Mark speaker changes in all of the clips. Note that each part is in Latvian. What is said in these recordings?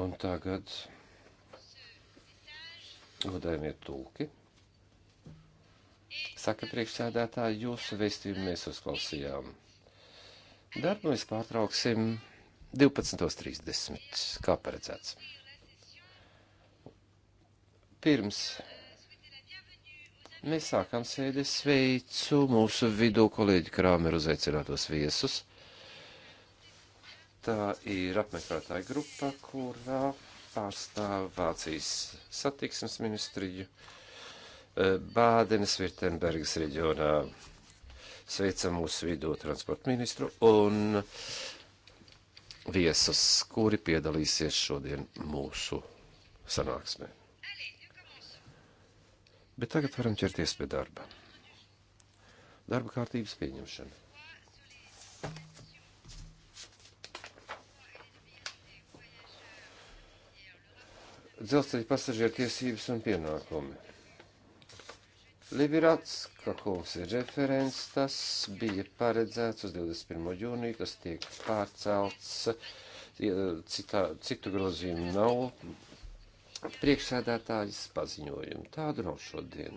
Speaker 1: Un tagad godējumie tulki. Saka priekšsēdētāji, jūsu vēstījumu mēs uzklausījām. Darbu mēs pārtrauksim 12.30, kā paredzēts. Pirms mēs sākam sēdi, sveicu mūsu vidū kolēģi Krāmeru uzaicinātos viesus tā ir apmeklētāja grupa, kurā pārstāv Vācijas satiksmes ministriju eh, Bādenes Virtenbergas reģionā. Sveicam mūsu vidū transporta ministru un viesus, kuri piedalīsies šodien mūsu sanāksmē. Bet tagad varam ķerties pie darba. Darba kārtības pieņemšana. dzelzceļa pasažieru tiesības un pienākumi. Liberatska kungs ir referents, tas bija paredzēts uz 21. jūniju, tas tiek pārcelts, citā, citu grozījumu nav, priekšsēdētājas paziņojumu. Tādu nav šodien.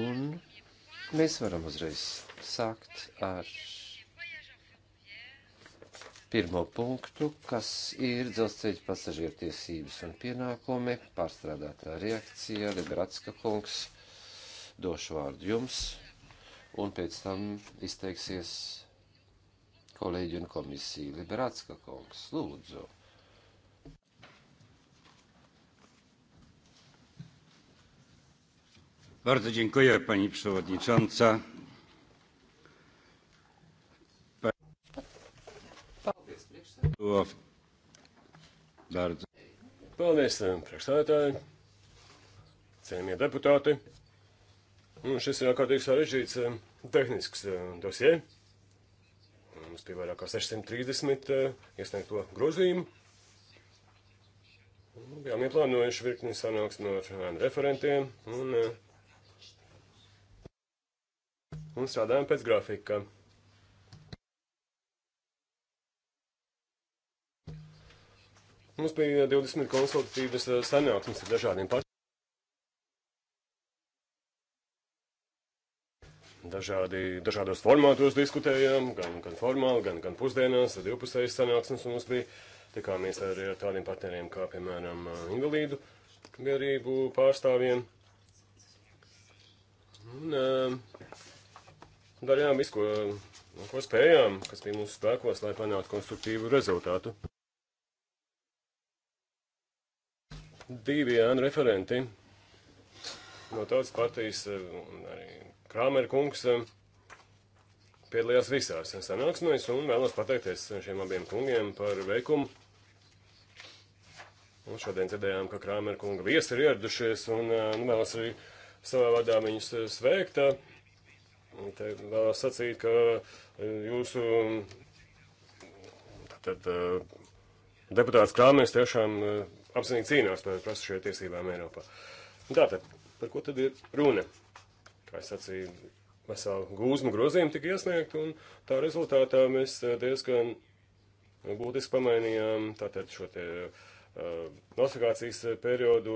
Speaker 1: Un mēs varam uzreiz sākt ar pirmo punktu, kas ir dzelzceļa pasažieru tiesības un pienākumi, pārstrādātā reakcija, Liberatska kungs, došu vārdu jums, un pēc tam izteiksies kolēģi un komisija. Liberatska kungs, lūdzu. Bardzo dziękuję pani przewodnicząca.
Speaker 2: Paldies, eh, priekšstādātāji, cienījamie deputāti. Un šis ir ārkārtīgi sarežģīts eh, tehnisks eh, dosie. Mums bija vairāk kā 630 iesniegto grozījumu. Nu, bijām ieplānojuši virkni sanāksmi ar referentiem un, un strādājām pēc grafika. Mums bija 20 eh, konsultatīvas eh, sanāksmes ar dažādiem partneriem. Dažādi, dažādos formātos diskutējām, gan, gan formāli, gan, gan pusdienās, divpusējas sanāksmes, un mums bija tikāmies arī ar eh, tādiem partneriem kā, piemēram, invalīdu biedrību pārstāvjiem. Un, darījām visu, ko, ko spējām, kas bija mūsu spēkos, lai panāktu konstruktīvu rezultātu. divi ēnu referenti no tautas partijas eh, un arī Krāmera kungs eh, piedalījās visās sanāksmēs un vēlos pateikties šiem abiem kungiem par veikumu. Un šodien dzirdējām, ka Krāmera kunga viesi ir ieradušies un eh, nu, vēlos arī savā vārdā viņus sveikt. Te vēlos sacīt, ka jūsu mm, tātad, deputāts Krāmers tiešām apzinīgi cīnās par prasušajām tiesībām Eiropā. Un tātad, par ko tad ir runa? Kā es sacīju, vesela gūzma grozījuma tika iesniegta, un tā rezultātā mēs eh, diezgan būtiski pamainījām tātad šo te uh, eh, notifikācijas eh, periodu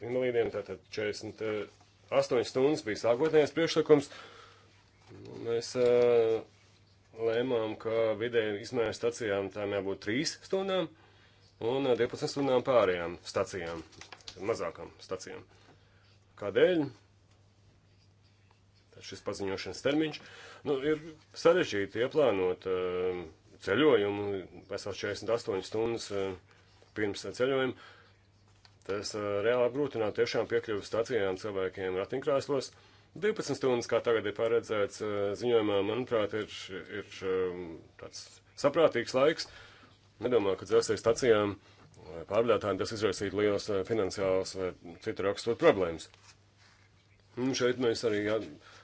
Speaker 2: invalīdiem, tātad 48 stundas bija sākotnējais priekšlikums. Mēs uh, lēmām, ka vidēji izmēra stacijām tām jābūt 3 stundām un 12 eh, stundām pārējām stacijām, mazākām stacijām. Kādēļ? Šis paziņošanas termiņš nu, ir sarežģīti ieplānot uh, ceļojumu, vesels 48 stundas uh, pirms ceļojuma. Tas uh, reāli apgrūtinātu tiešām piekļuvu stacijām cilvēkiem ratinkrēslos. 12 stundas, kā tagad ir paredzēts ziņojumā, manuprāt, ir, ir tāds saprātīgs laiks. Uh, Nedomāju, ka dzelzceļa stacijām vai eh, pārvadātājiem tas izraisītu liels eh, finansiāls vai citu raksturu problēmas. Un šeit mēs arī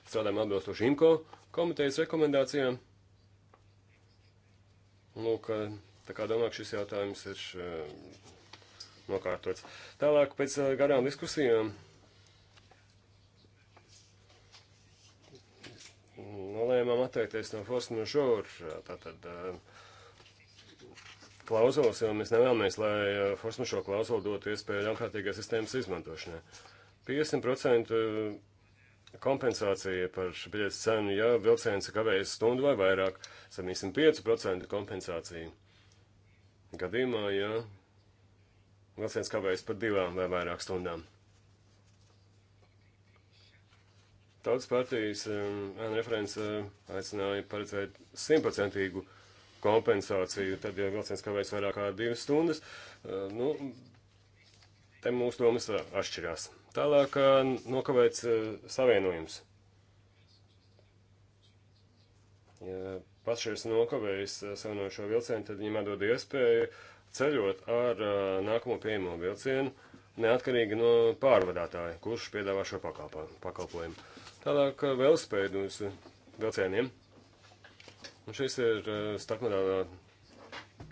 Speaker 2: strādājam atbilstoši IMCO komitejas rekomendācijām. Lūk, eh, tā kā domāju, ka šis jautājums ir nokārtots. Tālāk pēc garām diskusijām. Nolēmām atteikties no Forsmažora, tātad uh, klauzulas, jo mēs nevēlamies, lai eh, forsmašo klauzulu dotu iespēju ļaunprātīgai sistēmas izmantošanai. 50% eh, kompensācija par biļetes cenu, ja vilciens ir kavējis stundu vai vairāk, 75% kompensācija. Gadījumā, ja vilciens kavējas par divām vai vairāk stundām. Tautas partijas um, referents uh, aicināja paredzēt simtprocentīgu uh, kompensāciju, tad, ja vilciens kavējas vairāk kā divas stundas, eh, nu, te mūsu domas atšķirās. Tālāk nokavēts savienojums. Ja pašreiz nokavējas savienojušo vilcienu, tad viņiem atdod iespēju ceļot ar nākamo pieejamo vilcienu, neatkarīgi no pārvadātāja, kurš piedāvā šo pakalpojumu. Tālāk vēlspēju uz vilcieniem. Un šis ir uh, eh, starpmodālā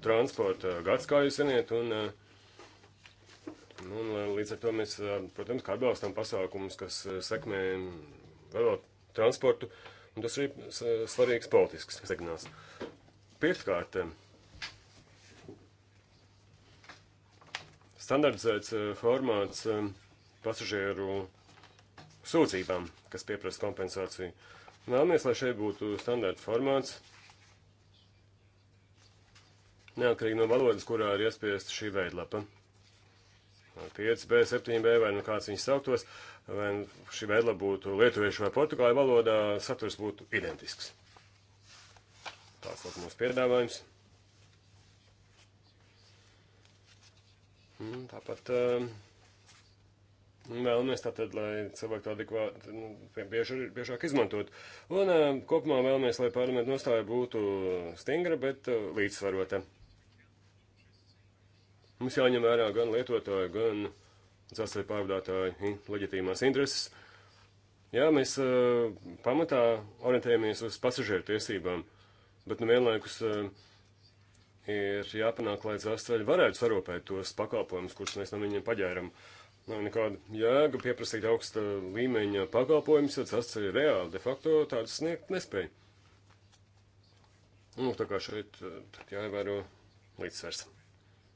Speaker 2: transporta gads, kā jūs ziniet, un, uh, un eh, līdz ar to mēs, uh, protams, kā atbalstam pasākumus, kas uh, sekmē velo transportu, un tas ir uh, svarīgs politisks signāls. Pirmkārt, uh, standardizēts uh, formāts uh, pasažieru sūdzībām, kas pieprasa kompensāciju. Vēlamies, lai šeit būtu standarta formāts, neatkarīgi no valodas, kurā ir iespiesta šī veidlapa. 5B, 7B vai nu kāds viņas sauktos, vai nu šī veidlapa būtu lietuviešu vai portugāļu valodā, saturs būtu identisks. Tāds lūk mūsu piedāvājums. Tāpat uh, vēlamies tātad, lai cilvēki to adekvāti, nu, bieži, biežāk izmantot. Un uh, kopumā vēlamies, lai parlamenta nostāja būtu stingra, bet uh, līdzsvarota. Mums jāņem vērā gan lietotāju, gan dzelzceļa pārvadātāju leģitīmās intereses. Jā, mēs uh, pamatā orientējamies uz pasažieru tiesībām, bet nu vienlaikus uh, ir jāpanāk, lai dzelzceļi varētu sarūpēt tos pakalpojumus, kurus mēs no viņiem paģēram. Nav nekāda jēga pieprasīt augsta līmeņa pakalpojumus, jo dzelzceļi reāli de facto tādus sniegt nespēja. Nu, tā kā šeit jāievēro līdzsvers.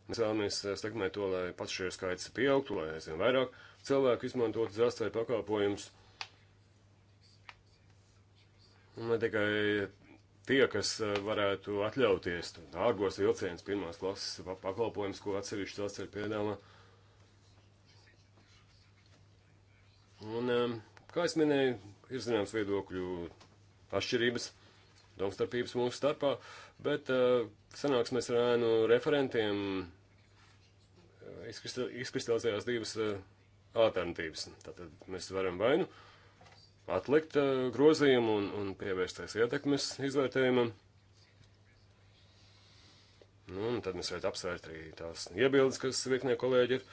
Speaker 2: Mēs vēlamies eh, sekmēt to, lai pats šie skaits pieaugtu, lai aizvien vairāk cilvēku izmantotu dzelzceļa pakalpojumus. Ne tikai tie, kas eh, varētu atļauties dārgos vilcienus, pirmās klases pakalpojumus, ko atsevišķi dzelzceļa piedāvā. Un, eh, kā es minēju, ir zināms viedokļu atšķirības, domstarpības mūsu starpā, bet uh, sanāksmēs ar ēnu referentiem izkristalizējās divas eh, alternatīvas. Tātad mēs varam vainu atlikt eh, grozījumu un, un pievērsties ietekmes izvērtējumam. Nu, un tad mēs varētu apsvērt arī tās iebildes, kas virknie kolēģi ir.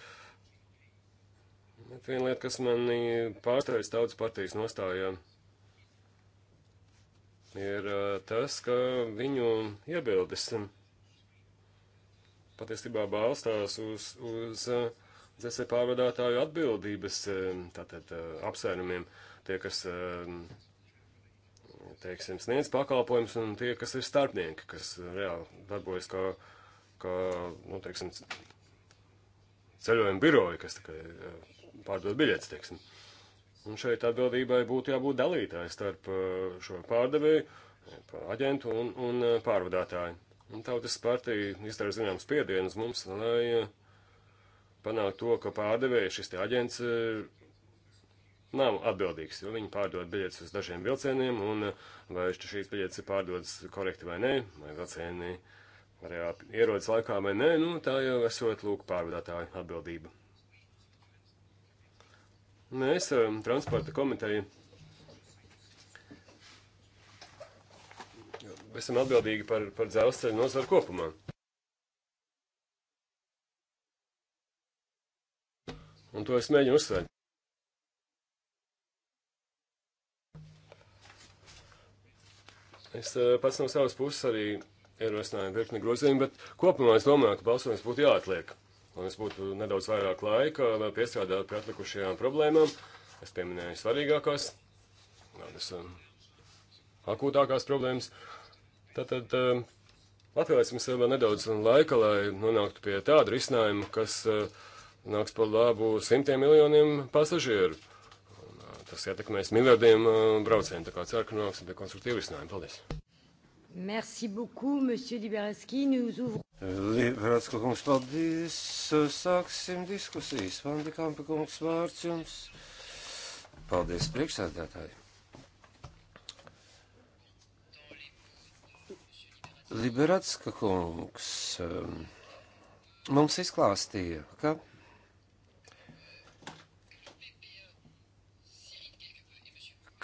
Speaker 2: Bet viena lieta, kas mani pārsteidz tautas partijas nostājā, ir eh, tas, ka viņu iebildes. Um, patiesībā balstās uz, uz eh, dzēsē pārvadātāju atbildības eh, tātad eh, apsvērumiem. Tie, kas, teiksim, sniedz pakalpojums un tie, kas ir starpnieki, kas reāli darbojas kā, kā nu, teiksim, ceļojuma biroji, kas tikai pārdod biļetes, teiksim. Un šeit atbildībai būtu jābūt dalītāji starp šo pārdevēju, aģentu un, un pārvadātāju. Un tautas partija izdara zinām spiedienu uz mums, lai eh, panāktu to, ka pārdevēja šis te aģents eh, nav atbildīgs, jo viņi pārdod biļetes uz dažiem vilcieniem, un eh, vai šīs biļetes ir pārdotas korekti vai nē, vai vilcieni reāli ierodas laikā vai nē, nu tā jau esot lūk pārvadātāju atbildība. Mēs, transporta komiteja, esam atbildīgi par, par dzelzceļu nozaru kopumā. Un to es mēģinu uzsvērt. Es eh, pats no savas puses arī ierosināju virkni grozījumu, bet kopumā es domāju, ka balsojums būtu jāatliek. Un es būtu nedaudz vairāk laika, lai piestrādātu pie atlikušajām problēmām. Es pieminēju svarīgākās, tādas um, akūtākās problēmas. Uh, Tātad eh, atvēlēsim sev nedaudz laika, lai nonāktu pie tāda risinājuma, kas eh, nāks par labu simtiem miljoniem pasažieru. Eh, tas ietekmēs miljardiem braucējiem, tā kā ceru, ka nonāksim pie konstruktīva risinājuma. Paldies! Merci beaucoup, monsieur Liberatski. Nous ouvrons. Liberatska kungs, paldies.
Speaker 1: Sāksim diskusijas. Vandikampa kungs, vārds jums. Paldies, priekšsēdētāji. Liberatska kungs um, mums izklāstīja, ka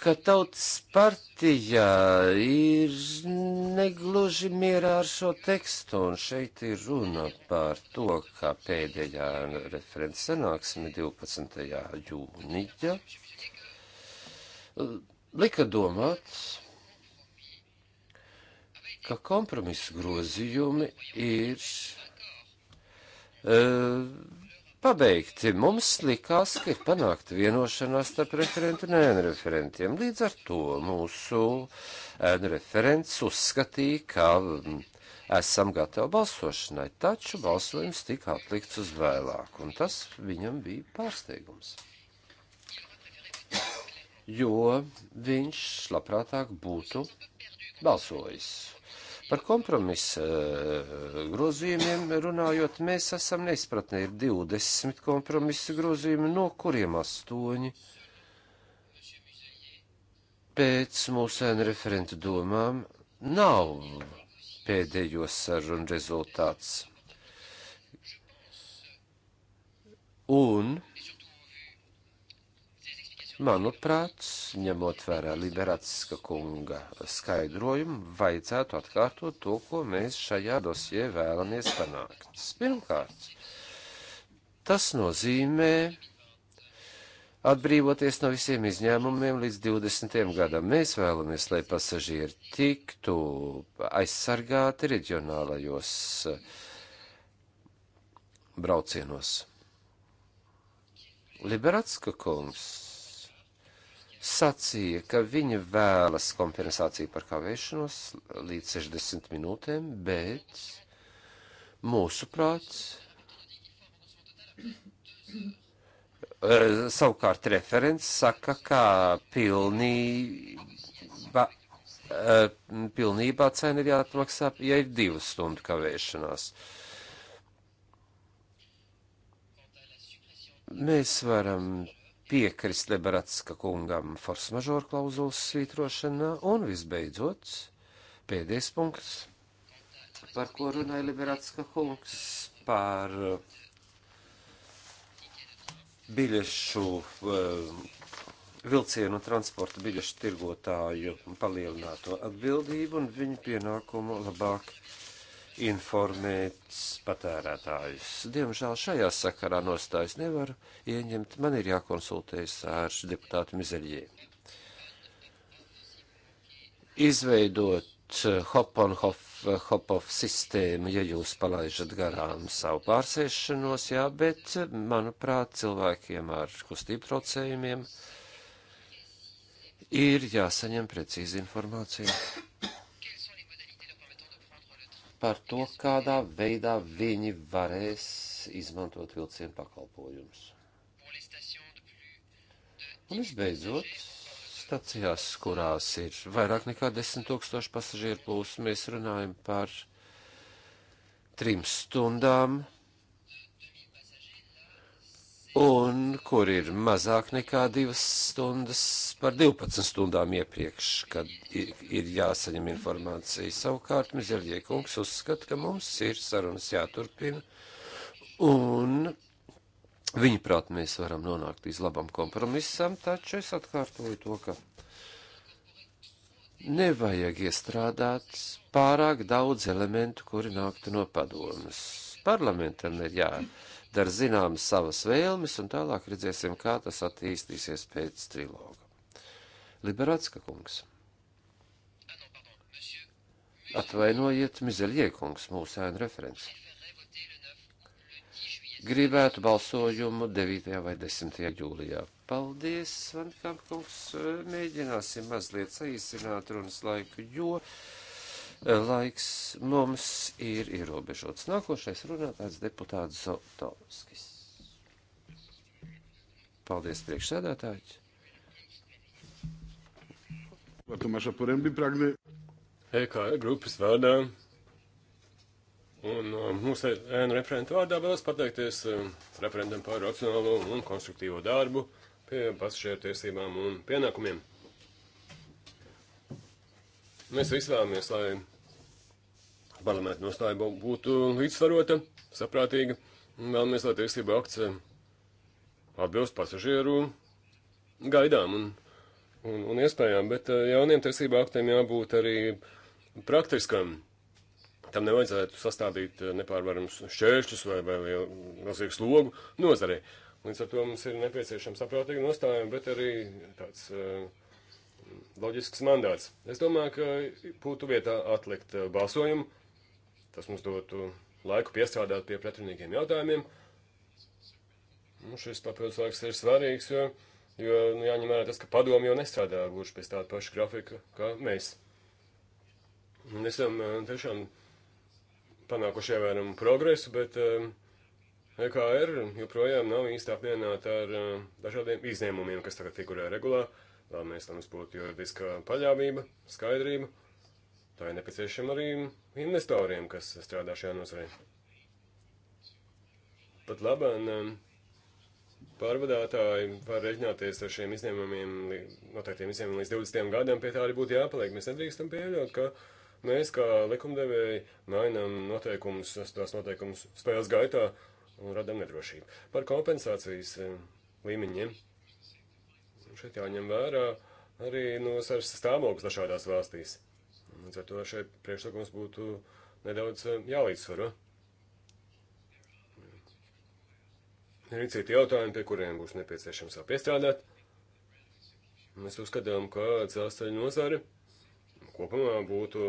Speaker 1: ka tautas partijā ir negluži mierā ar šo tekstu, un šeit ir runa par to, ka pēdējā referents sanāksme 12. jūnija uh, lika domāt, ka kompromisa grozījumi ir uh, pabeigti. Mums likās, ka ir panākta vienošanās starp referentu un ēnreferentiem. Līdz ar to mūsu ēnreferents uzskatīja, ka esam gatavi balsošanai, taču balsojums tika atlikts uz vēlāk, un tas viņam bija pārsteigums. Jo viņš labprātāk būtu balsojis. Par kompromisa eh, grozījumiem runājot, mēs esam neizpratnē, ir 20 kompromisa grozījumi, no kuriem 8 pēc mūsu ēna referentu domām nav pēdējo sarunu rezultāts. Un Manuprāt, ņemot vērā Liberatska kunga skaidrojumu, vajadzētu atkārtot to, ko mēs šajā dosjē vēlamies panākt. Pirmkārt, tas nozīmē atbrīvoties no visiem izņēmumiem līdz 20. gadam. Mēs vēlamies, lai pasažieri tiktu aizsargāti reģionālajos eh, braucienos. Liberatska kungs sacīja, ka viņa vēlas kompensāciju par kavēšanos līdz 60 minūtēm, bet mūsu prāts eh, savukārt referents saka, ka pilnība, eh, pilnībā cena ir jāatmaksā, ja ir divu stundu kavēšanās. Mēs varam piekrist Liberatska kungam forsmažoru klauzulas svītrošanā, un visbeidzot, pēdējais punkts, par ko runāja Liberatska kungs, par eh, biļešu, eh, vilcienu un transporta biļešu tirgotāju palielināto atbildību un viņu pienākumu labāk informēt patērētājus. Diemžēl šajā sakarā nostājas nevaru ieņemt, man ir jākonsultējas ar deputātu Mizeļie. Izveidot Hoponhof hop-off sistēmu, ja jūs palaižat garām savu pārsēšanos, jā, bet, manuprāt, cilvēkiem ar kustību traucējumiem ir jāsaņem precīzi informācija par to, kādā veidā viņi varēs izmantot vilcienu pakalpojumus. Un visbeidzot, stacijās, kurās ir vairāk nekā 10 tūkstoši pasažieru plūsmu, mēs runājam par trim stundām un kur ir mazāk nekā divas stundas par 12 stundām iepriekš, kad ir jāsaņem informācija. Savukārt, Mizerģie kungs uzskata, ka mums ir sarunas jāturpina, un viņa prāt mēs varam nonākt līdz labam kompromisam, taču es atkārtoju to, ka nevajag iestrādāt pārāk daudz elementu, kuri nāktu no padomas. Parlamentam ir jā dara zinām savas vēlmes, un tālāk redzēsim, kā tas attīstīsies pēc triloga. Liberatska kungs. Atvainojiet, Mizeļie kungs, mūsu ēna referents. Gribētu balsojumu 9. vai 10. jūlijā. Paldies, Vankamp kungs, mēģināsim mazliet saīsināt runas laiku, jo. Uh, Laiks mums ir ierobežots. Nākošais runātājs deputāts Zotovskis. Paldies, priekšsēdētāji.
Speaker 2: EKR e grupas vārdā un uh, mūsu ēnu referentu vārdā vēlas pateikties um, referentam par racionālo un konstruktīvo darbu pie pasažieru tiesībām un pienākumiem. Mēs visi vēlamies, lai parlamenta nostāja būtu līdzsvarota, saprātīga. Vēlamies, lai tiesība akts eh, atbilst pasažieru gaidām un, un, un iespējām, bet eh, jauniem tiesību aktiem jābūt arī praktiskam. Tam nevajadzētu sastādīt eh, nepārvarams šķēršļus vai, vai milzīgu slogu nozarei. Līdz ar to mums ir nepieciešama saprātīga nostāja, bet arī tāds uh, loģisks mandāts. Es domāju, ka būtu vietā atlikt balsojumu Tas mums dotu laiku piestrādāt pie pretrunīgiem jautājumiem. Nu, šis papildus laiks ir svarīgs, jo, jo nu, jāņem vērā tas, ka padomi jau nestrādā gluži pēc tāda paša grafika kā mēs. Un esam eh, tiešām panākuši ievērumu progresu, bet EKR eh, e joprojām nav īsti apmierināta ar eh, dažādiem izņēmumiem, kas tagad figurē regulā. Vēlamies, lai mums būtu juridiska paļāvība, skaidrība. Tā ir nepieciešama arī investoriem, kas strādā šajā nozarē. Pat labāk um, pārvadātāji var reģināties ar šiem izņēmumiem, noteiktiem izņēmumiem līdz 20 gadiem, pie tā arī būtu jāpaliek. Mēs nedrīkstam pieļaut, ka mēs kā likumdevēji mainām noteikumus, tās noteikumus spēles gaitā un radam nedrošību. Par kompensācijas um, līmeņiem šeit jāņem vērā arī no saras stāvoklis dažādās valstīs. Līdz ar to šeit priekšlikums būtu nedaudz eh, jālīdzsvaro. Ir citi jautājumi, pie kuriem būs nepieciešams vēl piestrādāt. Mēs uzskatām, ka dzelzceļa nozare kopumā būtu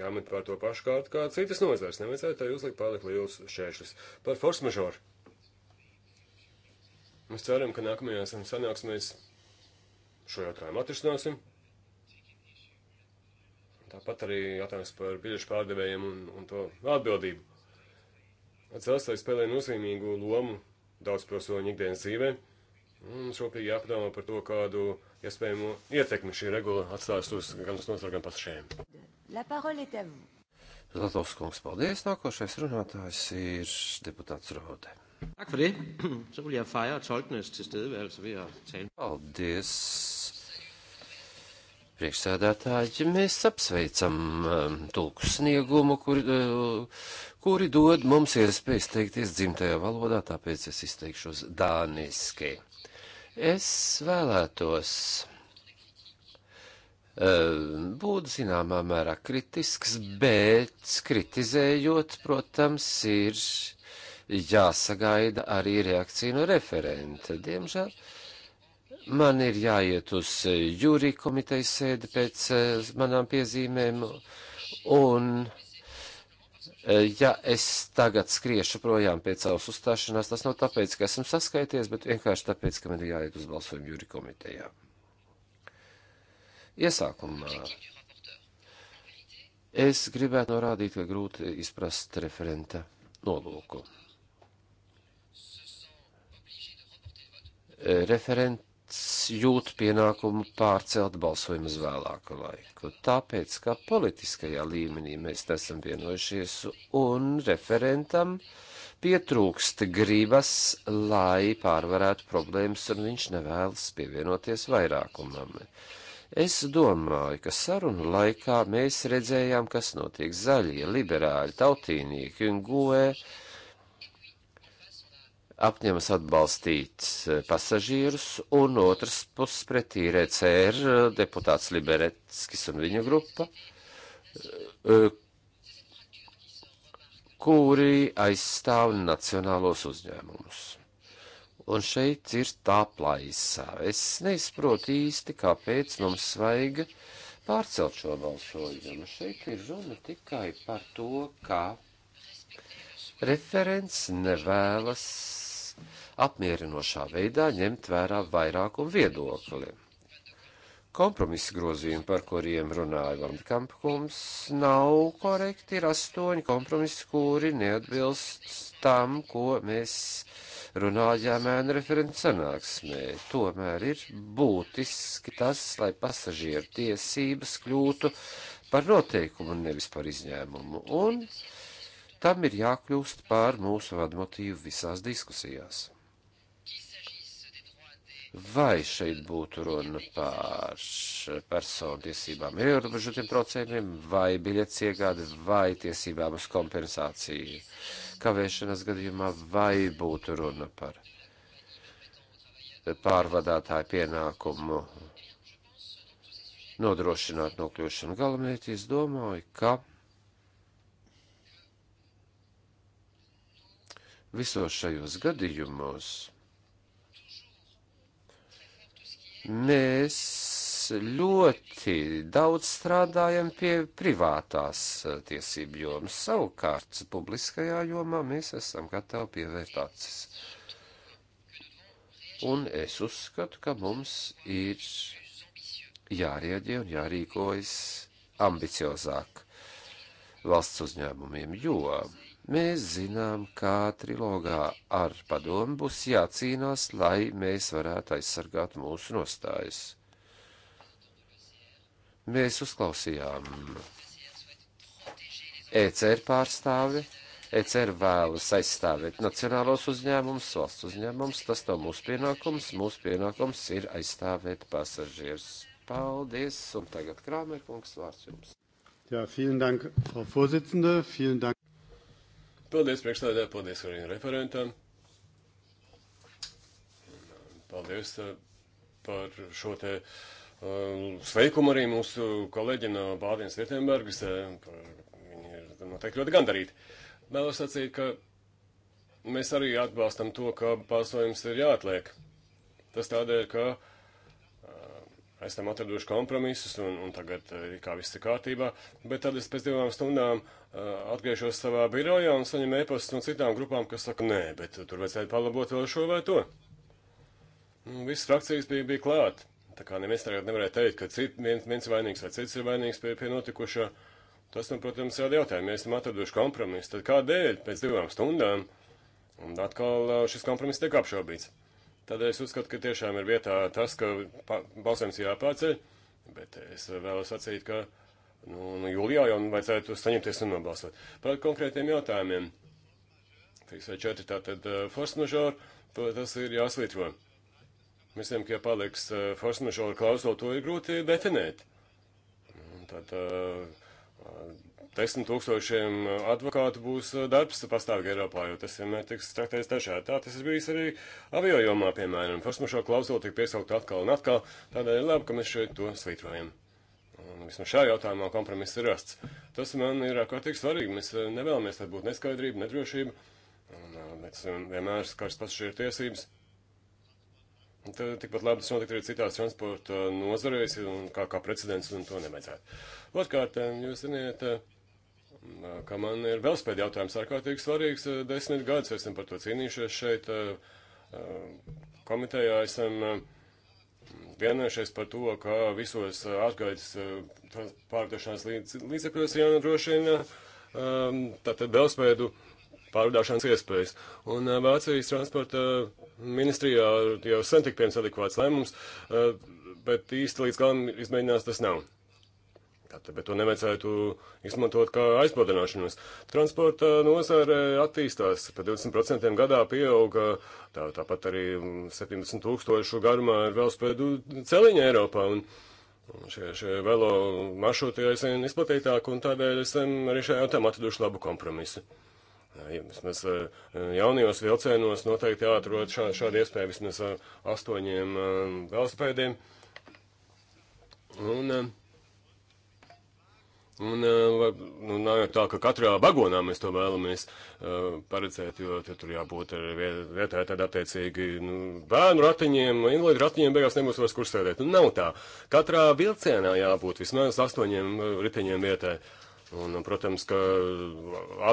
Speaker 2: jāmet pār to pašu kārtu kā citas nozares. Nevajadzētu tā uzlikt pārliek liels šķēršļus. Par force majeure. Mēs ceram, ka nākamajās sanāksmēs šo jautājumu atrisināsim. Tāpat arī jautājums par biļešu pārdevējiem un, un to atbildību. Dzelzceļi spēlē nozīmīgu lomu daudz pilsoņu ikdienas dzīvē. Mums rūpīgi jāpadomā par to, kādu iespējamo ietekmi šī regula atstās uz gan uz nozari, gan
Speaker 3: pasažiem.
Speaker 1: Zlatovs kungs, paldies. Nākošais runātājs ir deputāts Rode. Tak for det. Så vil jeg fejre tolkenes tilstedeværelse ved at tale. Paldies priekšsēdētāji, mēs apsveicam um, tulku sniegumu, kuri, uh, kuri dod mums iespēju izteikties dzimtajā valodā, tāpēc es izteikšos dāniski. Es vēlētos uh, būt zināmā mērā kritisks, bet kritizējot, protams, ir jāsagaida arī reakcija no referenta. Diemžēl. Uh, Man ir jāiet uz eh, jūrī komitejas sēdi pēc eh, manām piezīmēm, un eh, ja es tagad skriešu projām pēc savas uzstāšanās, tas nav tāpēc, ka esmu saskaities, bet vienkārši tāpēc, ka man ir jāiet uz balsojumu jūrī komitejā. Iesākumā. Es gribētu norādīt, ka grūti izprast referenta nolūku. Referent jūt pienākumu pārcelt balsojumu uz vēlāku laiku. Tāpēc, ka politiskajā līmenī mēs esam vienojušies un referentam pietrūkst gribas, lai pārvarētu problēmas, un viņš nevēlas pievienoties vairākumam. Es domāju, ka sarunu laikā mēs redzējām, kas notiek zaļie, liberāļi, tautīnieki un goēji apņemas atbalstīt eh, pasažierus, un otrs puses pretī RCR eh, deputāts Liberetskis un viņa grupa, eh, kuri aizstāv nacionālos uzņēmumus. Un šeit ir tā plaisā. Es neizprotu īsti, kāpēc mums vajag pārcelt šo balsojumu. Šeit ir runa tikai par to, ka referents nevēlas apmierinošā veidā ņemt vērā vairākumu viedokli. Kompromisa grozījumi, par kuriem runāja Vankampkums, nav korekti. Ir astoņi kompromisi, kuri neatbilst tam, ko mēs runājām ēna referents sanāksmē. Tomēr ir būtiski tas, lai pasažieru tiesības kļūtu par noteikumu un nevis par izņēmumu. Un tam ir jākļūst pār mūsu vadmotīvu visās diskusijās vai šeit būtu runa par personu tiesībām ierobežotiem procentiem, vai biļets iegādi, vai tiesībām uz kompensāciju kavēšanas gadījumā, vai būtu runa par pārvadātāju pienākumu nodrošināt nokļūšanu galamērķi, es domāju, ka visos šajos gadījumos Mēs ļoti daudz strādājam pie privātās eh, tiesību jomas. Savukārt, publiskajā jomā mēs esam gatavi pievērt acis. Un es uzskatu, ka mums ir jārieģē un jārīkojas ambiciozāk valsts uzņēmumiem, jo Mēs zinām, kā trilogā ar padomu būs jācīnās, lai mēs varētu aizsargāt mūsu nostājas. Mēs uzklausījām ECR pārstāvi. ECR vēlas aizstāvēt nacionālos uzņēmumus, valsts uzņēmumus. Tas nav mūsu pienākums. Mūsu pienākums ir aizstāvēt pasažierus. Paldies! Un tagad Krāmerkungs vārds
Speaker 2: jums. Jā, ja, vielen dank, Frau Vorsitzende, vielen dank. Paldies priekšstādā, paldies arī referentam. Paldies eh, par šo te eh, sveikumu arī mūsu kolēģiem no Bādienas Vietembergas. Eh, Viņi ir noteikti ļoti gandarīti. Vēlos sacīt, ka mēs arī atbalstam to, ka pārstojums ir jāatliek. Tas tādēļ, ka esam atraduši kompromisus un, un tagad eh, kā viss ir kārtībā, bet tad es pēc divām stundām uh, atgriežos savā birojā un saņemu ēpastus no citām grupām, kas saka, nē, bet tur vajadzētu palabot vēl šo vai to. Nu, visas frakcijas bija, bija klāt. Tā kā neviens tagad nevarēja teikt, ka cit, viens, viens vainīgs vai cits ir vainīgs pie, pie notikušā. Tas, nu, protams, ir jautājums. Mēs esam atraduši kompromisu. Tad kādēļ pēc divām stundām un atkal eh, šis kompromiss tiek apšaubīts? Tādēļ es uzskatu, ka tiešām ir vietā tas, ka balsojums jāpārceļ, bet es vēlos sacīt, ka nu, nu, jūlijā jau vajadzētu saņemties un nobalsot. Par konkrētiem jautājumiem. 3 vai 4, tātad uh, force majeure, tas ir jāsvītro. Mēs zinām, ka ja paliks uh, force majeure klausot, to ir grūti definēt. Un tad uh, desmit tūkstošiem advokātu būs darbs pastāvīgi Eiropā, jo tas vienmēr tiks traktēts dažādi. Tā tas ir bijis arī avio jomā, piemēram. Forsmašo klausulu tik piesaukt atkal un atkal, tādēļ ir labi, ka mēs šeit to svītrojam. Un vismaz šajā jautājumā kompromiss ir rasts. Tas man ir ārkārtīgi svarīgi. Mēs nevēlamies, lai būtu neskaidrība, nedrošība. Un, mēs vienmēr skars pasažieru tiesības. Tad tikpat labi tas notikt arī citās transporta nozarēs, un kā, kā precedents, un to nevajadzētu. Otkārt, jūs ziniet, uh, ka man ir vēl spēļ jautājums ārkārtīgi svarīgs. Desmit gadus esam par to cīnījušies šeit. Komitejā esam vienojušies par to, ka visos ārkārtas pārdošanas līdz, līdzekļos jānodrošina tātad belspēdu pārvadāšanas iespējas. Un Vācijas transporta ministrijā jau sen tik pieņems adekvāts lēmums, bet īsti līdz galam izmēģinās tas nav. Tātad, bet to nevajadzētu izmantot kā aizpildināšanos. Transporta nozare attīstās, pa 20% gadā pieauga, tā, tāpat arī 70 mm, tūkstošu garumā ir velospēdu celiņa Eiropā. Un šie, šie velo maršruti aizvien izplatītāk, un tādēļ esam arī šajā jautājumā atraduši labu kompromisu. Ja, vismaz eh, jaunajos vilcienos noteikti jāatrod šā, šāda iespēja vismaz astoņiem eh, velospēdiem. Un, eh, Un eh, var, nu, nav jau tā, ka katrā vagonā mēs to vēlamies uh, paredzēt, jo tur jābūt ar vietā tādā attiecīgi nu, bērnu ratiņiem, invalīdu ratiņiem, beigās nebūs vairs kur sēdēt. Nu, nav tā. Katrā vilcienā jābūt vismaz astoņiem eh, riteņiem vietai. Un, protams, ka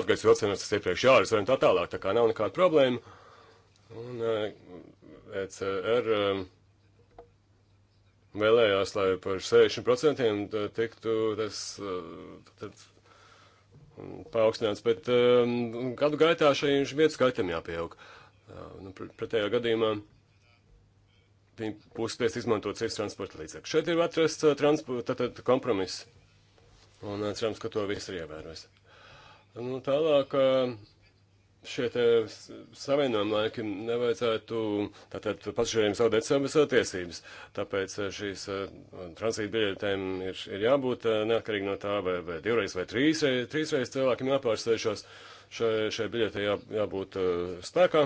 Speaker 2: atgaids vilcienos tas iepriekš jārisina un tā tālāk, tā kā nav nekāda problēma. Un uh, ECR. Uh, vēlējās, lai par 60% tiktu tas tad, paaugstināts, bet um, gadu gaitā šai vietas skaitam jāpieaug. Uh, nu, pretējā gadījumā viņi būs spiest izmantot citas transporta līdzekļus. Šeit ir atrasts uh, transporta tad, kompromiss, un uh, cerams, ka to viss ir ievērojis. Nu, tālāk. Uh, šie savienojumi laiki nevajadzētu tātad pasažieriem zaudēt savas eh, tiesības. Tāpēc eh, šīs eh, tranzīta biļetēm ir, ir jābūt neatkarīgi no tā, vai, vai divreiz vai trīsreiz, trīsreiz cilvēkiem jāpārsēžos šai, šai biļetē jā, jābūt spēkā.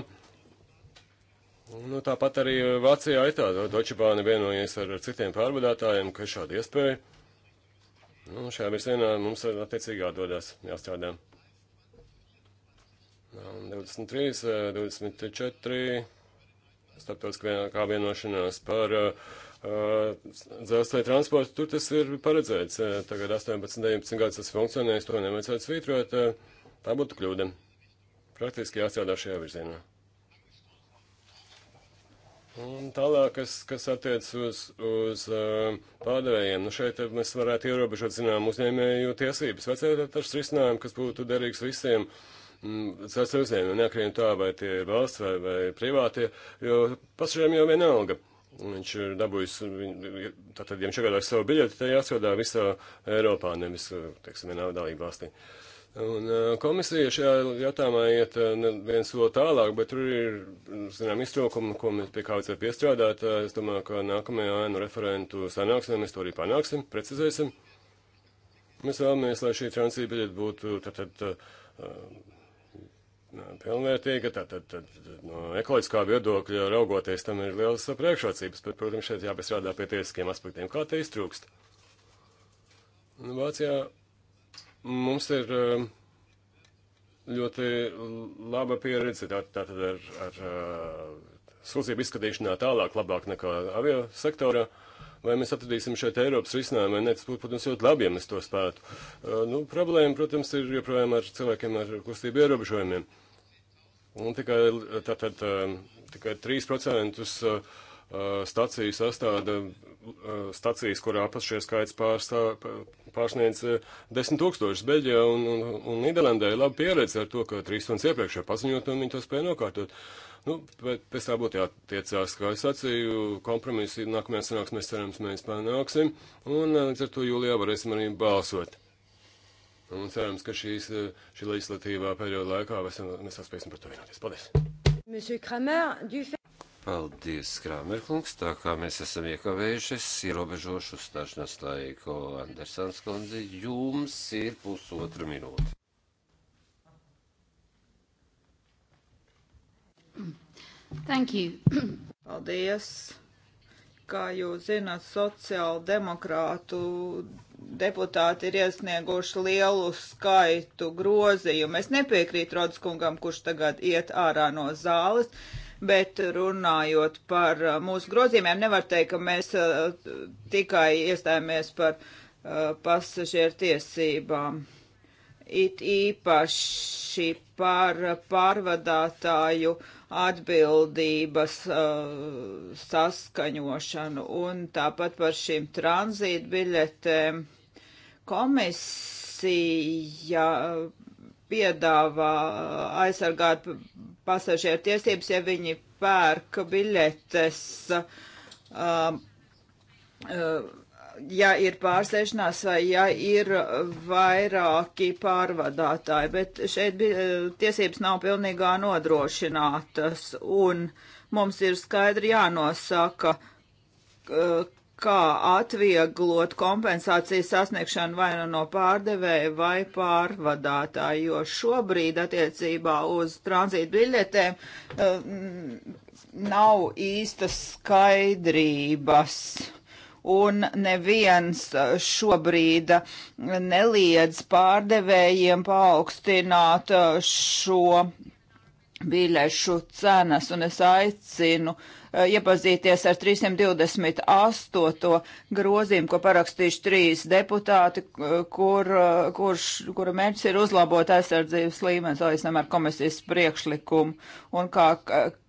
Speaker 2: Nu, tāpat arī Vācijā ir tāda Deutsche Bahn vienojies ar, ar citiem pārvadātājiem, ka ir šāda iespēja. Nu, šajā virzienā mums attiecīgi jādodas, jāstrādā. 23, 24 starptautiskā kā vienošanās par uh, dzelzceļa transportu, tur tas ir paredzēts. Tagad 18, 19 gadus tas funkcionēs, to nevajadzētu svītrot. Tā būtu kļūda. Praktiski jāstrādā šajā virzienā. Un tālāk, kas, kas attiec uz, uz uh, pārdevējiem, nu šeit mēs varētu ierobežot, zinām, uzņēmēju tiesības. Vajadzētu atrast risinājumu, kas būtu derīgs visiem. Uh, sēs uzņēmumi, neatkarīgi no tā, vai tie ir valsts vai, vai privātie, jo pasažieriem jau vienalga. Viņš ir dabūjis, tātad, ja viņš iegādājas savu biļeti, tad jāsvadā visā Eiropā, nevis, teiksim, vienā dalību valstī. Un komisija šajā jautājumā iet viens soli tālāk, bet tur ir, zinām, iztrūkumi, ko mēs pie kā vajadzētu piestrādāt. Es domāju, ka nākamajā ēnu referentu sanāksmē mēs to arī panāksim, precizēsim. Mēs vēlamies, lai šī transīta biļete būtu, tātad, pilnvērtīga, tātad tā, tā, tā, no ekoloģiskā viedokļa raugoties tam ir lielas priekšrocības, bet, protams, šeit jāpiestrādā pie tiesiskiem aspektiem, kā te iztrūkst. Nu, Vācijā mums ir um, ļoti laba pieredze tātad ar, ar, ar uh, sūdzību izskatīšanā tālāk labāk nekā avio sektorā. Uh, Vai mēs atradīsim šeit Eiropas risinājumu vai ne, tas būtu, protams, ļoti labi, ja mēs to spētu. Uh, nu, problēma, protams, ir joprojām ar cilvēkiem ar kustību ierobežojumiem. Un tikai, tātad, tā, uh, tikai 3% uh, stāciju sastāda stācijas, kurā pasažieru skaits pārstā, pārsniedz 10 tūkstošus. Beļģijā un, un, un Nīderlandē ir laba pieredze ar to, ka trīs stundas iepriekš jau paziņot, un viņi to spēja nokārtot. Uh, Nu, bet pēc tā būtu jātiecās, kā es sacīju, kompromisu nākamajā sanāksmē cerams mēs panāksim, un eh, līdz ar to jūlijā varēsim arī balsot. Un cerams, ka šīs, eh, šī legislatīvā perioda laikā mēs saspēsim par to vienoties. Paldies!
Speaker 3: Kramer, du...
Speaker 2: Paldies, Krāmerkungs. Tā
Speaker 1: kā mēs esam iekavējuši, es ierobežošu uzstāšanās laiku Andersons kundzi. Jums ir pusotra minūte.
Speaker 3: Thank you. Paldies. Kā jūs zināt, sociāldemokrātu deputāti ir iesnieguši lielu skaitu grozījumu. Es nepiekrītu Rodskungam, kurš tagad iet ārā no zāles, bet runājot par uh, mūsu grozījumiem, nevar teikt, ka mēs uh, tikai iestājāmies par uh, pasažieru tiesībām it īpaši par pārvadātāju atbildības uh, saskaņošanu un tāpat par šīm tranzītu biļetēm. Komisija uh, piedāvā uh, aizsargāt pasažieru tiesības, ja viņi pērka biļetes. Uh, uh, ja ir pārsēšanās vai ja ir vairāki pārvadātāji, bet šeit bija, tiesības nav pilnīgā nodrošinātas un mums ir skaidri jānosaka, kā atvieglot kompensācijas sasniegšanu vai nu no pārdevēja vai pārvadātāja, jo šobrīd attiecībā uz tranzītu biļetēm uh, nav īstas skaidrības un neviens uh, šobrīd uh, neliedz pārdevējiem paaugstināt uh, šo biļešu cenas, un es aicinu uh, Uh, iepazīties ar 328. grozījumu, ko parakstījuši trīs deputāti, kur, uh, kurš, kura mērķis ir uzlabot aizsardzības līmeni, salīdzinām ar komisijas priekšlikumu. Un kā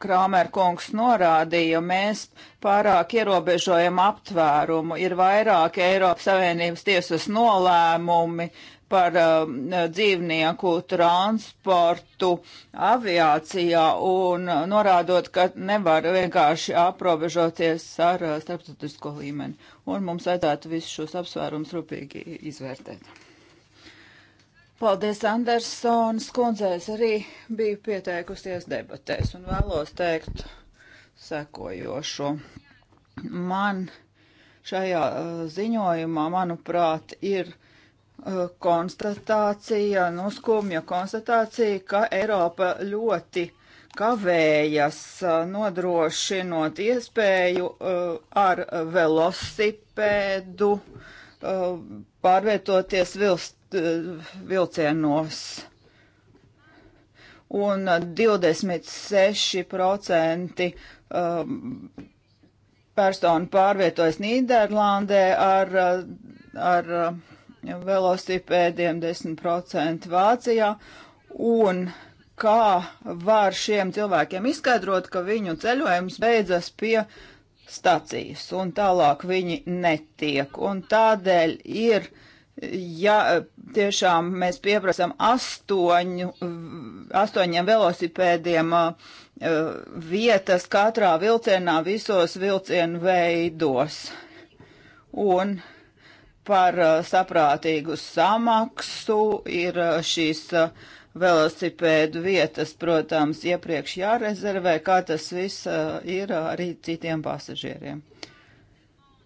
Speaker 3: Krāmer kungs norādīja, mēs pārāk ierobežojam aptvērumu. Ir vairāk Eiropas Savienības tiesas nolēmumi, uh, par um, dzīvnieku transportu aviācijā un norādot, ka nevar vienkārši aprobežoties ar uh, starptautisko līmeni. Un mums vajadzētu visus šos apsvērums rūpīgi izvērtēt. Paldies, Andersons kundzē. Es arī biju pieteikusies debatēs un vēlos teikt sekojošo. Man šajā uh, ziņojumā, manuprāt, ir konstatācija, nu skumja konstatācija, ka Eiropa ļoti kavējas nodrošinot iespēju uh, ar velosipēdu uh, pārvietoties vilst, uh, vilcienos. Un 26% personu pārvietojas Nīderlandē ar, ar velosipēdiem, 10% Vācijā, un kā var šiem cilvēkiem izskaidrot, ka viņu ceļojums beidzas pie stacijas, un tālāk viņi netiek, un tādēļ ir ja tiešām mēs pieprasām astoņu, astoņiem velosipēdiem uh, vietas katrā vilcienā visos vilcienu veidos. Un par uh, saprātīgu samaksu, ir uh, šīs uh, velosipēdu vietas, protams, iepriekš jārezervē, kā tas viss ir arī citiem pasažieriem.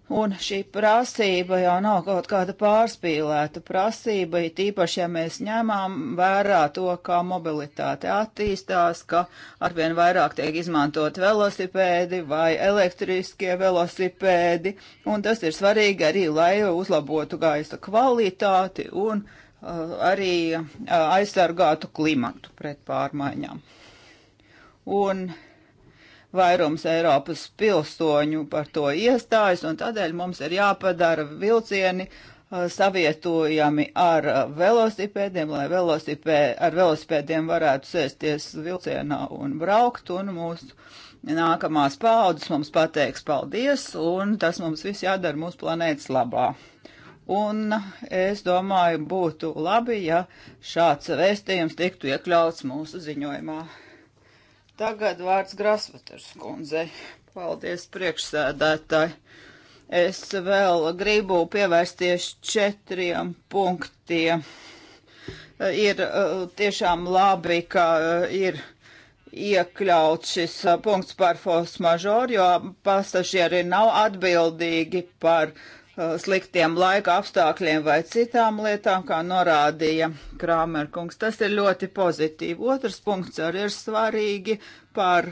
Speaker 3: Un šī prasība jau nav kaut kāda pārspīlēta prasība, it īpaši, ja mēs ņemām vērā to, kā mobilitāte attīstās, ka arvien vairāk tiek izmantot velosipēdi vai elektriskie velosipēdi, un tas ir svarīgi arī, lai uzlabotu gaisa kvalitāti un uh, arī uh, aizsargātu klimatu pret pārmaiņām. Un uh, vairums Eiropas pilsoņu par to iestājas, un tādēļ mums ir jāpadara vilcieni uh, savietojami ar uh, velosipēdiem, lai velosipē, ar velosipēdiem varētu sēsties vilcienā un braukt, un mūsu nākamās paudzes mums pateiks paldies, un tas mums viss jādara mūsu planētas labā. Un es domāju, būtu labi, ja šāds vēstījums tiktu iekļauts mūsu ziņojumā. Tagad vārds Grasvaters kundzei. Paldies priekšsēdētāji. Es vēl gribu pievērsties četriem punktiem. Ir uh, tiešām labi, ka uh, ir iekļauts šis uh, punkts par fosmažoru, jo pasažieri nav atbildīgi par Uh, sliktiem laika apstākļiem vai citām lietām, kā norādīja Krāmerkungs. Tas ir ļoti pozitīvi. Otrs punkts arī ir svarīgi par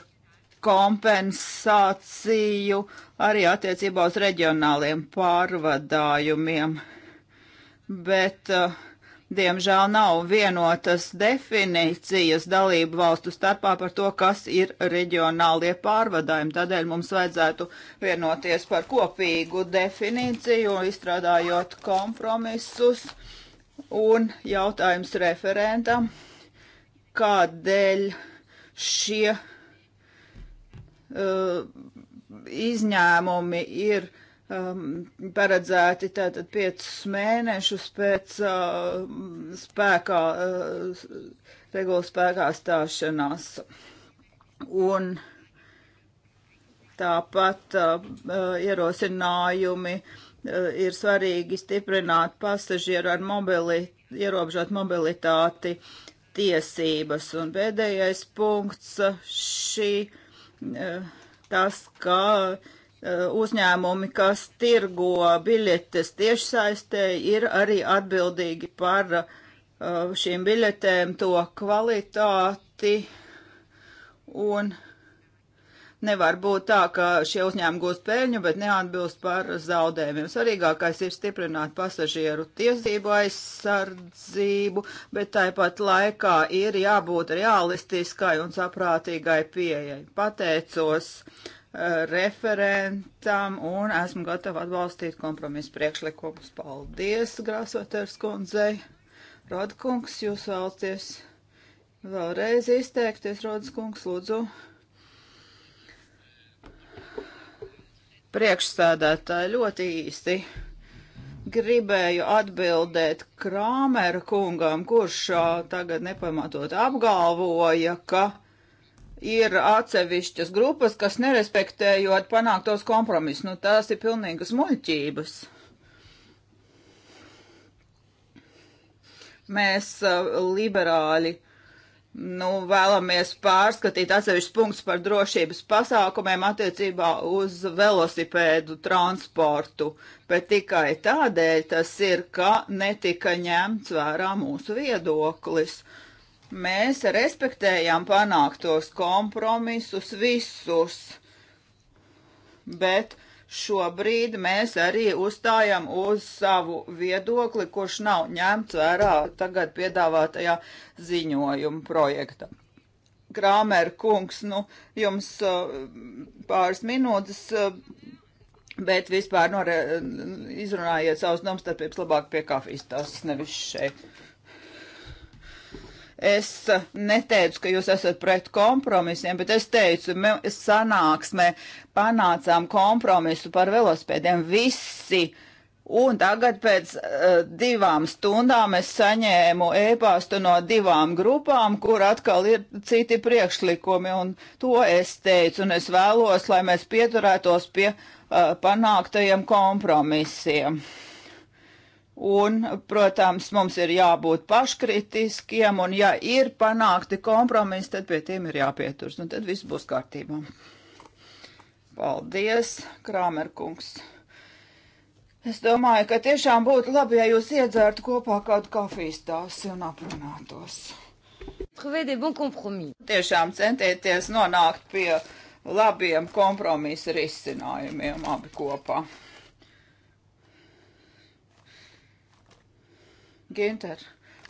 Speaker 3: kompensāciju arī attiecībā uz reģionāliem pārvadājumiem. Bet uh, Diemžēl nav vienotas definīcijas dalību valstu starpā par to, kas ir reģionālie pārvadājumi. Tādēļ mums vajadzētu vienoties par kopīgu definīciju, izstrādājot kompromisus. Un jautājums referentam, kādēļ šie uh, izņēmumi ir uh, um, paredzēti tātad piecus mēnešus pēc uh, spēkā, uh, regulas spēkā stāšanās. Un tāpat uh, ierosinājumi uh, ir svarīgi stiprināt pasažieru ar mobili, ierobežot mobilitāti tiesības. Un pēdējais punkts uh, šī, uh, tas, ka uh, Eh, uzņēmumi, kas tirgo biļetes tiešsaistē, ir arī atbildīgi par eh, šīm biļetēm to kvalitāti un nevar būt tā, ka šie uzņēmumi gūst peļņu, bet neatbilst par zaudējumiem. Svarīgākais ir stiprināt pasažieru tiesību aizsardzību, bet tāpat laikā ir jābūt realistiskai un saprātīgai pieejai. Pateicos referentam un esmu gatava atbalstīt kompromisu priekšlikumus. Paldies, Grāsoters kundzei. Rodkungs, jūs vēlties vēlreiz izteikties, Rodkungs, lūdzu. Priekšsēdētāji ļoti īsti gribēju atbildēt Krāmera kungam, kurš tagad nepamatot apgalvoja, ka ir atsevišķas grupas, kas nerespektējot panāktos kompromisus. Nu, tās ir pilnīgas muļķības. Mēs, uh, liberāļi, nu, vēlamies pārskatīt atsevišķus punktus par drošības pasākumiem attiecībā uz velosipēdu transportu, bet tikai tādēļ tas ir, ka netika ņemts vērā mūsu viedoklis. Uh, Mēs respektējam panāktos kompromisus visus, bet šobrīd mēs arī uzstājam uz savu viedokli, kurš nav ņemts vērā tagad piedāvātajā ziņojuma projektā. Krāmer kungs, nu, jums uh, pāris minūtes, uh, bet vispār nore, izrunājiet savus domstarpības labāk pie kafijas, tas nevis šeit. Es neteicu, ka jūs esat pret kompromisiem, bet es teicu, mēs sanāksmē panācām kompromisu par velospēdiem visi. Un tagad pēc uh, divām stundām es saņēmu ēpastu no divām grupām, kur atkal ir citi priekšlikumi, un to es teicu, un es vēlos, lai mēs pieturētos pie uh, panāktajiem kompromisiem. Uh, Un, protams, mums ir jābūt paškritiskiem, un ja ir panākti kompromisi, tad pie tiem ir jāpieturas, un nu, tad viss būs kārtībā. Paldies, Krāmerkungs! Es domāju, ka tiešām būtu labi, ja jūs iedzērtu kopā kādu kafijas tāsi un aprunātos. Tiešām centieties nonākt pie labiem kompromisa risinājumiem abi kopā. Ginter,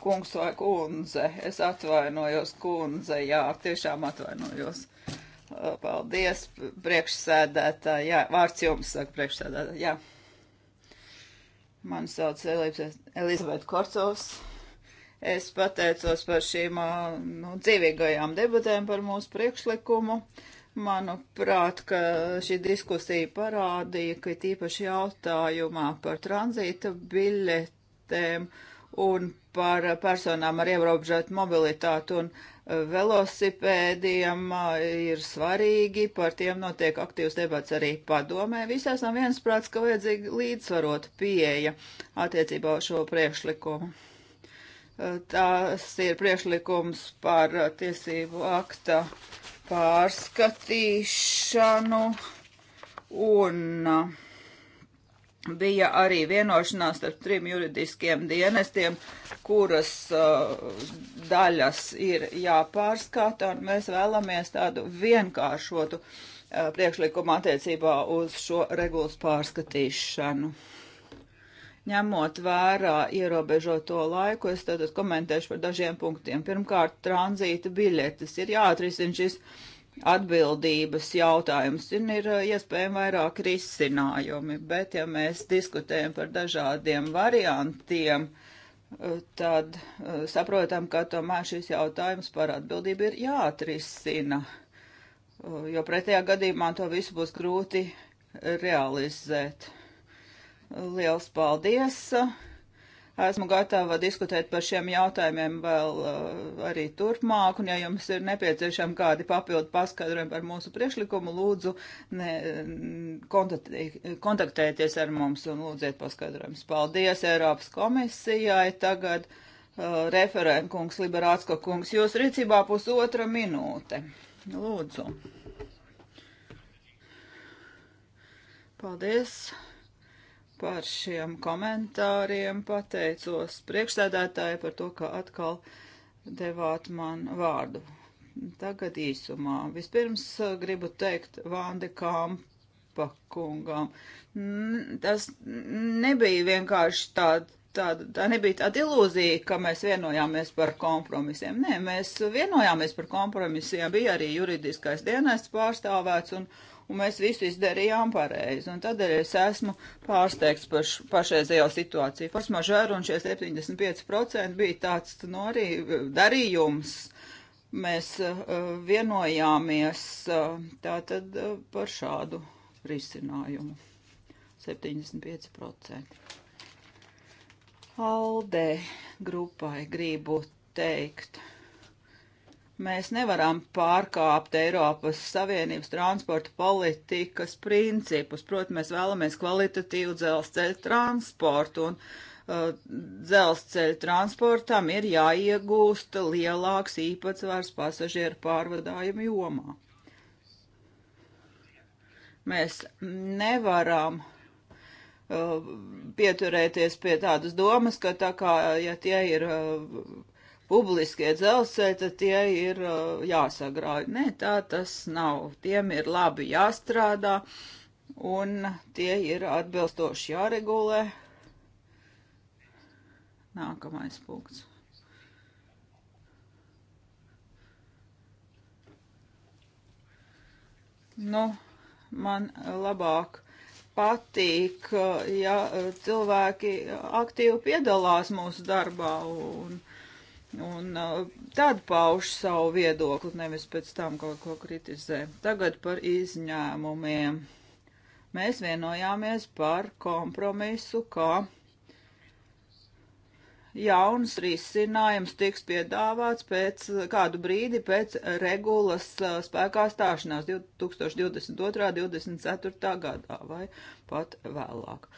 Speaker 3: kungs vai kundze, es atvainojos kundze, jā, tiešām atvainojos. Paldies, priekšsēdētāji, jā, vārds jums, saka priekšsēdētāji, jā. Mani sauc Elizabete Korcovs. Es pateicos par šīm nu, dzīvīgajām debatēm par mūsu priekšlikumu. Manuprāt, ka šī diskusija parādīja, ka tīpaši jautājumā par tranzīta biļetēm un par personām ar ierobežotu mobilitāti un e, velosipēdiem ir svarīgi, par tiem notiek aktīvs debats arī padomē. Visi esam viensprāts, ka vajadzīga līdzsvarota pieeja attiecībā uz šo priekšlikumu. E, tas ir priekšlikums par tiesību akta pārskatīšanu un bija arī vienošanās ar trim juridiskiem dienestiem, kuras uh, daļas ir jāpārskata, un mēs vēlamies tādu vienkāršotu uh, priekšlikumu attiecībā uz šo regulas pārskatīšanu. Ņemot vērā ierobežoto laiku, es tātad komentēšu par dažiem punktiem. Pirmkārt, tranzīta biļetes ir jāatrisina šis. Uh, atbildības jautājums, un ir eh, iespējami vairāk risinājumi, bet ja mēs diskutējam par dažādiem variantiem, eh, tad eh, saprotam, ka tomēr šis jautājums par atbildību ir jāatrisina, jo pretējā gadījumā to visu būs grūti realizēt. Liels paldies! Esmu gatava diskutēt par šiem jautājumiem vēl uh, arī turpmāk, un ja jums ir nepieciešami kādi papildu paskaidrojumi par mūsu priekšlikumu, lūdzu ne, kontaktēties ar mums un lūdziet paskaidrojumus. Paldies Eiropas komisijai. Tagad uh, referentkungs Liberācko kungs, jūs rīcībā pusotra minūte. Lūdzu. Paldies par šiem komentāriem, pateicos priekšstādātāji par to, ka atkal devāt man vārdu. Tagad īsumā. Vispirms eh, gribu teikt Vande Kampa kungam. Tas nebija vienkārši tāds tāda, tā nebija tāda ilūzija, ka mēs vienojāmies par kompromisiem. Nē, mēs vienojāmies par kompromisiem. Bija arī juridiskais dienests pārstāvēts, un, un mēs visu izdarījām pareizi. Un tādēļ es esmu pārsteigts par pašreizējo situāciju. Forsmažēru un šie 75% bija tāds, nu, arī eh, darījums. Mēs uh, vienojāmies uh, tātad uh, par šādu risinājumu. 75%. Alde grupai gribu teikt Mēs nevaram pārkāpt Eiropas Savienības transporta politikas principus. Protams, mēs vēlamies kvalitatīvu dzelzceļa transportu, un uh, dzelzceļa transportam ir jāiegūst lielāks īpatsvars pasažieru pārvadājumu jomā. Mēs nevaram uh, pieturēties pie tādas domas, ka tā kā, ja tie ir uh, publiskie dzelzceļi, tad tie ir uh, jāsagrauj. Nē, tā tas nav. Tiem ir labi jāstrādā un tie ir atbilstoši jāregulē. Nākamais punkts. Nu, man labāk patīk, uh, ja uh, cilvēki aktīvi piedalās mūsu darbā un Un uh, tad pauž savu viedokli, nevis pēc tam kaut ko kritizē. Tagad par izņēmumiem. Mēs vienojāmies par kompromisu, ka jauns risinājums tiks piedāvāts pēc kādu brīdi pēc regulas uh, spēkā stāšanās 2022. 24. gadā vai pat vēlāk.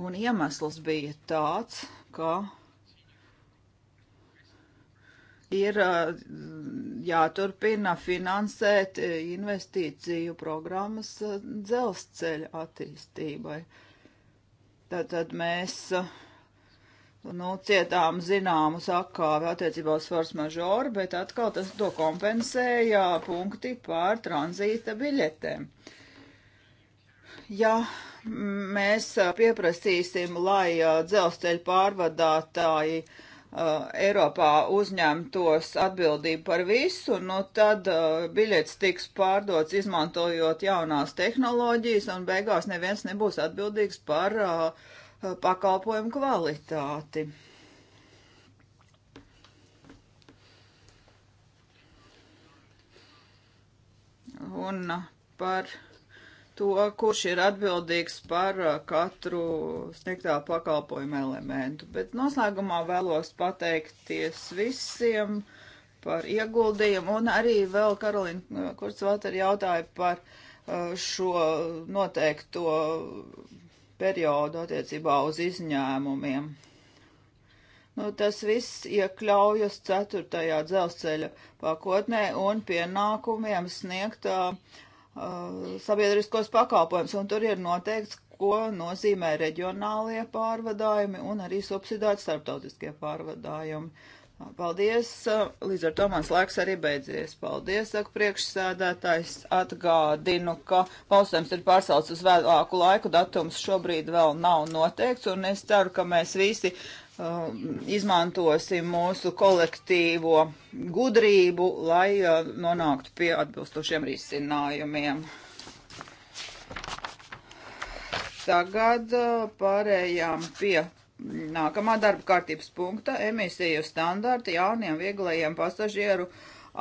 Speaker 3: Un iemesls bija tāds, ka ir eh, jāturpina finansēt eh, investīciju programmas eh, dzelzceļa attīstībai. Tātad mēs nu, cietām zināmu sakāvi attiecībā uz force majeure, bet atkal tas to kompensēja punkti pār tranzīta biļetēm. Ja mēs pieprasīsim, lai dzelzceļa pārvadātāji uh, uh, Eiropā uzņemtos atbildību par visu, nu tad uh, biļets tiks pārdots izmantojot jaunās tehnoloģijas un beigās neviens nebūs atbildīgs par uh, pakalpojumu kvalitāti. Un uh, par to, kurš ir atbildīgs par uh, katru sniegtā pakalpojuma elementu. Bet noslēgumā vēlos pateikties visiem par ieguldījumu, un arī vēl Karolina uh, Kurcvāter jautāja par uh, šo noteikto periodu attiecībā uz izņēmumiem. Nu, tas viss iekļaujas ceturtajā dzelzceļa pakotnē un pienākumiem sniegt uh, Uh, sabiedriskos pakalpojumus, un tur ir noteikts, ko nozīmē reģionālie pārvadājumi un arī subsidēti starptautiskie pārvadājumi. Paldies! Uh, līdz ar to mans laiks arī beidzies. Paldies, saka priekšsēdētājs. Atgādinu, ka balsojums ir pārcelts uz vēlāku laiku. Datums šobrīd vēl nav noteikts, un es ceru, ka mēs visi Uh, izmantosim mūsu kolektīvo gudrību, lai uh, nonāktu pie atbilstošiem risinājumiem. Tagad uh, pārējām pie nākamā darba kārtības punkta - emisiju standarti jauniem vieglajiem pasažieru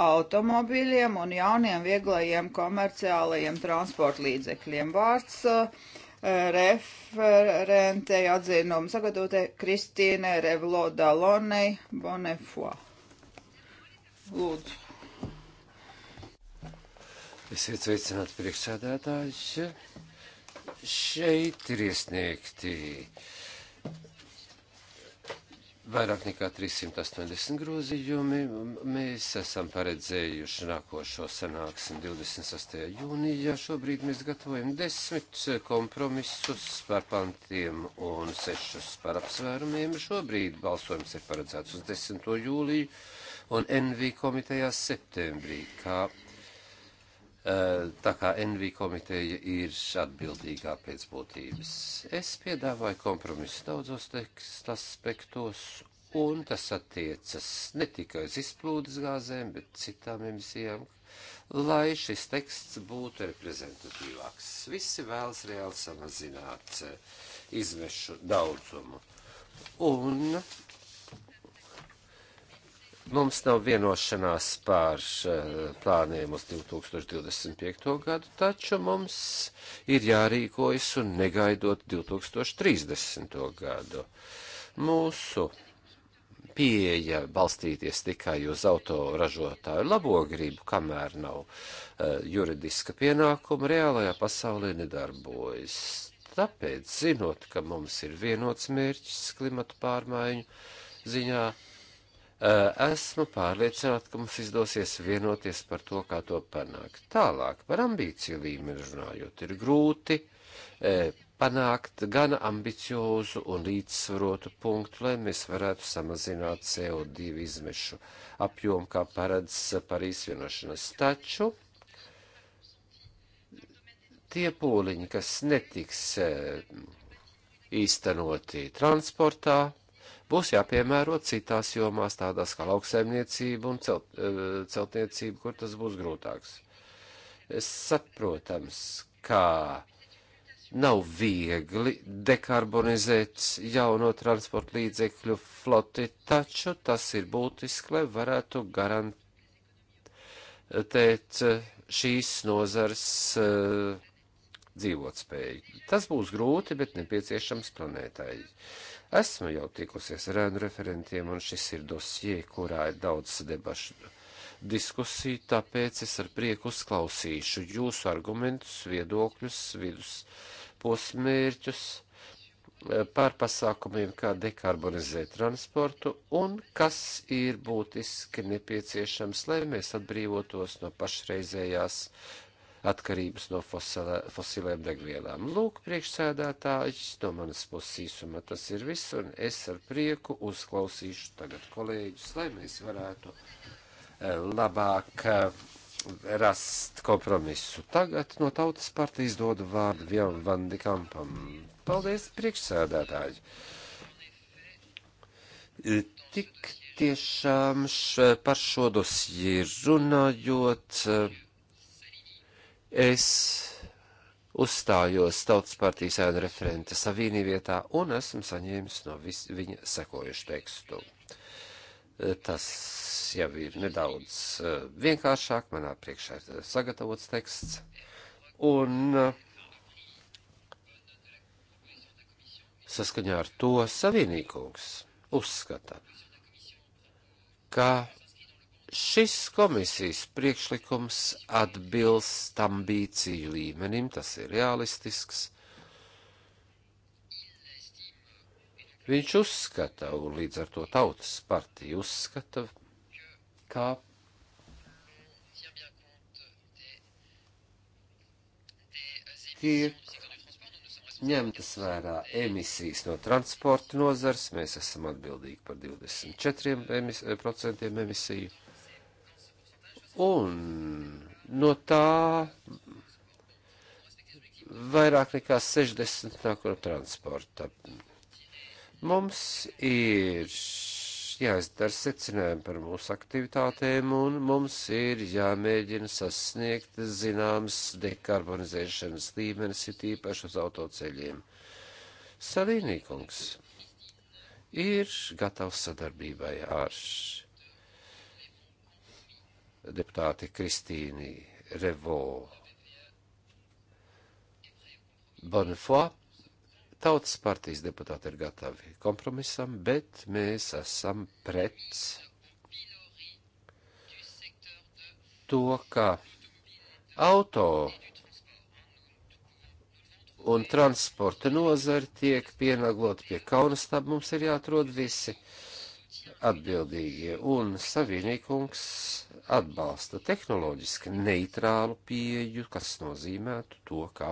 Speaker 3: automobiļiem un jauniem vieglajiem komerciālajiem transportlīdzekļiem. Vārds uh, referentei atzinumu sagatavotē Kristīne Revlo Dalonei Bonefo. Lūdzu.
Speaker 1: Esiet sveicināti priekšsēdētāji. Šeit ir iesniegti uh, vairāk nekā 380 grozījumi. Mēs esam paredzējuši nākošo sanāksmi 26. jūnijā. Šobrīd mēs gatavojam desmit kompromisus par pantiem un sešus par apsvērumiem. Šobrīd balsojums ir paredzēts uz 10. jūliju un NV komitejā septembrī, kā Eh, tā kā NV komiteja ir atbildīgā pēc būtības. Es piedāvāju kompromisu daudzos tekstu aspektos, un tas attiecas ne tikai uz izplūdes gāzēm, bet citām emisijām, lai šis teksts būtu reprezentatīvāks. Visi vēlas reāli samazināt eh, izmešu daudzumu. Un Mums nav vienošanās pār eh, plāniem uz 2025. gadu, taču mums ir jārīkojas un negaidot 2030. gadu. Mūsu pieeja balstīties tikai uz autoražotāju labo gribu, kamēr nav uh, juridiska pienākuma, reālajā pasaulē nedarbojas. Tāpēc, zinot, ka mums ir vienots mērķis klimatu pārmaiņu ziņā, Eh, esmu pārliecināta, ka mums izdosies vienoties par to, kā to panākt. Tālāk par ambīciju līmeni runājot, ir grūti eh, panākt gan ambiciozu un līdzsvarotu punktu, lai mēs varētu samazināt CO2 izmešu apjomu, kā paredz Parīs vienošanas. Taču tie pūliņi, kas netiks eh, īstenoti transportā, būs jāpiemēro citās jomās, tādās kā lauksaimniecība un celt, e, celtniecība, kur tas būs grūtāks. Saprotams, kā nav viegli dekarbonizēt jauno transporta līdzekļu floti, taču tas ir būtiski, lai varētu garantēt šīs nozars e, dzīvotspēju. Tas būs grūti, bet nepieciešams planētai. Esmu jau tikusies ar ēnu referentiem, un šis ir dosie, kurā ir daudz debašu diskusiju, tāpēc es ar prieku uzklausīšu jūsu argumentus, viedokļus, vidus posmērķus eh, par pasākumiem, kā dekarbonizēt transportu un kas ir būtiski nepieciešams, lai mēs atbrīvotos no pašreizējās atkarības no fosilē, fosilēm degvielām. Lūk, priekšsēdētājs, no manas puses īsumā tas ir viss, un es ar prieku uzklausīšu tagad kolēģus, lai mēs varētu eh, labāk eh, rast kompromisu. Tagad no tautas partijas dodu vārdu Vjam Vandikampam. Paldies, priekšsēdētāji! Eh, tik tiešām š, par šo dosiju runājot. Uh, Es uzstājos Tautas partijas ēna referenta Savīnī vietā un esmu saņēmis no vis, viņa sekojušu tekstu. E, tas jau ir nedaudz e, vienkāršāk, manā priekšā ir e, sagatavots teksts. Un saskaņā ar to Savienīkungs uzskata, ka Šis komisijas priekšlikums atbilst ambīciju līmenim, tas ir realistisks. Viņš uzskata, un līdz ar to tautas partija uzskata, kā tiek ņemtas vērā emisijas no transporta nozars. Mēs esam atbildīgi par 24% emisiju Un no tā vairāk nekā 60 nāk no transporta. Mums ir jāizdara secinājumi par mūsu aktivitātēm, un mums ir jāmēģina sasniegt zināms dekarbonizēšanas līmenis, ir tīpaši uz autoceļiem. Salīnīkungs ir gatavs sadarbībai ar. Ārš deputāti Kristīni Revo Bonfoy. Tautas partijas deputāti ir gatavi kompromisam, bet mēs esam pret to, ka auto un transporta nozari tiek pienaglot pie kaunas, tad mums ir jāatrod visi uh, atbildīgie, un savienīkums atbalsta tehnoloģiski neitrālu pieju, kas nozīmētu to, ka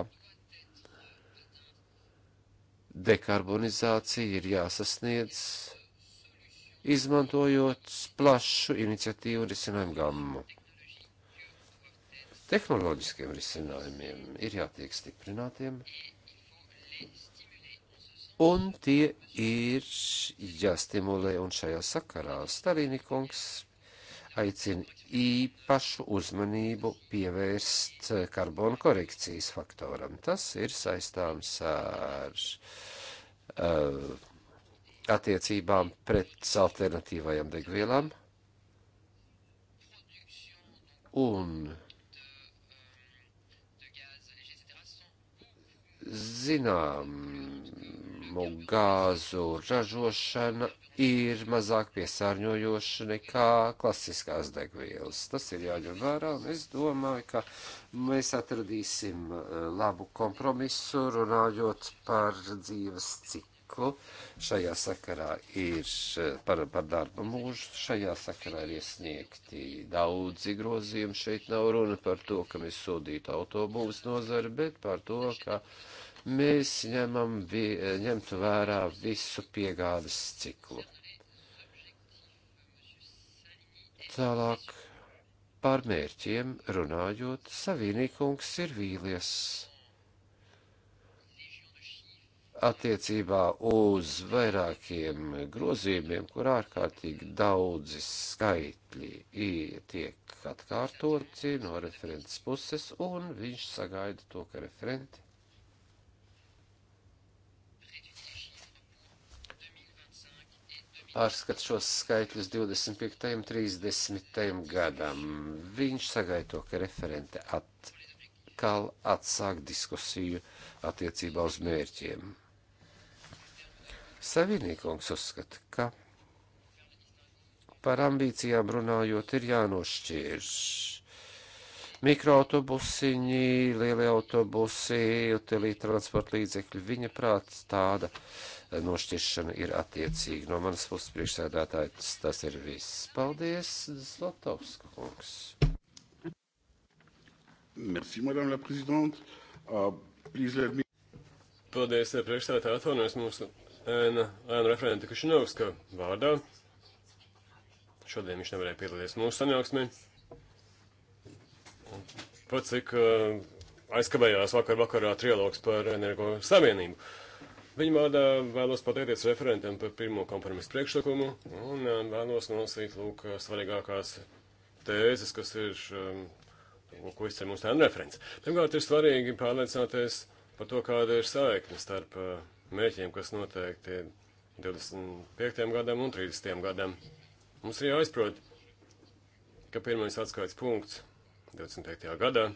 Speaker 1: dekarbonizācija ir jāsasniedz, izmantojot plašu iniciatīvu risinājumu gammu. Tehnoloģiskiem risinājumiem ir jātiek stiprinātiem un tie ir jāstimulē, un šajā sakarā Stalinikungs aicina īpašu uzmanību pievērst karbona korekcijas faktoram. Tas ir saistāms ar uh, attiecībām pret alternatīvajām degvielām un zinām atomu gāzu ražošana ir mazāk piesārņojoša nekā klasiskās degvielas. Tas ir jāņem vērā, un es domāju, ka mēs atradīsim eh, labu kompromisu runājot par dzīves ciklu. Šajā sakarā ir eh, par, par darba mūžu, šajā sakarā ir iesniegti daudzi grozījumi. Šeit nav runa par to, ka mēs sodītu autobūvas nozari, bet par to, ka uh, mēs ņemam, ņemtu vērā visu piegādes ciklu. Tālāk par mērķiem runājot, savienīkungs ir vīlies attiecībā uz vairākiem grozījumiem, kur ārkārtīgi daudzi skaitļi tiek atkārtoti no referents puses, un viņš sagaida to, ka referenti pārskat šos skaitļus 25. un 30. gadam. Viņš sagaito, ka referente atkal atsāk diskusiju attiecībā uz mērķiem. Savienīkungs uzskata, ka par ambīcijām runājot ir jānošķirš. Mikroautobusiņi, lielie autobusi, utilīta transporta līdzekļi, viņa prāts tāda nošķiršana ir attiecīga. No manas puses priekšsēdētāji tas ir viss. Paldies, Zlotovska kungs.
Speaker 2: Merci, madame la présidente. Uh, please let me. Paldies, eh, priekšsēdētāji, atvainojos mūsu ēna, ēna referenta Kašinovska vārdā. Šodien viņš nevarēja piedalīties mūsu sanāksmē. Pats cik uh, aizkavējās vakar vakarā trialogs par energo savienību. Uh, Viņa vārdā vēlos pateikties referentam par pirmo kompromisu priekšlikumu un uh, vēlos nolasīt lūk svarīgākās tēzes, kas ir, um, ko izcer mūsu tēna referents. Pirmkārt, ir svarīgi pārliecināties par to, kāda ir saikne starp uh, mērķiem, kas noteikti 25. gadam un 30. gadam. Mums ir jāizprot, ka pirmais atskaits punkts 25. gadā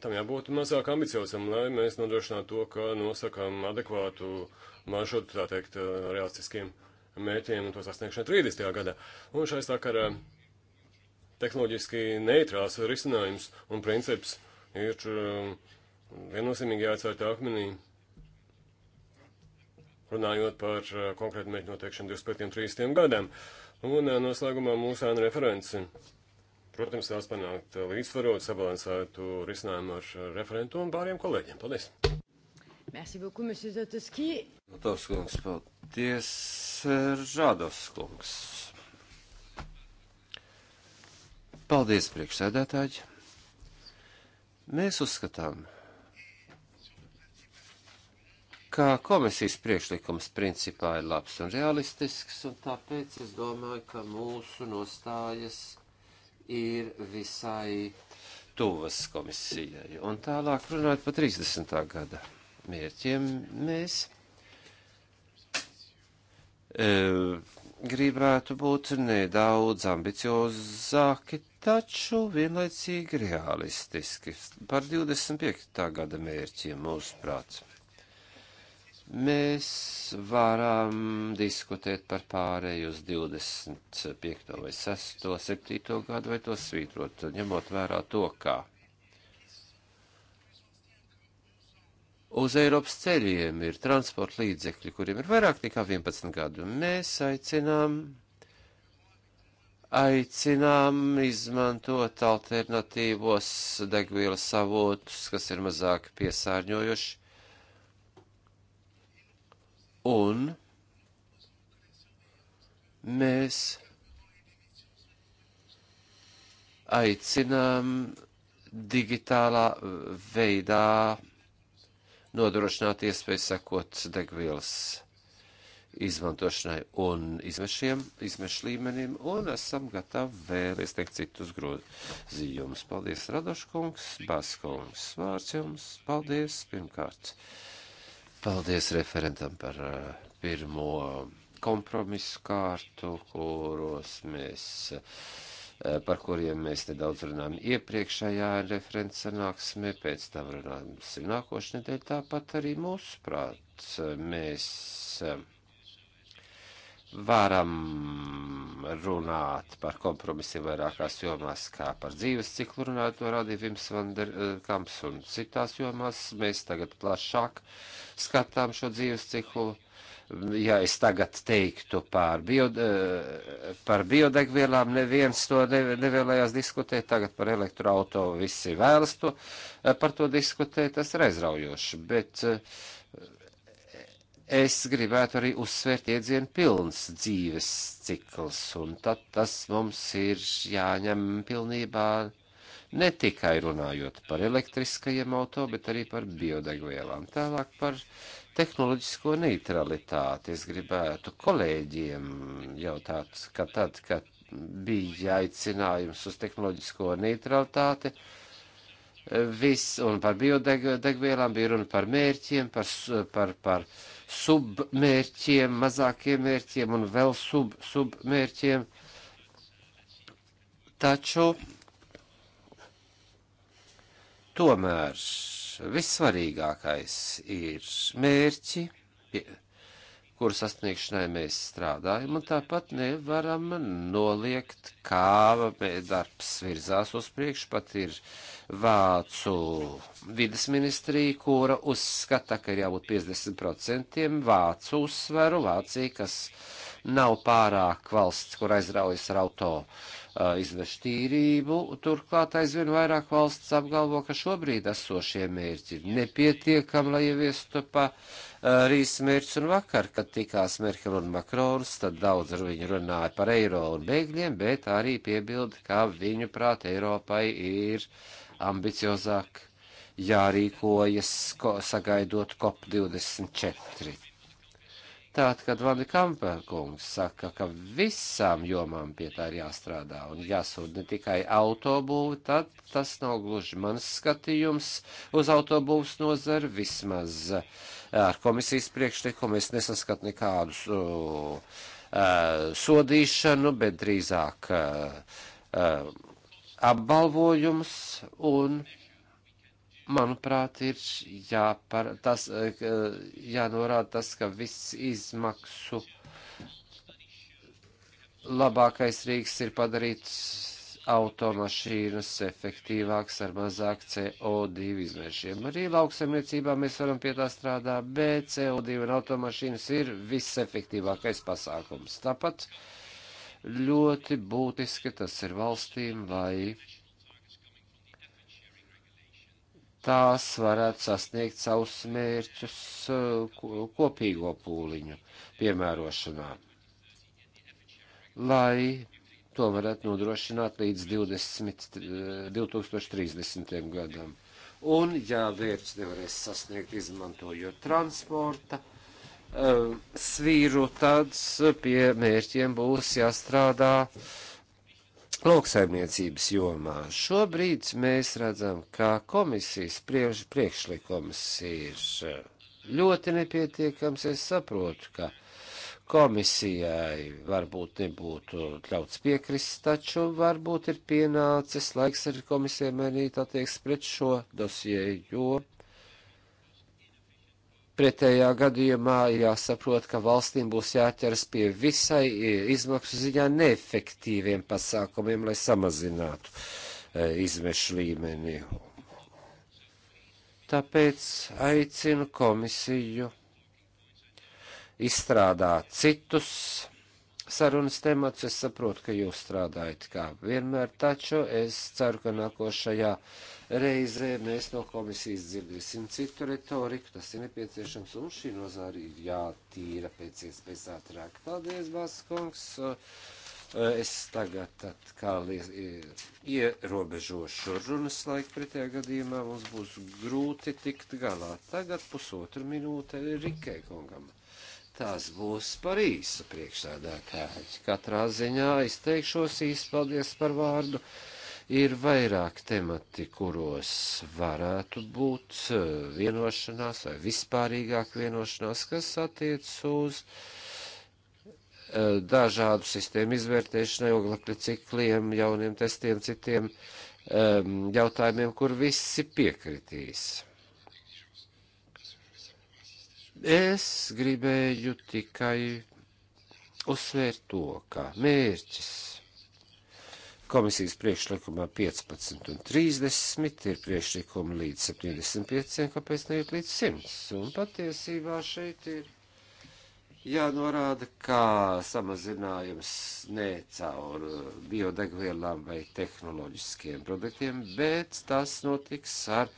Speaker 2: Tam jābūt mazāk ambiciozam, lai mēs nodrošinātu to, ka nosakām adekvātu maršrutu, tā teikt, realistiskiem mērķiem un to sasniegšanu 30. gadā. Un šai sakarā tehnoloģiski neitrās risinājums un princips ir um, viennozīmīgi jāatcer tā akmenī, runājot par uh, konkrētu mērķu noteikšanu 25. un 30. gadam. Un uh, noslēgumā mūsu ēna referenci. Protams, tās panākt līdzsvarot, sabalansētu risinājumu ar referentu un pāriem kolēģiem. Paldies! Merci beaucoup, monsieur Zotoski. Zotos kungs,
Speaker 1: paldies. Žādos kungs. Paldies, priekšsēdētāji. Mēs uzskatām, ka komisijas priekšlikums principā ir labs un realistisks, un tāpēc es domāju, ka mūsu nostājas ir visai tuvas komisijai. Un tālāk runājot par 30. gada mērķiem, mēs e, gribētu būt nedaudz ambiciozāki, taču vienlaicīgi realistiski. Par 25. gada mērķiem mūsuprāt mēs varam diskutēt par pārēju uz 25. vai 6. 7. gadu vai to svītrot, ņemot vērā to, kā uz Eiropas ceļiem ir transporta līdzekļi, kuriem ir vairāk nekā 11 gadu. Mēs aicinām, aicinām izmantot alternatīvos degvielas avotus, kas ir mazāk piesārņojoši un mēs aicinām digitālā veidā nodrošināt iespēju sekot degvielas izmantošanai un izmešiem, izmešu līmenim, un esam gatavi vēl iesniegt citus grozījumus. Paldies, Radoškungs, Baskungs, vārds jums, paldies, pirmkārt. Uh, Paldies referentam par eh, pirmo kompromisu kārtu, kuros mēs, eh, par kuriem mēs nedaudz runājam iepriekšējā referents sanāksmē, pēc tam runājam nākošnedēļ, tāpat arī mūsu prāts. Eh, mēs varam runāt par kompromisiem vairākās jomās, kā par dzīves ciklu runāt no Radīvims Vanderkamps eh, un citās jomās. Mēs tagad plašāk skatām šo dzīves ciklu. Ja es tagad teiktu par, bio, eh, par biodegvielām, neviens to ne, nevēlējās diskutēt, tagad par elektroauto visi vēlas to, eh, par to diskutēt, tas ir aizraujoši, bet uh, es gribētu arī uzsvērt iedzienu pilns dzīves cikls, un tad tas mums ir jāņem pilnībā ne tikai runājot par elektriskajiem auto, bet arī par biodegvielām. Tālāk par tehnoloģisko neutralitāti. Es gribētu kolēģiem jautāt, ka tad, kad bija aicinājums uz tehnoloģisko neutralitāti, viss un par biodegvielām bija runa par mērķiem, par, par, par submērķiem, mazākiem mērķiem un vēl sub, submērķiem. Taču tomēr vissvarīgākais ir mērķi, pie, kuru sasniegšanai mēs strādājam, un tāpat nevaram noliegt, kā darbs virzās uz priekšu, pat ir Vācu vidas ministrija, kura uzskata, ka ir jābūt 50% Vācu uzsveru, Vācija, kas nav pārāk valsts, kur aizraujas ar auto uh, izveš tīrību, turklāt aizvien vairāk valsts apgalvo, ka šobrīd esošie mērķi ir nepietiekami, lai ieviestu pa uh, Eh, rīs Mērķis un vakar, kad tikās Merkel un Makrons, tad daudz ar viņu runāja par eiro un bēgļiem, bet arī piebilda, ka viņu prāt Eiropai ir ambiciozāk jārīkojas, ko, sagaidot COP24. Tātad, kad Vanda Kamperkungs saka, ka visām jomām pie tā ir jāstrādā un jāsūda ne tikai autobūvi, tad tas nav gluži mans skatījums uz autobūvas nozari vismaz. Uh, ar komisijas priekšlikumu es nesaskatu nekādu uh, e, sodīšanu, bet drīzāk uh, e, uh, e, apbalvojums un manuprāt, ir jāpar, tas, jānorāda tas, ka viss izmaksu labākais rīks ir padarīt automašīnas efektīvākas ar mazāk CO2 izmešiem. Arī lauksaimniecībā mēs varam pie tā strādāt, bet CO2 un automašīnas ir visefektīvākais pasākums. Tāpat ļoti būtiski tas ir valstīm, lai tās varētu sasniegt savus mērķus uh, kopīgo pūliņu piemērošanā. Lai to varētu nodrošināt līdz 20, 2030. Eh, gadam. Un, ja vērts nevarēs sasniegt izmantojot transporta uh, svīru, tad pie mērķiem būs jāstrādā lauksaimniecības jomā. Šobrīd mēs redzam, ka komisijas priekš, priekšlikums ir eh, ļoti nepietiekams. Es saprotu, ka Komisijai varbūt nebūtu ļauts piekrist, taču varbūt ir pienācis laiks arī komisijai mainīt attieks pret šo dosieju, jo Pretējā gadījumā jāsaprot, ka valstīm būs jāķeras pie visai izmaksu ziņā neefektīviem pasākumiem, lai samazinātu e, izmešu līmeni. Tāpēc aicinu komisiju izstrādā citus sarunas temats. Es saprotu, ka jūs strādājat kā vienmēr, taču es ceru, ka nākošajā reizē mēs no komisijas dzirdēsim citu retoriku. Tas ir nepieciešams un šī nozāra ir jātīra pēc iespējas ātrāk. Paldies, Baskungs! Es tagad atkal ierobežošu runas laiku, pretējā gadījumā mums būs grūti tikt galā. Tagad pusotru minūte Rikē kungam tas būs par īsu priekšsēdētāji. Katrā ziņā izteikšos īspaldies par vārdu. Ir vairāk temati, kuros varētu būt eh, vienošanās vai vispārīgāk vienošanās, kas attiec uz eh, dažādu sistēmu izvērtēšanai, oglekļa cikliem, jauniem testiem, citiem um, jautājumiem, kur visi piekritīs. Es gribēju tikai uzsvērt to, ka mērķis komisijas priekšlikumā 15 un 30 ir priekšlikumi līdz 75, kāpēc neiet līdz 100? Un patiesībā šeit ir jānorāda, kā samazinājums ne caur biodegvielām vai tehnoloģiskiem produktiem, bet tas notiks ar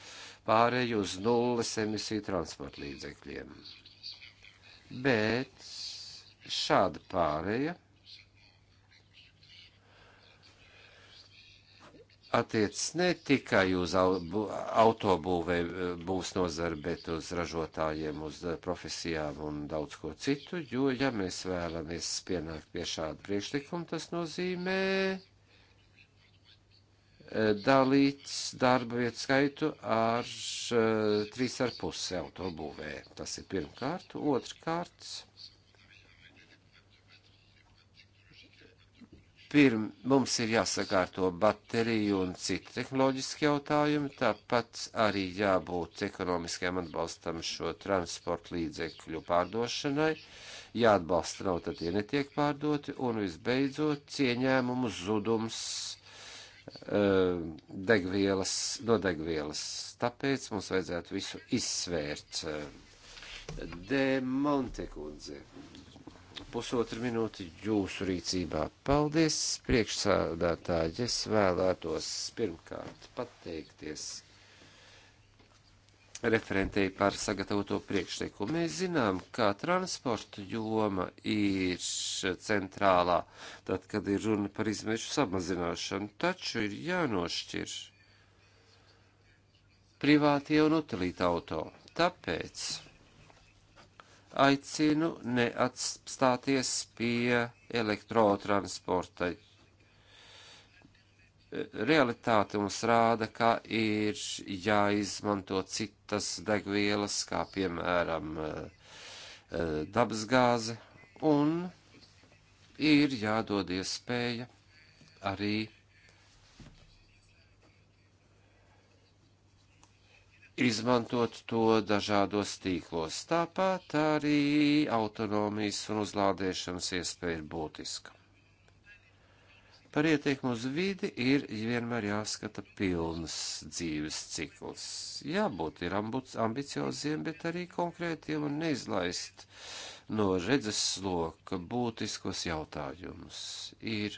Speaker 1: pārēju uz nulles emisiju transporta līdzekļiem. Bet šāda pārēja attiec ne tikai uz autobūvē eh, būs nozara, bet uz ražotājiem, uz profesijām un daudz ko citu, jo, ja mēs vēlamies pienākt pie šāda priekšlikuma, tas nozīmē Eh, dalīts darba vietu skaitu ar 3,5 eh, autobūvē. Tas ir pirmkārt. Otrkārt, pirm, mums ir jāsakārto bateriju un citi tehnoloģiski jautājumi, tāpat arī jābūt ekonomiskajam atbalstam šo transporta līdzekļu pārdošanai. Jāatbalsta nav, tad tie netiek pārdoti. Un visbeidzot, cieņēmumu zudums Eh, degvielas, no degvielas. Tāpēc mums vajadzētu visu izsvērt. De Montekundze pusotru minūti jūsu rīcībā. Paldies, priekšsādātāji! Es vēlētos pirmkārt pateikties referentei par sagatavoto priekšlikumu. Mēs zinām, ka transporta joma ir centrālā, tad, kad ir runa par izmešu samazināšanu, taču ir jānošķir privātie un utilīta auto. Tāpēc aicinu neatstāties pie elektrotransporta, realitāte mums rāda, ka ir jāizmanto citas degvielas, kā piemēram eh, eh, dabasgāze, un ir jādod iespēja arī izmantot to dažādos tīklos. Tāpat arī autonomijas un uzlādēšanas iespēja ir būtiska. Par ietekmu uz vidi ir vienmēr jāskata pilns dzīves cikls. Jābūt ir ambicioziem, bet arī konkrētiem un neizlaist no redzes sloka būtiskos jautājumus. Ir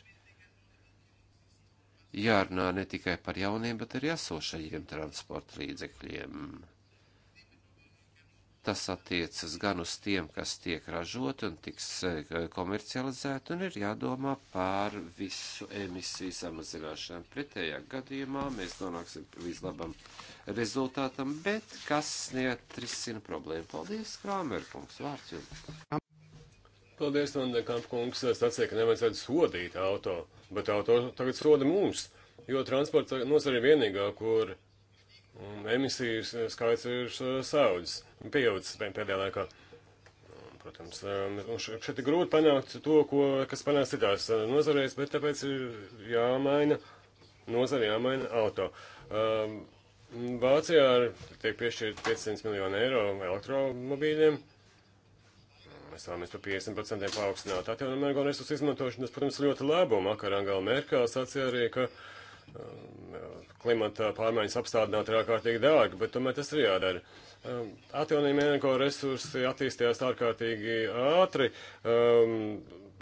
Speaker 1: jārunā ne tikai par jauniem, bet arī esošajiem transporta līdzekļiem Tas attiecas gan uz tiem, kas tiek ražoti un tiks eh, komercializēti, un ir jādomā par visu emisiju samazināšanu. Pretējā gadījumā mēs nonāksim vislabam rezultātam, bet kas neatrisina problēmu. Paldies, Krāmerkungs, vārds jums!
Speaker 2: Paldies, Vandekāp kungs, sacīja, ka nevajadzētu sodīt auto, bet auto tagad soda mūs, jo transporta nozara ir vienīgā, kur Un emisijas skaits ir eh, saudzis, pieaudzis pēdējā laikā. Protams, eh, šeit ir grūti panākt to, ko, kas panāks citās eh, nozarēs, bet tāpēc ir jāmaina nozare, jāmaina auto. Um, Vācijā tiek piešķirt 500 miljonu eiro elektromobīļiem. Mēs vēlamies par 50% paaugstināt atjaunojumu energoresursu izmantošanu. Tas, protams, ļoti labi, un vakar Angela Merkel sacīja arī, ka um, klimata pārmaiņas apstādināt ir ārkārtīgi dārgi, bet tomēr tas ir jādara. Um, Atjaunījumi energo resursi attīstījās ārkārtīgi ātri, um,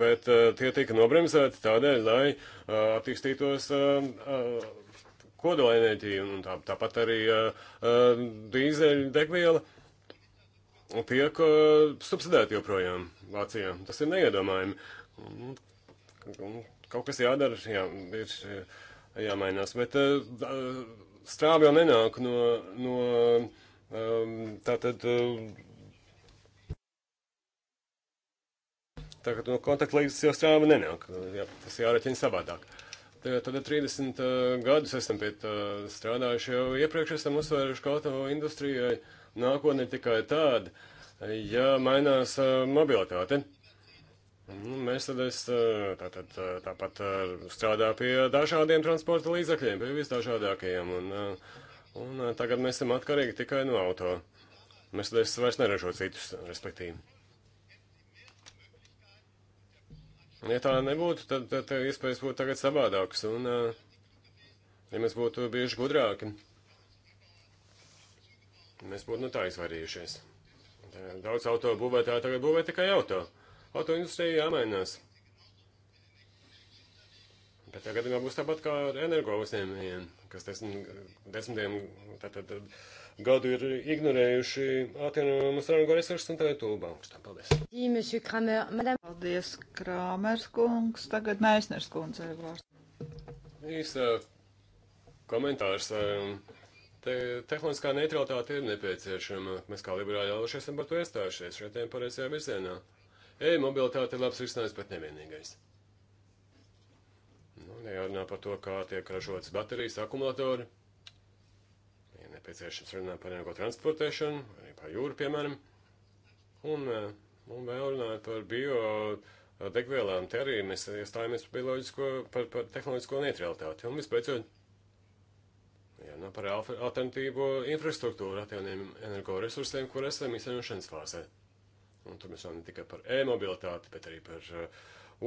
Speaker 2: bet uh, tie tika nobremzēti tādēļ, lai uh, attīstītos um, uh, kodolenerģija un tā, tāpat arī dīzeļu degviela tiek subsidēti joprojām Vācijā. Tas ir neiedomājami. Kaut kas jādara, jā, ir jāmainās. Bet eh, eh, strāva jau nenāk no, no ehm, tātad. Eh, tagad no kontaktlīdzes jau strāva nenāk. Jā, tas jāreķina savādāk. Tad 30 gadus esam pie tā strādājuši. Jau iepriekš esam uzsvēruši, ka auto industrijai nākotne tikai tāda, ja mainās mobilitāte. Nu, mēs tad es, tā, tā, tā, tāpat strādājam pie dažādiem transporta līdzakļiem, pie visdažādākajiem, un, un tagad mēs esam atkarīgi tikai no auto. Mēs tad es vairs neražo citus, respektīvi. Ja tā nebūtu, tad, tad, tad iespējas būtu tagad savādākas, un ja mēs būtu bijuši gudrāki, mēs būtu no nu, tā izvairījušies. Daudz auto būvētāji tagad būvē tikai auto auto industrijai jāmainās. Bet tā gadījumā būs tāpat kā ar energo uzņēmējiem, kas desmit, desmitiem tātad, gadu ir ignorējuši atjaunojumus energo resursus un tagad tūlba augstā. Paldies.
Speaker 3: Paldies, Krāmers kungs. Tagad Mēsners kungs ir vārds.
Speaker 2: Īsta komentārs. Te, tehniskā neutralitāte ir nepieciešama. Mēs kā liberāļi jau esam par to iestājušies šeit pareizajā virzienā. E-mobilitāte ir labs risinājums, bet nevienīgais. Nu, jārunā par to, kā tiek ražotas baterijas, akumulatori. Ja nepieciešams runāt par energo transportēšanu, arī par jūru, piemēram. Un, eh, un vēl runājot par bio eh, degvielām, te arī mēs iestājāmies par bioloģisko, par, par tehnoloģisko neutralitāti. Un vispēcot, jārunā par alternatīvo infrastruktūru atjauniem energoresursiem, kur esam īstenošanas fāzē. Un tur mēs runājam ne tikai par e-mobilitāti, bet arī par uh,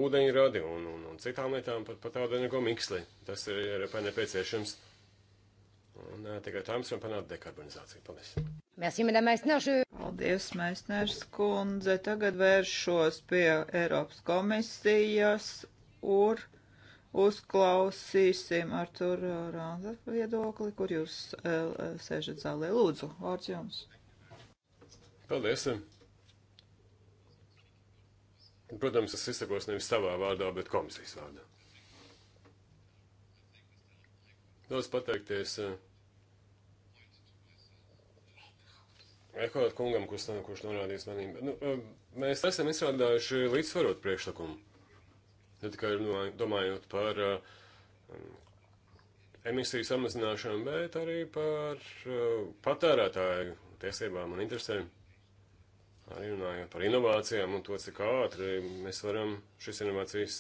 Speaker 2: ūdeņradi un, un, un citām lietām, pat, pat tādu energo miksli. Tas ir Eiropai nepieciešams. Un uh, tikai tā mēs varam panākt dekarbonizāciju. Paldies!
Speaker 3: Mēs jau mēs nešu. Paldies, Mēsners kundze. Tagad vēršos pie Eiropas komisijas un uzklausīsim ar tur Rāna viedokli, kur jūs uh, sēžat zālē. Lūdzu, vārds jums.
Speaker 2: Paldies! Uh. Protams, es izsakos nevis savā vārdā, bet komisijas vārdā. Daudz pateikties uh, eh, Ekvadora kungam, kurš, kurš norādījis manīm. Nu, eh, mēs esam izstrādājuši līdzsvarot priekšlikumu. Ne tikai domājot par uh, emisiju samazināšanu, bet arī par uh, patērētāju tiesībām un interesēm arī runājot par inovācijām un to, cik ātri mēs varam šīs inovācijas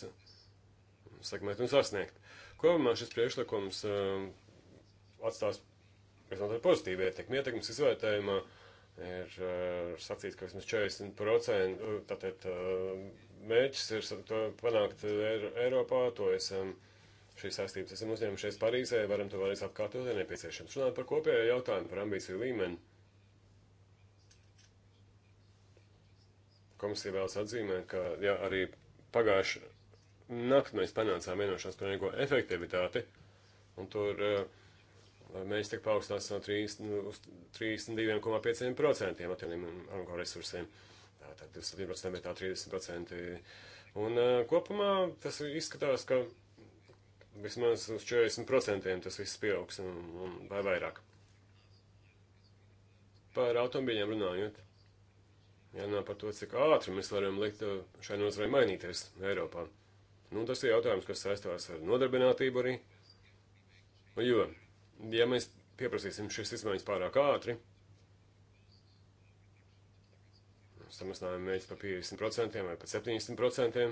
Speaker 2: sekmēt un sasniegt. Kopumā šis priekšlikums uh, atstās visnotaļ pozitīvu ietekmi. Ietekmes izvērtējumā ir uh, sacīts, ka vismaz 40% eh, tātad uh, mērķis ir to panākt Eiropā, to esam šīs saistības esam uzņēmušies Parīzē, varam to vēlreiz atkārtot, ja nepieciešams. Runāt par kopējo jautājumu, par ambīciju līmeni. Komisija vēlas atzīmēt, ka jā, arī pagājuši nakti mēs panācām vienošanos par energo efektivitāti, un tur eh, mēs tik paaugstinās no 30, nu, uz 32,5% atjaunīgiem energo resursiem. Tātad 27% vietā 30%. Un eh, kopumā tas izskatās, ka vismaz uz 40% tas viss pieaugs un, un vai vairāk. Par automobīļiem runājot, Jānāk par to, cik ātri mēs varam likt uh, šai nozarei mainīties Eiropā. Nu, tas ir jautājums, kas saistās ar nodarbinātību arī. Jo, ja mēs pieprasīsim šīs izmaiņas pārāk ātri, samazinājuma mērķis par 50% vai pat 70%.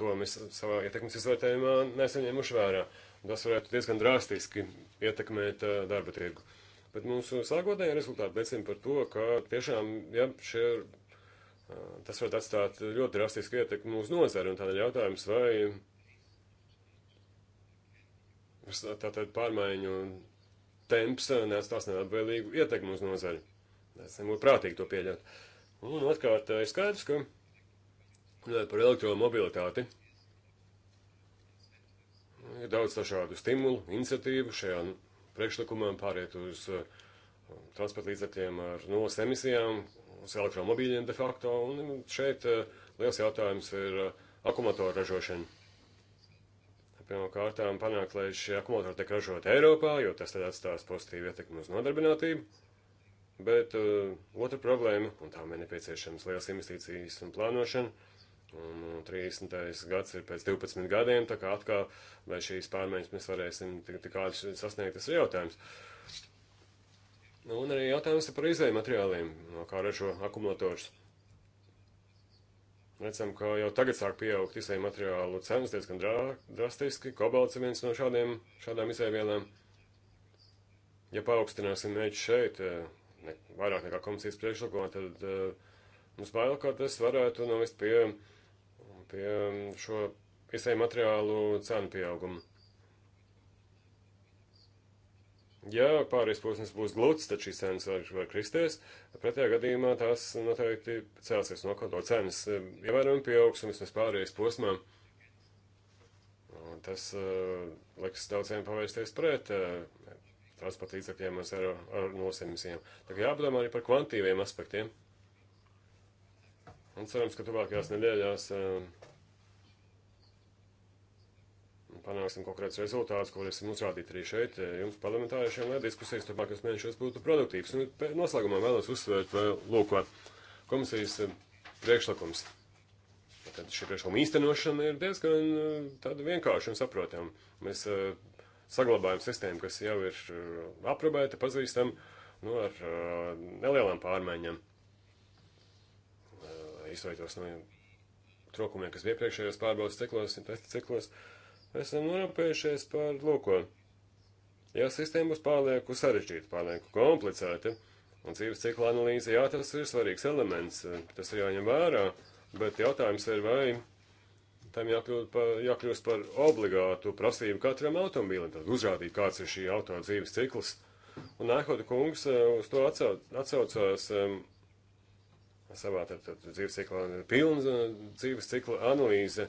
Speaker 2: To mēs savā ietekmes izvērtējumā nesaņēmuši vērā. Tas varētu diezgan drastiski ietekmēt uh, darba tirgu. Bet mūsu sākotnējā rezultāti liecina par to, ka tiešām ja, šie, tas var atstāt ļoti drastisku ietekmi uz nozari, un tādēļ jautājums, vai tātad pārmaiņu temps neatstās nelabvēlīgu ietekmi uz nozari. Es nebūtu prātīgi to pieļaut. Un atkārt ir skaidrs, ka runājot par elektromobilitāti, ir daudz dažādu stimulu, iniciatīvu šajā priekšlikumam pāriet uz uh, transporta līdzekļiem ar nulles emisijām, uz elektromobīļiem de facto, un šeit uh, liels jautājums ir uh, akumulatoru ražošana. Pirmkārt, panākt, lai šie akumulatori tiek ražoti Eiropā, jo tas tad atstās pozitīvu ietekmi uz nodarbinātību. Bet uh, otra problēma, un tām ir nepieciešams liels investīcijas un plānošana, Un 30. Nu, gads ir pēc 12 gadiem, tā kā atkal, vai šīs pārmaiņas mēs varēsim tik, tik ātri sasniegt, tas ir jautājums. Nu, un arī jautājums ir par izēju materiāliem, no kā ražo akumulators. Redzam, ka jau tagad sāk pieaugt izēju materiālu cenas diezgan drastiski. Kobalts ir viens no šādiem, šādām izēvielām. Ja paaugstināsim mērķi šeit, eh, ne, vairāk nekā komisijas priekšlikumā, tad uh, mums bail, ka tas varētu novest pie uh, pie um, šo iesēju materiālu cenu pieauguma. Ja pāris posms būs gluds, tad šīs cenas var, var kristies, pretējā gadījumā tās noteikti celsies no kaut kā cenas. Um, ievērojami pieaugs un vismaz pārējais posmā. Un tas uh, liks daudziem pavērsties pret uh, transporta līdzekļiem ar, ar nosemisiem. Tā kā jāpadomā arī par kvantīviem aspektiem. Un cerams, ka tuvākajās nedēļās eh, panāksim konkrēts rezultāts, ko esam uzrādīti arī šeit, eh, jums parlamentāriešiem, lai diskusijas tuvākajos mēnešos būtu produktīvas. Un noslēgumā vēlos uzsvērt vēl lūk, komisijas eh, priekšlikums. Tad šī priekšlikuma īstenošana ir diezgan tāda vienkārša un saprotama. Mēs saglabājam sistēmu, kas jau ir aprobēta, pazīstam, nu, ar nelielām pārmaiņām izvairītos no trūkumiem, kas bija iepriekšējos pārbaudas ciklos un testa ciklos, mēs esam norūpējušies par lūko. Ja sistēma būs pārlieku sarežģīta, pārlieku komplicēta, un dzīves cikla analīze, jā, tas ir svarīgs elements, tas ir jāņem vērā, bet jautājums ir, vai tam jākļūst par, jākļūst par obligātu prasību katram automobīlim, tad uzrādīt, kāds ir šī auto dzīves cikls. Un Nēhoda kungs eh, uz to atsaucās um, savā tad, tad, dzīves ciklā. Pilna dzīves cikla analīze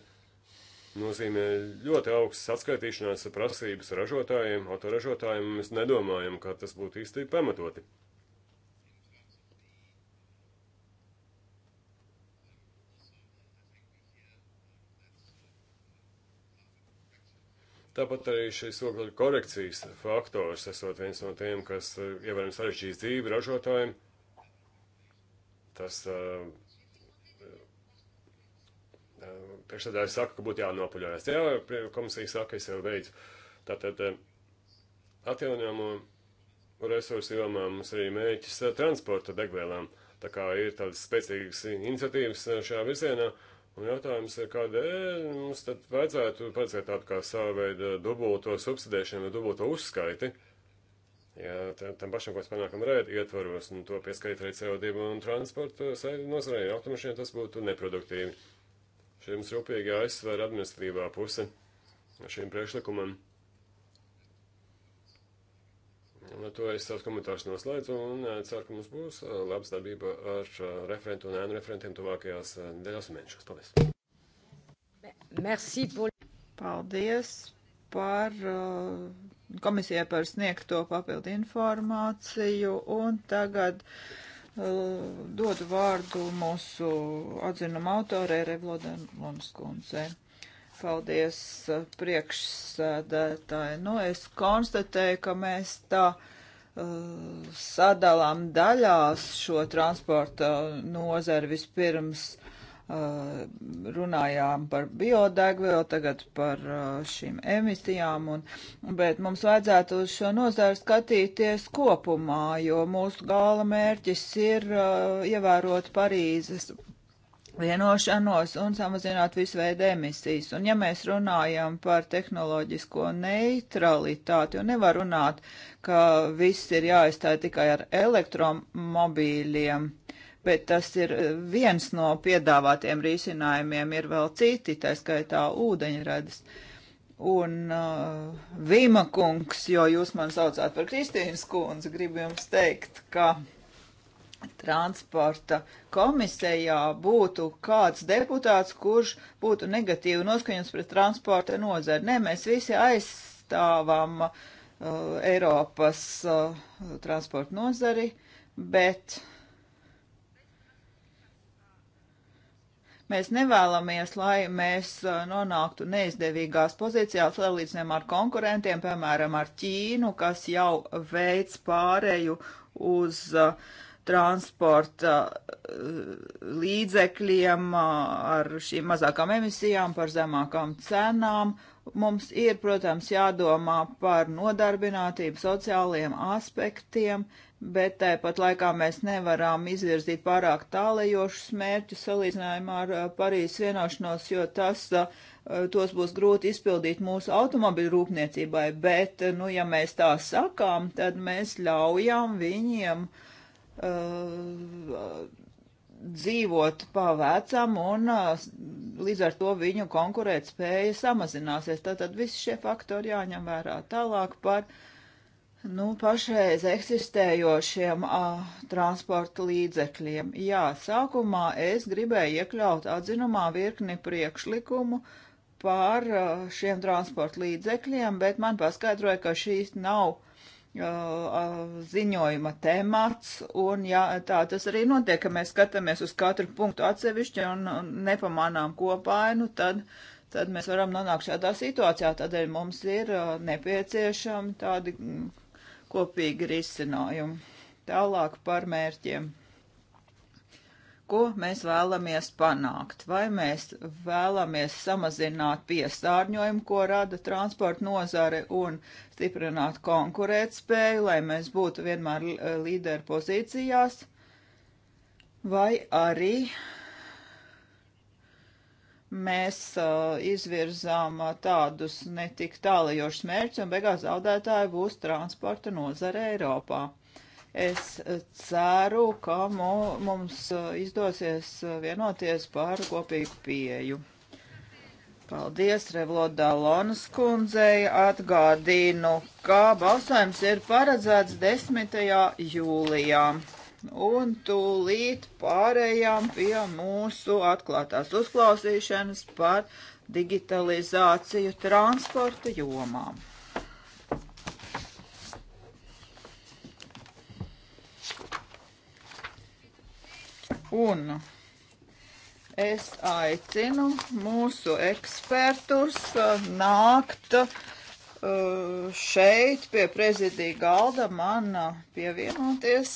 Speaker 2: nozīmē ļoti augstas atskaitīšanās prasības ražotājiem, autoražotājiem. Mēs nedomājam, kā tas būtu īsti pamatoti. Tāpat arī šis ogļu korekcijas faktors esot viens no tiem, kas eh, ievērojami sarežģīs dzīvi ražotājiem. Tas uh, priekšsēdājs saka, ka būtu jānopaļojas. Jā, komisija saka, es jau beidzu. Tātad atjaunojamo resursu jomā mums arī mēģis transporta degvielām. Tā kā ir tādas spēcīgas iniciatīvas šajā virzienā, un jautājums ir, kādēļ mums tad vajadzētu paredzēt tādu kā savu veidu dubulto subsidēšanu vai dubulto uzskaiti. Uh, Ja tam pašam, ko mēs panākam rēdu ietvaros, un nu, to pieskaitīt arī CO2 un transporta nozarei, automašīnai, tas būtu neproduktīvi. Šeit mums rūpīgi jāizsver administratīvā puse šim priekšlikumam. Un ar to es savus komentārus noslēdzu, un eh, ceru, ka mums būs eh, labs darbība ar eh, referentu un ēnu referentiem tuvākajās nedēļās un mēnešos. Paldies!
Speaker 3: Merci pour... Paldies par... Uh komisijai par sniegto papildu informāciju un tagad uh, dodu vārdu mūsu atzinuma autorē Revlodan Lunskundzei. Paldies uh, priekšsēdētāji. Nu, es konstatēju, ka mēs tā uh, sadalām daļās šo transporta nozari vispirms Uh, runājām par biodegvielu, tagad par uh, šīm emisijām, un, bet mums vajadzētu uz šo nozaru skatīties kopumā, jo mūsu gala mērķis ir uh, ievērot Parīzes vienošanos un samazināt visu veidu emisijas. Un ja mēs runājam par tehnoloģisko neutralitāti, jo nevar runāt, ka viss ir jāaizstāja tikai ar elektromobīļiem, bet tas ir eh, viens no piedāvātiem risinājumiem, ir vēl citi, tā skaitā ūdeņradas. Un uh, Vīma kungs, jo jūs man saucāt par Kristīnas kundzi, gribu jums teikt, ka transporta komisijā būtu kāds deputāts, kurš būtu negatīvi noskaņots pret transporta nozari. Nē, mēs visi aizstāvam uh, Eiropas uh, transporta nozari, bet uh, Mēs nevēlamies, lai mēs uh, nonāktu neizdevīgās pozīcijās salīdzinām ar konkurentiem, piemēram, ar Ķīnu, kas jau veids pārēju uz uh, transporta uh, līdzekļiem uh, ar šīm mazākām emisijām, par zemākām cenām. Mums ir, protams, jādomā par nodarbinātību, sociālajiem aspektiem, bet tāpat laikā mēs nevaram izvirzīt pārāk tālējošus mērķus salīdzinājumā ar Parīzes vienošanos, jo tas, tos būs grūti izpildīt mūsu automobiļu rūpniecībai, bet, nu, ja mēs tā sakām, tad mēs ļaujam viņiem uh, dzīvot pa vecam un uh, līdz ar to viņu konkurēt spēja samazināsies. Tātad visi šie faktori jāņem vērā tālāk par uh, Nu, pašreiz eksistējošiem a, transporta līdzekļiem. Jā, sākumā es gribēju iekļaut atzinumā virkni priekšlikumu par a, šiem transporta līdzekļiem, bet man paskaidroja, ka šīs nav a, a, ziņojuma temats, un jā, tā tas arī notiek, ka mēs skatāmies uz katru punktu atsevišķi un, un nepamanām kopainu, tad tad mēs varam nonākt šādā situācijā. Tādēļ mums ir nepieciešami tādi kopīgi risinājumu. Tālāk par mērķiem. Ko mēs vēlamies panākt? Vai mēs vēlamies samazināt piesārņojumu, ko rada transporta nozare, un stiprināt konkurētspēju, lai mēs būtu vienmēr līderu pozīcijās? Vai arī mēs uh, izvirzām uh, tādus netik tālajošus mērķus, un beigās zaudētāji būs transporta nozare Eiropā. Es uh, ceru, ka mu, mums uh, izdosies uh, vienoties par kopīgu pieju. Paldies, Revlodālonas kundzei. Atgādīnu, ka balsojums ir paredzēts 10. jūlijā un tūlīt pārējām pie mūsu atklātās uzklausīšanas par digitalizāciju transporta jomām. Un es aicinu mūsu ekspertus uh, nākt uh, šeit pie prezidija galda man uh, pievienoties.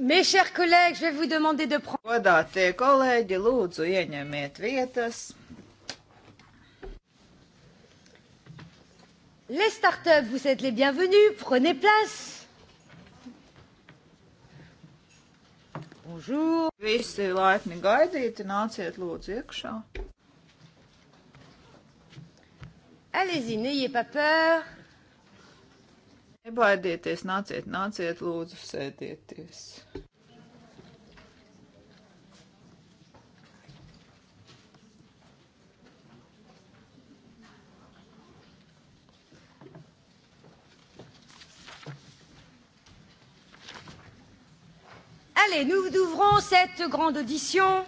Speaker 3: Godātie kolēģi, lūdzu, ieņemiet vietas. Les startups, vous êtes les bienvenus, prenez place. Bonjour. Visi laipni gaidīti, nāciet lūdzu iekšā. Allez-y, n'ayez pas peur. Nebaidieties, nāciet, nāciet, lūdzu, sēdieties.
Speaker 1: Allez, nous ouvrons cette grande audition.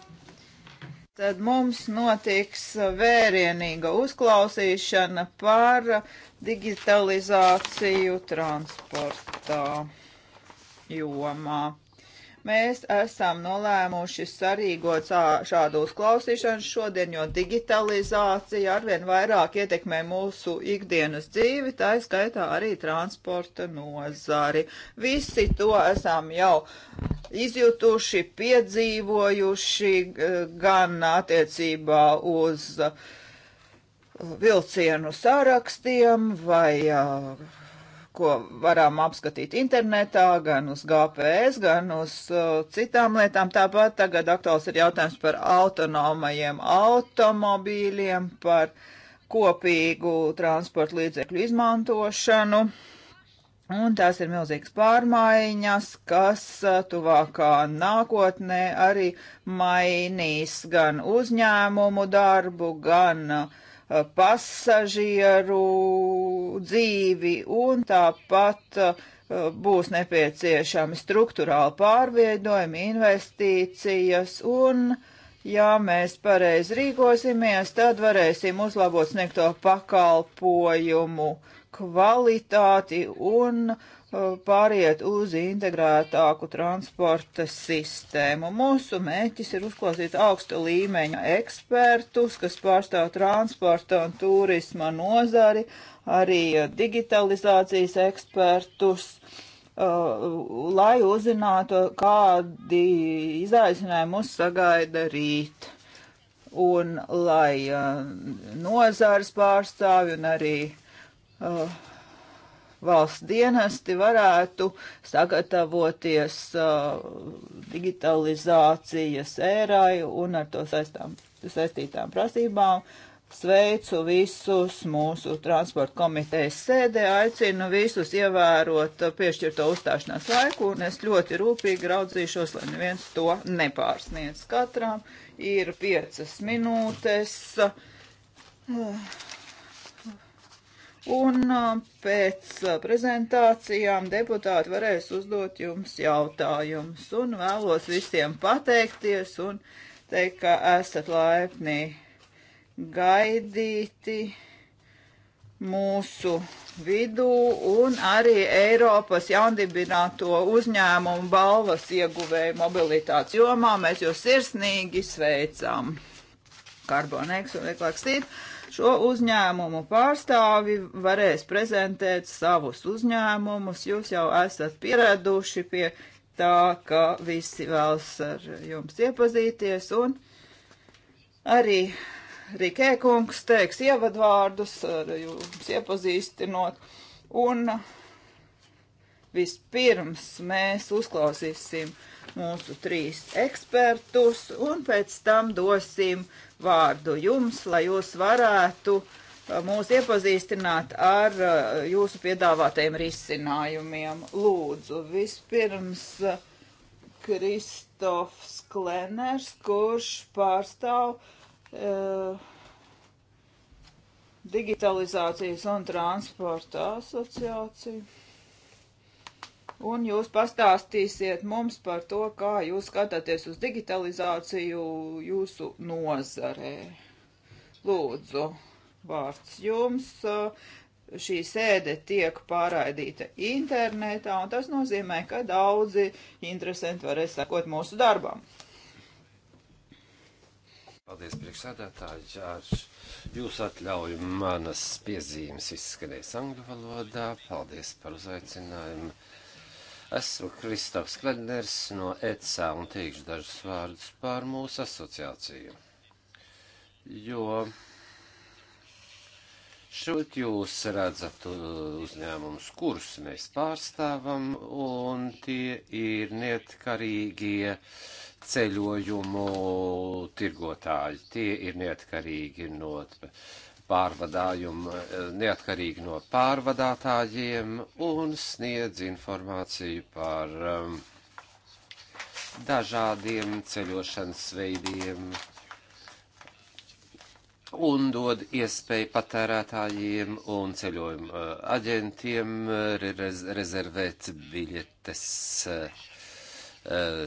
Speaker 3: Tad mums notiks uh, vērienīga uzklausīšana par digitalizāciju transportā jomā. Mēs esam nolēmuši sarīgot šādu uzklausīšanu šodien, jo digitalizācija arvien vairāk ietekmē mūsu ikdienas dzīvi, tā skaitā arī transporta nozari. Visi to esam jau izjutuši, piedzīvojuši gan attiecībā uz vilcienu sarakstiem vai uh, ko varam apskatīt internetā, gan uz GPS, gan uz uh, citām lietām. Tāpat tagad aktuāls ir jautājums par autonomajiem automobīļiem, par kopīgu transporta līdzekļu izmantošanu. Un tās ir milzīgas pārmaiņas, kas uh, tuvākā nākotnē arī mainīs gan uzņēmumu darbu, gan uh, pasažieru dzīvi un tāpat uh, būs nepieciešami struktūrāli pārveidojumi, investīcijas un, ja mēs pareizi rīkosimies, tad varēsim uzlabot sniegto pakalpojumu kvalitāti un uh, Uh, pāriet uz integrētāku transporta sistēmu. Mūsu mēķis ir uzklausīt augsta līmeņa ekspertus, kas pārstāv transporta un turisma nozari, arī uh, digitalizācijas ekspertus, uh, lai uzzinātu, kādi izaicinājumi mūs sagaida rīt. Un lai uh, nozars pārstāvi un arī uh, valsts dienesti varētu sagatavoties uh, digitalizācijas ērai un ar to saistām, saistītām prasībām. Sveicu visus mūsu transporta komitejas sēdē, aicinu visus ievērot piešķirto uzstāšanās laiku, un es ļoti rūpīgi raudzīšos, lai neviens to nepārsniedz. Katram ir piecas minūtes. Uh un uh, pēc uh, prezentācijām deputāti varēs uzdot jums jautājumus. Un vēlos visiem pateikties un teikt, ka esat laipni gaidīti mūsu vidū un arī Eiropas jaundibināto uzņēmumu balvas ieguvēju mobilitātes jomā. Mēs jūs sirsnīgi sveicam. Karbonēks un vieglāk stīt. Šo uzņēmumu pārstāvi varēs prezentēt savus uzņēmumus. Jūs jau esat pieraduši pie tā, ka visi vēlas ar jums iepazīties un arī Rikē kungs teiks ievadvārdus, ar jums iepazīstinot, un vispirms mēs uzklausīsim mūsu trīs ekspertus, un pēc tam dosim vārdu jums, lai jūs varētu uh, mūs iepazīstināt ar uh, jūsu piedāvātajiem risinājumiem. Lūdzu, vispirms uh, Kristofs Kleners, kurš pārstāv uh, Digitalizācijas un transporta asociāciju un jūs pastāstīsiet mums par to, kā jūs skatāties uz digitalizāciju jūsu nozarē. Lūdzu, vārds jums. Šī sēde tiek pārraidīta internetā, un tas nozīmē, ka daudzi interesanti varēs sekot mūsu darbam.
Speaker 1: Paldies, priekšsēdētāji. Ar jūsu atļauju manas piezīmes izskanēs angļu valodā. Paldies par uzaicinājumu. Esmu Kristofs Kledners no ECA un teikšu dažus vārdus par mūsu asociāciju. Jo šeit jūs redzat uzņēmumus, kurus mēs pārstāvam, un tie ir neatkarīgie ceļojumu tirgotāji. Tie ir neatkarīgi no pārvadājumu eh, neatkarīgi no pārvadātājiem un sniedz informāciju par um, dažādiem ceļošanas veidiem un dod iespēju patērētājiem un ceļojuma eh, aģentiem eh, rez rezervēt biļetes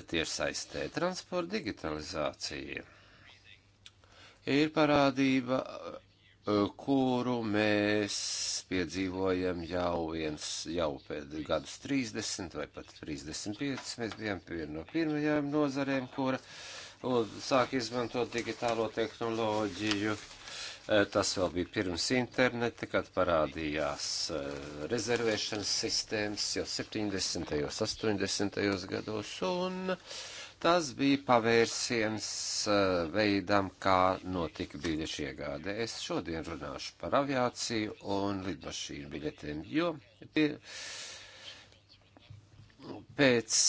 Speaker 1: tiešsaistē transporta digitalizācija. Ir parādība kuru mēs piedzīvojam jau viens, jau pēc gadus 30 vai pat 35. Mēs bijām viena no pirmajām nozarēm, kura sāk izmantot digitālo tehnoloģiju. E, tas vēl bija pirms interneta, kad parādījās e, rezervēšanas sistēmas jau 70. un 80. gados. Un Tas bija pavērsiens eh, veidam, kā notika biļešu iegāde. Es šodien runāšu par aviāciju un lidmašīnu biļetēm, jo pie, pēc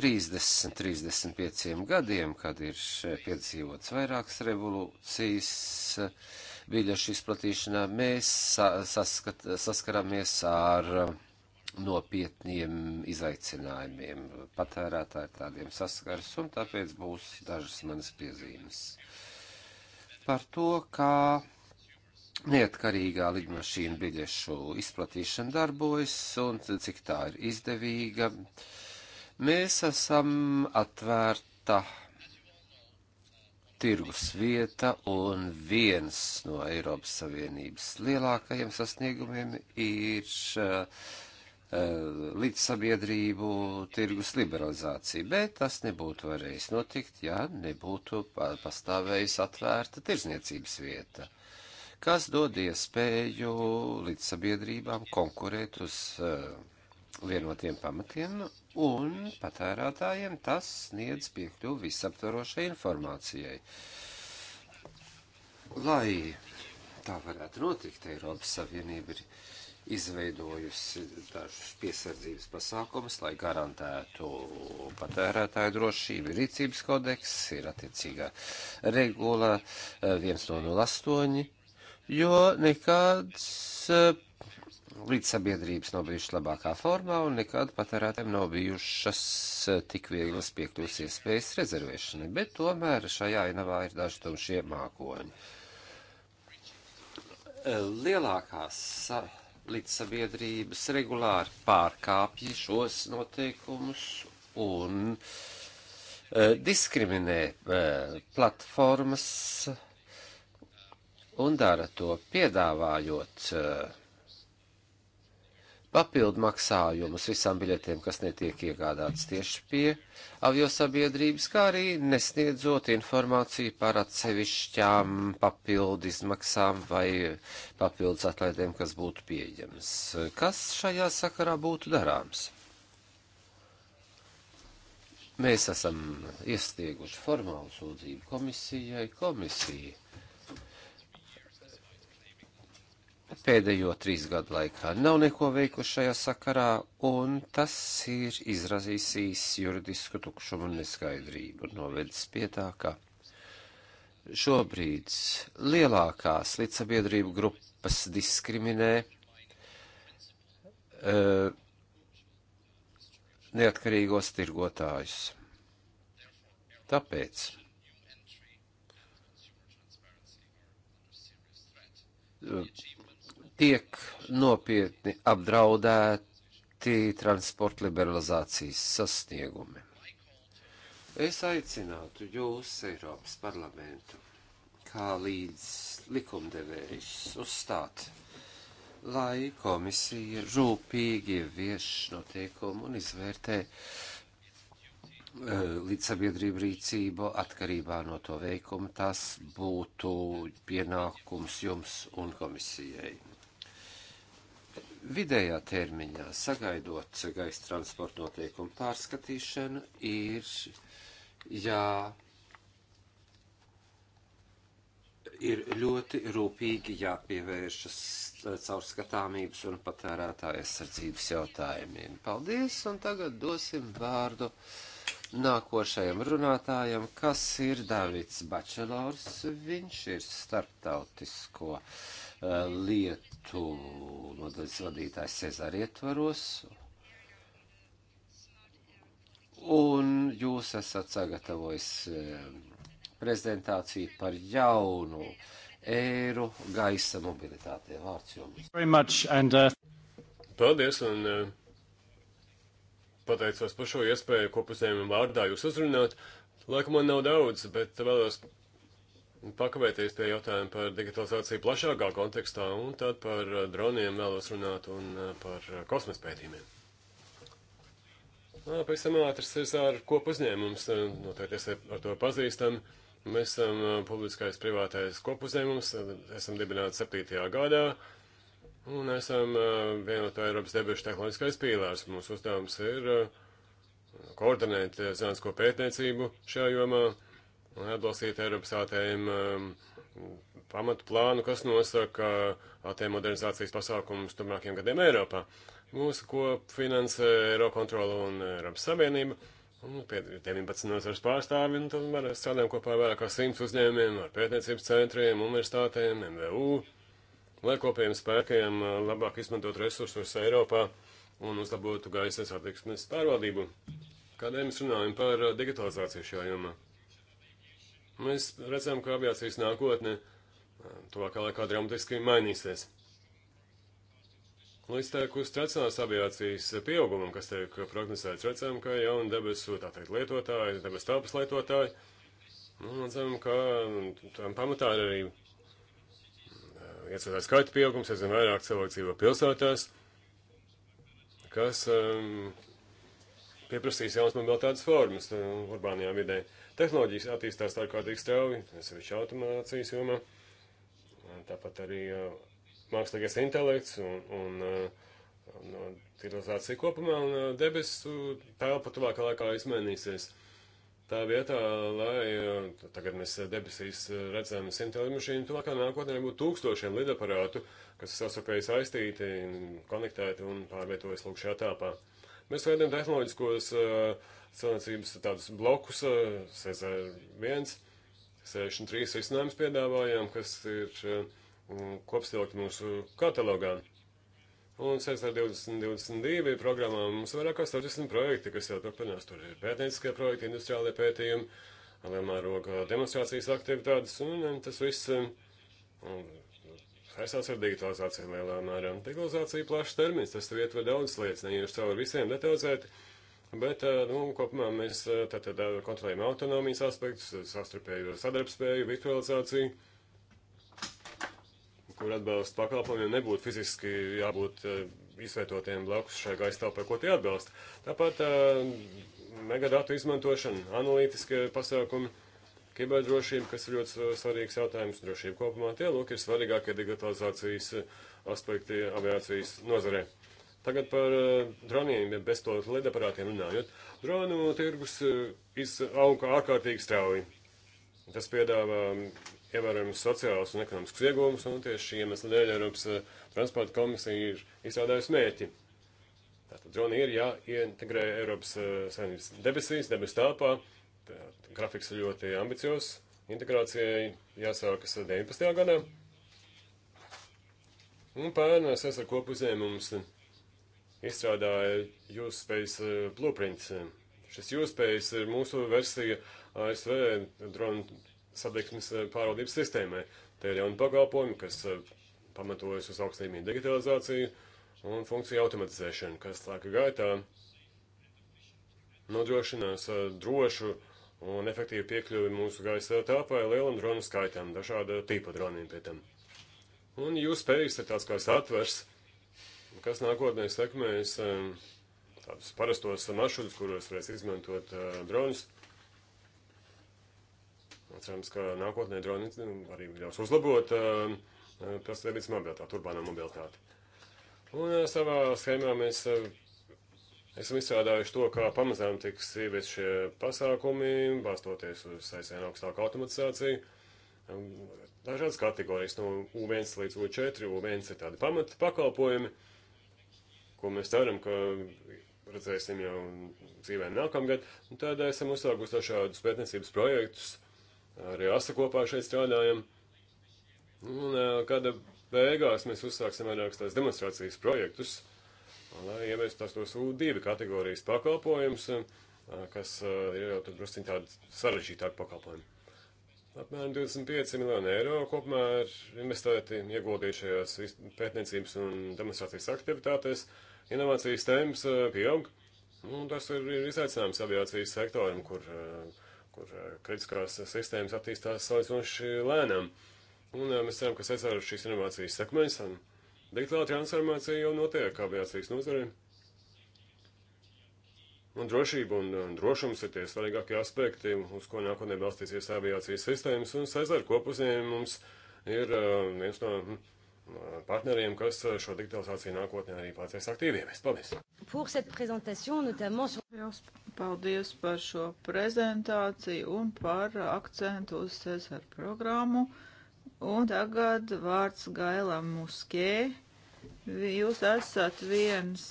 Speaker 1: 30, 35 gadiem, kad ir piedzīvots vairākas revolūcijas, eh, biļešu izplatīšanā mēs saskat, saskaramies ar nopietniem izaicinājumiem. Patērētāji ar tādiem saskars, un tāpēc būs dažas manas piezīmes. Par to, kā neatkarīgā lidmašīna biļešu izplatīšana darbojas un cik tā ir izdevīga, mēs esam atvērta tirgus vieta un viens no Eiropas Savienības lielākajiem sasniegumiem ir uh, Eh, līdz sabiedrību tirgus liberalizāciju, bet tas nebūtu varējis notikt, ja nebūtu pastāvējis atvērta tirzniecības vieta, kas dod iespēju līdz sabiedrībām konkurēt uz eh, vienotiem pamatiem, un patērētājiem tas sniedz piekļuvi visaptvarošai informācijai. Lai tā varētu notikt, Eiropas Savienība ir izveidojusi dažus piesardzības pasākumus, lai garantētu patērētāju drošību. Rīcības kodeks ir attiecīgā regula 108, eh, jo nekāds eh, līdz sabiedrības nav bijušas labākā formā un nekad patērētēm nav bijušas eh, tik vieglas piekļūs iespējas rezervēšanai, bet tomēr šajā ainavā ir daži tumšie mākoņi. Lielākās līdzsabiedrības regulāri pārkāpja šos noteikumus un e, diskriminē e, platformas un dara to piedāvājot e, papildu maksājumus visām biļetēm, kas netiek iegādātas tieši pie aviosabiedrības, kā arī nesniedzot informāciju par atsevišķām papildu izmaksām vai papildus atlaidēm, kas būtu pieejamas. Kas šajā sakarā būtu darāms? Mēs esam iestieguši formālu sūdzību komisijai. Komisija pēdējo trīs gadu laikā nav neko veikuši šajā sakarā, un tas ir izrazīsījis juridisku tukšumu un neskaidrību, novedis pie tā, ka šobrīd lielākās līdzsabiedrību grupas diskriminē uh, neatkarīgos tirgotājus. Tāpēc uh, tiek nopietni apdraudēti transporta liberalizācijas sasniegumi. Es aicinātu jūs, Eiropas parlamentu, kā līdz likumdevējs uzstāt, lai komisija rūpīgi ievieš noteikumu un izvērtē eh, līdz sabiedrību rīcību atkarībā no to veikuma. Tas būtu pienākums jums un komisijai. Vidējā termiņā, sagaidot gaisa transporta noteikumu pārskatīšanu, ir jā, ir ļoti rūpīgi jāpievēršas caurskatāmības un patērētāja aizsardzības jautājumiem. Paldies, un tagad dosim vārdu nākošajam runātājam, kas ir Davids Bačelors. Viņš ir starptautisko uh, lietu nodaļas vadītājs Cezar ietvaros. Un jūs esat sagatavojis eh, prezentāciju par
Speaker 2: jaunu eiru gaisa mobilitātē. Vārds jums. And, uh... Paldies un uh, pateicos par šo iespēju kopusējumam vārdā jūs uzrunāt. Laika man nav daudz, bet vēlos pakavēties pie jautājuma par digitalizāciju plašākā kontekstā, un tad par eh, droniem vēlos runāt un eh, par eh, kosmas pētījumiem. Ah, pavisam ātrs ir ar kopu uzņēmums, noteikti es ar to pazīstam. Mēs esam publiskais privātais kopu uzņēmums, esam dibināti 7. gadā, un esam vienotā Eiropas debešu tehnoloģiskais pīlārs. Mūsu uzdevums ir koordinēt zinātnisko pētniecību šajā jomā un atbalstīt Eiropas ATM um, pamatu plānu, kas nosaka ATM modernizācijas pasākumus turpmākajiem gadiem Eiropā. Mūsu kopfinansē Eiropa kontrola un Eiropas Savienība. Un 19 nozares pārstāvi, un tad mēs strādājam kopā ar vairāk kā 100 uzņēmumiem, ar pētniecības centriem, universitātēm, MVU, lai kopējiem spēkiem uh, labāk izmantot resursus Eiropā un uzlabotu gaisa satiksmes pārvaldību. Kādēļ mēs runājam par uh, digitalizāciju šajā jomā? Mēs redzam, ka aviācijas nākotne eh, tuvākā laikā dramatiski mainīsies. Līdz tekus tracinās aviācijas pieaugumam, kas tiek prognozēts, redzam, ka jauni debesu, tā teikt, lietotāji, debesu telpas lietotāji, nu, redzam, ka tam pamatā ir arī eh, iecēlā skaita pieaugums, aizvien vairāk cilvēku dzīvo pilsētās, kas um, pieprasīs jaunas mobilitātes formas eh, urbānajā vidē. Uh, Tehnoloģijas attīstās ārkārtīgi strauji, sevišķi automācijas jomā, tāpat arī uh, mākslīgais intelekts un, un uh, no digitalizācija kopumā, un uh, debesu telpa tuvākā laikā izmainīsies. Tā vietā, lai tagad mēs debesīs redzam simtiem lidmašīnu, tuvākā nākotnē būtu tūkstošiem lidaparātu, kas ir savstarpēji saistīti, konektēti un pārvietojas lūk šajā tāpā. Mēs veidojam tehnoloģiskos uh, sanācības tādus blokus, Cezar 1, 63 risinājums piedāvājām, kas ir mm, kopstilgt mūsu katalogā. Un Cezar 2022 programmā mums vairāk kā 160 projekti, kas jau turpinās. Tur ir pētnieciskie projekti, industriālie pētījumi, lielmēroga demonstrācijas aktivitātes, un tas viss saistās ar digitalizāciju lielā mērā. Digitalizācija plašs termins, tas tev ietver daudzas lietas, neiešu cauri visiem detalizēti. Bet, eh, nu, kopumā mēs eh, tātad eh, kontrolējam autonomijas aspektus, sastarpēju sadarbspēju, virtualizāciju, kur atbalstu pakalpojumiem nebūtu fiziski jābūt izvietotiem blakus šai gaisa telpai, ko tie atbalsta. Tāpat megadatu izmantošana, analītiskie pasākumi, kiberdrošība, kas ir ļoti svarīgs jautājums, drošība kopumā, tie, lūk, ir svarīgākie digitalizācijas aspekti aviācijas nozarē. Tagad par uh, droniem, ja bez to lidaparātiem runājot. Dronu tirgus uh, eh, auga ārkārtīgi strauji. Tas piedāvā mm, ievērojams sociāls un ekonomisks iegūmus, un tieši šī iemesla dēļ Eiropas uh, transporta komisija ir izstrādājusi mērķi. Tātad droni ir jāintegrē ja, Eiropas uh, saimnības debesīs, debesu telpā. Grafiks ir ļoti ambiciozs. Integrācijai jāsākas 19. gadā. Un pērnēs es ar kopu uzņēmumus. Uh, izstrādāja Uspace eh, blueprints. Šis Uspace ir mūsu versija ASV dronu satiksmes eh, pārvaldības sistēmai. Tie ir jauni pakalpojumi, kas eh, pamatojas uz augstlīmīgu digitalizāciju un funkciju automatizēšanu, kas laika gaitā nodrošinās drošu un efektīvu piekļuvi mūsu gaisa telpai lielam dronu skaitam, dažāda tipa droniem pie tam. Un jūs spējat ir tāds kā satvers, kas nākotnē sekmēs ehm, tādus parastos maršrutus, kuros varēs izmantot ehm, dronus. Cerams, ka nākotnē droni nu, arī ļaus uzlabot ehm, pilsētības mobilitāti, urbānā mobilitāti. Un savā schēmā mēs esam izstrādājuši to, kā pamazām tiks ievies šie pasākumi, balstoties uz aizvien augstāku automatizāciju. Dažādas kategorijas no U1 līdz U4. U1 ir tādi pamat pakalpojumi ko mēs ceram, ka redzēsim jau dzīvē nākamgad. Un tādēļ esam uzsākusi dažādus pētniecības projektus, arī ASA kopā šeit strādājam. Un kāda beigās mēs uzsāksim vairākas tās demonstrācijas projektus, lai ieviestu tās tos divi kategorijas pakalpojumus, kas ir jau tad drusciņ tādi sarežģītāki pakalpojumi. Apmēram 25 miljoni eiro kopumā ir investēti, ieguldīti šajās pētniecības un demonstrācijas aktivitātēs. Inovācijas tēmas eh, pieaug, un tas ir, ir izaicinājums aviācijas sektoram, kur, eh, kur eh, kritiskās sistēmas attīstās salīdzinoši lēnām. Un mēs ceram, ka sēs ar šīs inovācijas sekmēs, un digitāla transformācija jau notiek aviācijas nozarei. Un drošība un drošums ir tie svarīgākie aspekti, uz ko nākotnē balstīsies aviācijas sistēmas, un Cezara kopuzņēmums ir uh, viens no mm, partneriem, kas uh, šo digitalizāciju nākotnē
Speaker 3: arī pārcēs aktīviem. Paldies! Notamment... Paldies par šo prezentāciju un par akcentu uz Cezara programmu. Un tagad vārds Gailam Muskē. Jūs esat viens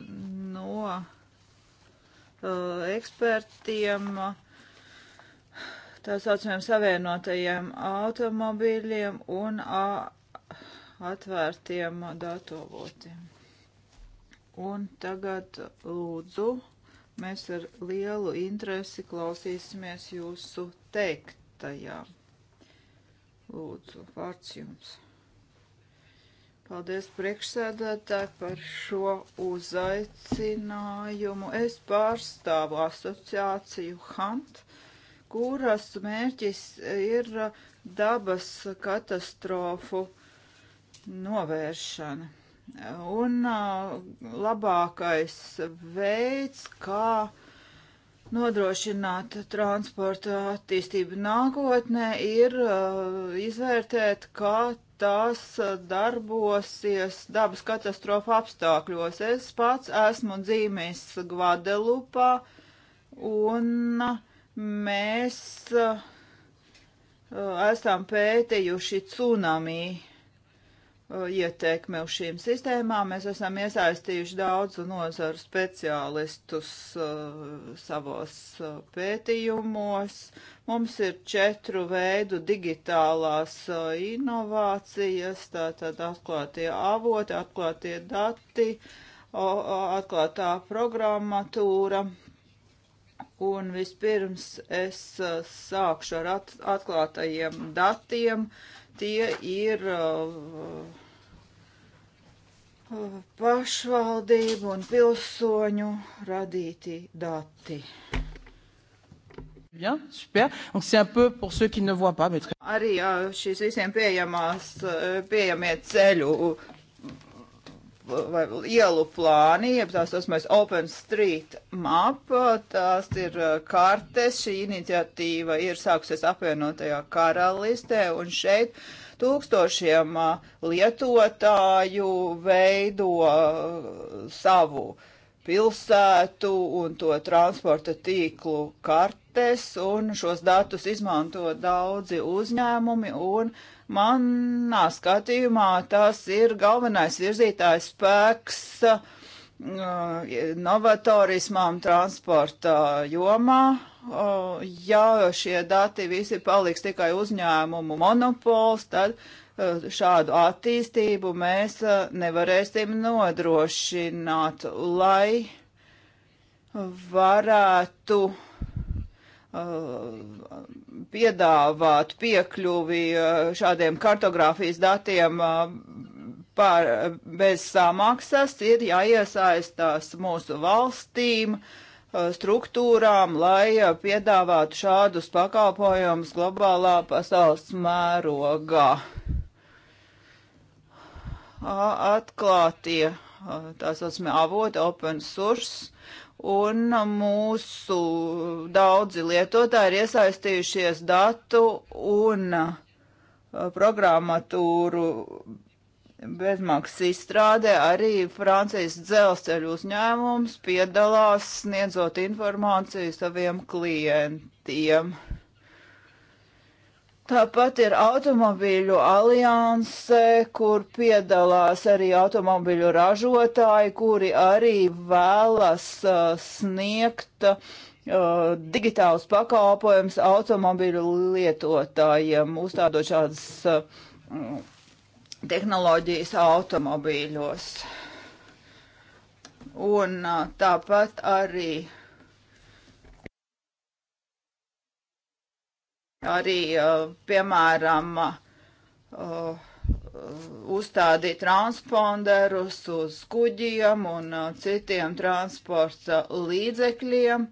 Speaker 3: no Uh, ekspertiem, tā saucamiem savienotajiem automobīļiem un uh, atvērtiem datorvotiem. Un tagad lūdzu, mēs ar lielu interesi klausīsimies jūsu teiktajā. Lūdzu, vārds jums. Paldies priekšsēdētāji par šo uzaicinājumu. Es pārstāvu asociāciju HANT, kuras mērķis ir dabas katastrofu novēršana. Un uh, labākais veids, kā nodrošināt transporta attīstību nākotnē, ir uh, izvērtēt, kā tās darbosies dabas katastrofa apstākļos. Es pats esmu dzīvējis Gvadelupā, un mēs esam pētījuši tsunami Uh, ietekme uz šīm sistēmām. Mēs esam iesaistījuši daudzu nozaru speciālistus uh, savos uh, pētījumos. Mums ir četru veidu digitālās uh, inovācijas, tātad atklātie avoti, atklātie dati, atklātā programmatūra. Un vispirms es uh, sākšu ar at atklātajiem datiem tie ir uh, pašvaldību un pilsoņu radīti dati. Bien, super. Donc c'est un peu pour ceux qui ne voient pas, mais très... Arī šīs visiem pieejamās, pieejamie ceļu vai ielu plāni, jeb tās osmais Open Street Map, tās ir eh, kartes, šī iniciatīva ir sākusies apvienotajā karalistē, un šeit uh, Tūkstošiem lietotāju veido savu pilsētu un to transporta tīklu kartes, un šos datus izmanto daudzi uzņēmumi, un manā skatījumā tas ir galvenais virzītājs spēks novatorismām transporta jomā, ja šie dati visi paliks tikai uzņēmumu monopols, tad e, šādu attīstību mēs e, nevarēsim nodrošināt, lai varētu e, piedāvāt piekļuvi šādiem kartogrāfijas datiem par, bez samaksas, ir jāiesaistās mūsu valstīm, uh, Uh, struktūrām, lai uh, piedāvātu šādus pakalpojumus globālā pasaules mērogā. Atklātie, tā saucamie avoti, open source, un mūsu daudzi lietotāji ir iesaistījušies datu un programmatūru bezmaksas izstrādē arī Francijas dzelzceļu uzņēmums piedalās sniedzot informāciju saviem klientiem. Tāpat ir automobīļu alianse, kur piedalās arī automobīļu ražotāji, kuri arī vēlas uh, sniegt uh, digitālus pakalpojumus automobīļu lietotājiem, uzstādot šādas uh, tehnoloģijas automobīļos. Un tāpat arī, arī piemēram, uzstādīt transponderus uz kuģiem un citiem transporta līdzekļiem,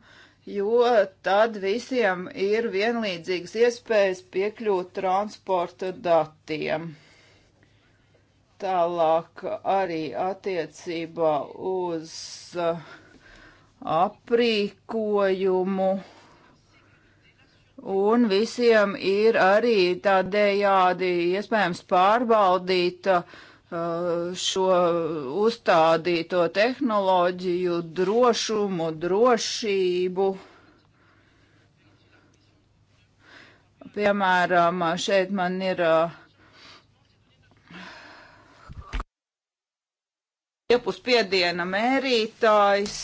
Speaker 3: jo tad visiem ir vienlīdzīgas iespējas piekļūt transporta datiem. Tālāk arī attiecībā uz uh, aprīkojumu. Un visiem ir arī tādējādi iespējams pārbaudīt uh, šo uzstādīto tehnoloģiju drošumu, drošību. Piemēram, šeit man ir uh, liepu spiediena mērītājs,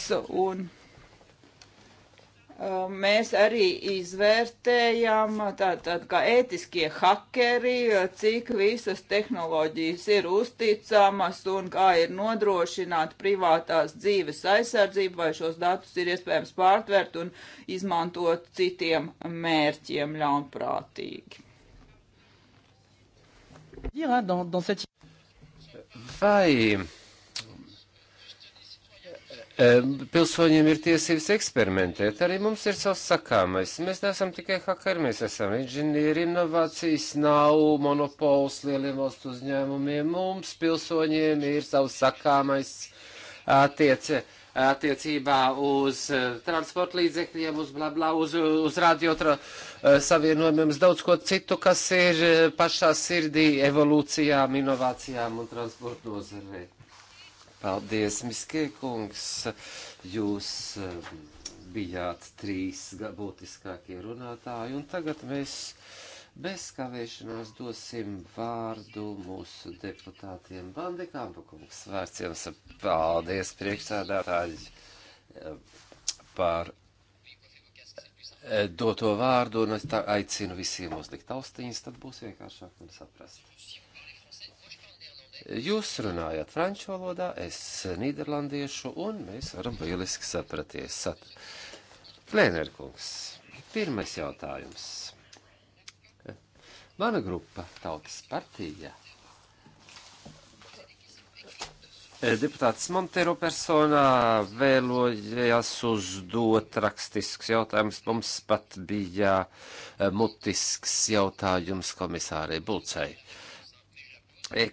Speaker 3: un uh, mēs arī izvērtējam, tātad kā ētiskie hakeri, cik visas tehnoloģijas ir uzticamas un kā ir nodrošināta privātās dzīves aizsardzība, vai šos datus ir iespējams pārtvert un izmantot citiem mērķiem ļaunprātīgi.
Speaker 1: Vai pilsoņiem ir tiesības eksperimentēt. Arī mums ir savs sakāmais. Mēs neesam tikai hakeri, mēs esam inženieri, inovācijas nav monopols lieliem valstu uzņēmumiem. Mums pilsoņiem ir savs sakāmais attiece attiecībā uz e, transporta līdzekļiem, uz bla bla, uz, uz radiotra e, savienojumiem, uz daudz ko citu, kas ir e, pašā sirdī evolūcijām, inovācijām un transporta nozarei. Paldies, Miskie kungs. Jūs eh, bijāt trīs būtiskākie runātāji, un tagad mēs bez kavēšanās dosim vārdu mūsu deputātiem Bandikāmbu kungs. Vārds jums paldies, priekšsādātāji, eh, par eh, doto vārdu, un es tā aicinu visiem uzlikt austiņas, tad būs vienkāršāk un saprast. Jūs runājat franču valodā, es nīderlandiešu, un mēs varam lieliski sapraties. Sat. Plēnerkungs, pirmais jautājums. Mana grupa, Tautas partija, Deputāts Montero personā vēlojās uzdot rakstisks jautājums. Mums pat bija mutisks jautājums komisārai Bulcei. Uh, E,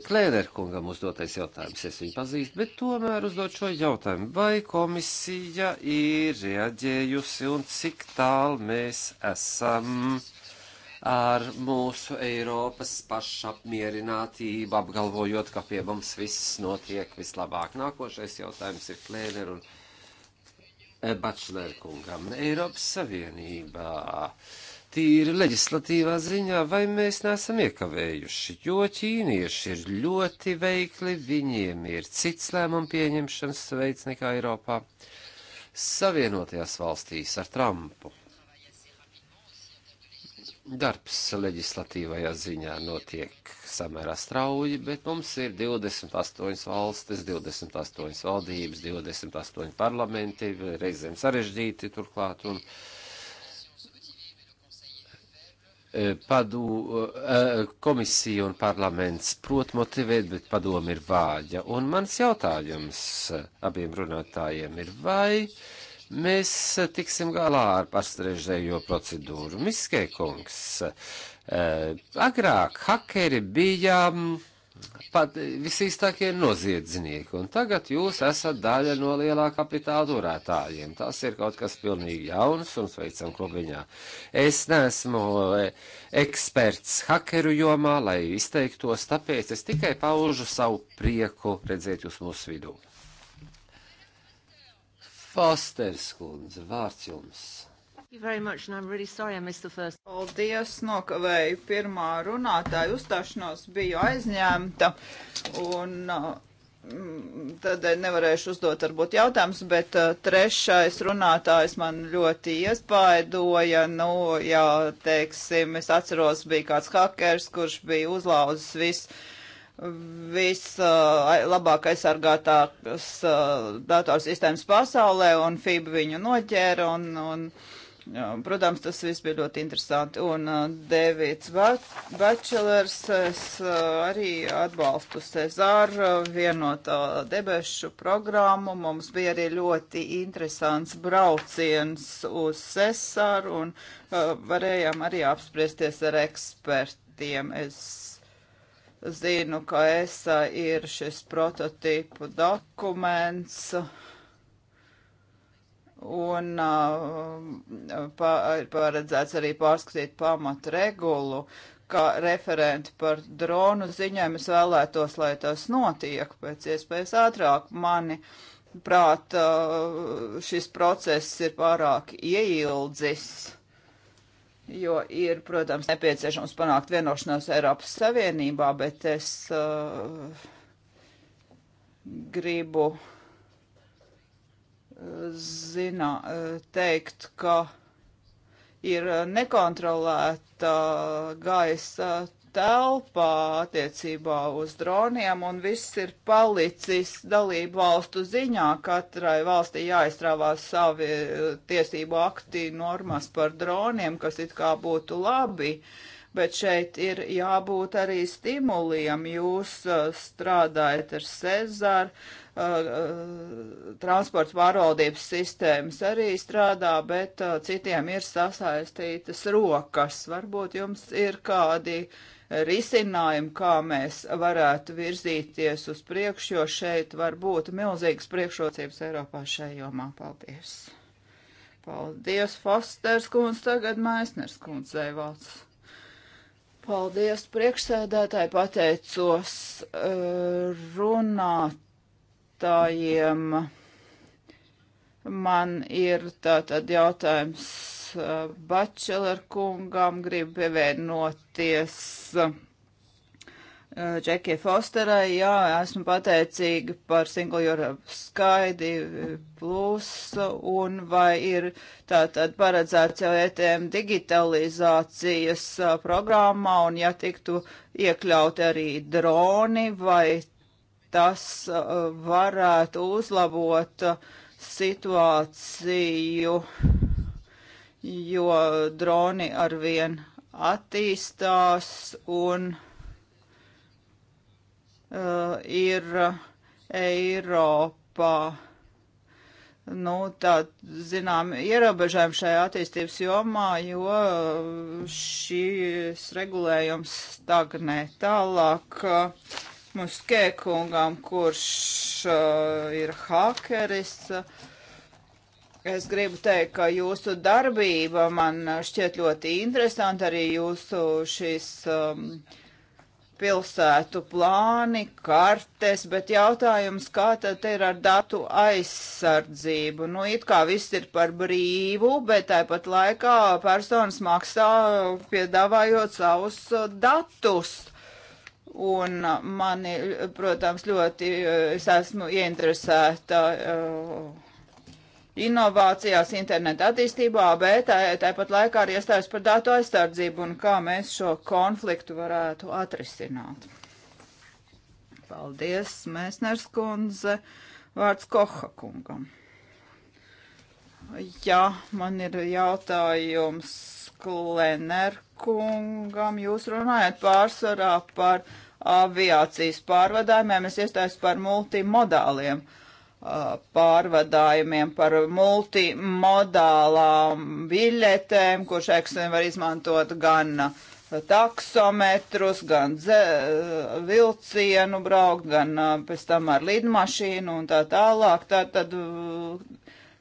Speaker 1: Klēnerkungam uzdotais jautājums, es viņu pazīstu, bet tomēr uzdot šo jautājumu, vai komisija ir reaģējusi un cik tālu mēs esam ar mūsu Eiropas pašapmierinātību, apgalvojot, ka pie mums viss notiek vislabāk. Nākošais jautājums ir Klēner un Bačlerkungam. Eiropas Savienībā. Uh, tīri leģislatīvā ziņā, vai mēs neesam iekavējuši, jo ķīnieši ir ļoti veikli, viņiem ir cits lēmumu pieņemšanas veids nekā Eiropā. Savienotajās valstīs ar Trumpu darbs leģislatīvajā ziņā notiek samērā strauji, bet mums ir 28 valstis, 28 valdības, 28 parlamenti, reizēm sarežģīti turklāt. Un, uh, Eh, padu, eh, eh, komisija un parlaments prot motivēt, bet padomi ir vāja. Un mans jautājums abiem runātājiem ir, vai mēs tiksim galā ar pastrēžējo procedūru? Miskē kungs, agrāk hakeri bija. Um, pat visīstākie noziedznieki, un tagad jūs esat daļa no lielā kapitāla turētājiem. Tas ir kaut kas pilnīgi jauns un sveicam klubiņā. Es neesmu e, eksperts hakeru jomā, lai izteiktos, tāpēc es tikai paužu savu prieku redzēt jūs mūsu vidū. Fosters kundze, vārds jums.
Speaker 3: Really sorry, Paldies, nokavēju pirmā runātāja uzstāšanos, biju aizņemta, un uh, mm, tādēļ nevarēšu uzdot varbūt jautājumus, bet uh, trešais runātājs man ļoti iespaidoja, nu, jā, teiksim, es atceros, bija kāds hakers, kurš bija uzlauzis visu vislabāk uh, aizsargātākas uh, datorsistēmas pasaulē, un FIB viņu noķēra, un, un Jā, protams, tas viss bija ļoti interesanti. Un uh, Dēvids Bačelers, es uh, arī atbalstu Cezāru vienotā debešu programmu. Mums bija arī ļoti interesants brauciens uz Cezāru un uh, varējām arī apspriesties ar ekspertiem. Es zinu, ka ESA ir šis prototīpu dokuments. Uh, un uh, pa, paredzēts arī pārskatīt pamatu regulu, kā referenti par dronu ziņām es vēlētos, lai tas notiek pēc iespējas ātrāk. Mani prāt, uh, šis process ir pārāk ieildzis, jo ir, protams, nepieciešams panākt vienošanos Eiropas Savienībā, bet es uh, gribu uh, zinā, e, teikt, ka ir nekontrolēta gaisa telpā attiecībā uz droniem, un viss ir palicis dalību valstu ziņā. Katrai valstī jāizstrāvā savi e, tiesību akti normas par droniem, kas it kā būtu labi, bet šeit ir jābūt arī stimuliem. Jūs e, strādājat ar Cezaru Uh, uh, transporta pārvaldības sistēmas arī strādā, bet uh, citiem ir sasaistītas rokas. Varbūt jums ir kādi risinājumu, kā mēs varētu virzīties uz priekšu, jo šeit var būt milzīgas priekšrocības Eiropā šajā jomā. Paldies! Paldies, Fosters kundze, tagad Maisners kundzei valsts. Paldies, priekšsēdētāji, pateicos runāt runātājiem. Man ir tātad jautājums uh, Bačeler kungam, gribu pievienoties uh, Džekie Fosterai. Jā, esmu pateicīga par Single Europe Skaidi plus un vai ir tātad paredzēts jau ETM digitalizācijas uh, programmā un ja tiktu iekļaut arī droni vai tas uh, varētu uzlabot uh, situāciju, jo droni arvien attīstās un uh, ir uh, Eiropā nu, tā, zinām, ierobežojumi šajā attīstības jomā, jo šīs regulējums stagnē tālāk. Uh, Muskē kungam, kurš uh, ir hakeris. Es gribu teikt, ka jūsu darbība man šķiet ļoti interesanta, arī jūsu šis um, pilsētu plāni, kartes, bet jautājums, kā tad ir ar datu aizsardzību? Nu, it kā viss ir par brīvu, bet tāpat laikā personas maksā piedāvājot savus uh, datus. Un mani, protams, ļoti es esmu ieinteresēta uh, inovācijās, interneta attīstībā, bet tāpat laikā arī iestājas par datu aizsardzību un kā mēs šo konfliktu varētu atrisināt. Paldies, Mēsners kundze, vārds Koha kungam. Jā, man ir jautājums Klener kungam jūs runājat pārsvarā par aviācijas pārvadājumiem, es iestājos par multimodāliem pārvadājumiem, par multimodālām biļetēm, kurš eksem var izmantot gan taksometrus, gan dze, vilcienu braukt, gan pēc tam ar lidmašīnu un tā tālāk. Tā tad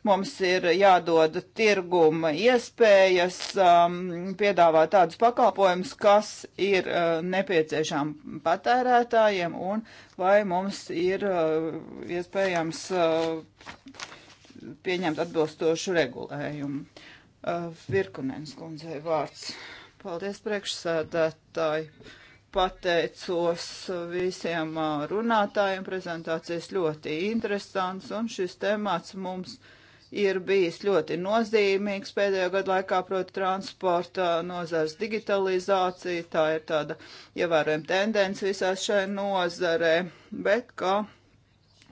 Speaker 3: Mums ir jādod tirguma iespējas um, piedāvāt tādus pakalpojumus, kas ir uh, nepieciešām patērētājiem un vai mums ir uh, iespējams uh, pieņemt atbilstošu regulējumu. Uh, Virkunens kundzei vārds. Paldies priekšsēdētāji pateicos visiem uh, runātājiem, prezentācijas ļoti interesants, un šis temats mums ir bijis ļoti nozīmīgs pēdējo gadu laikā, proti transporta nozars digitalizācija, tā ir tāda ievērojama tendence visā šai nozarē, bet, kā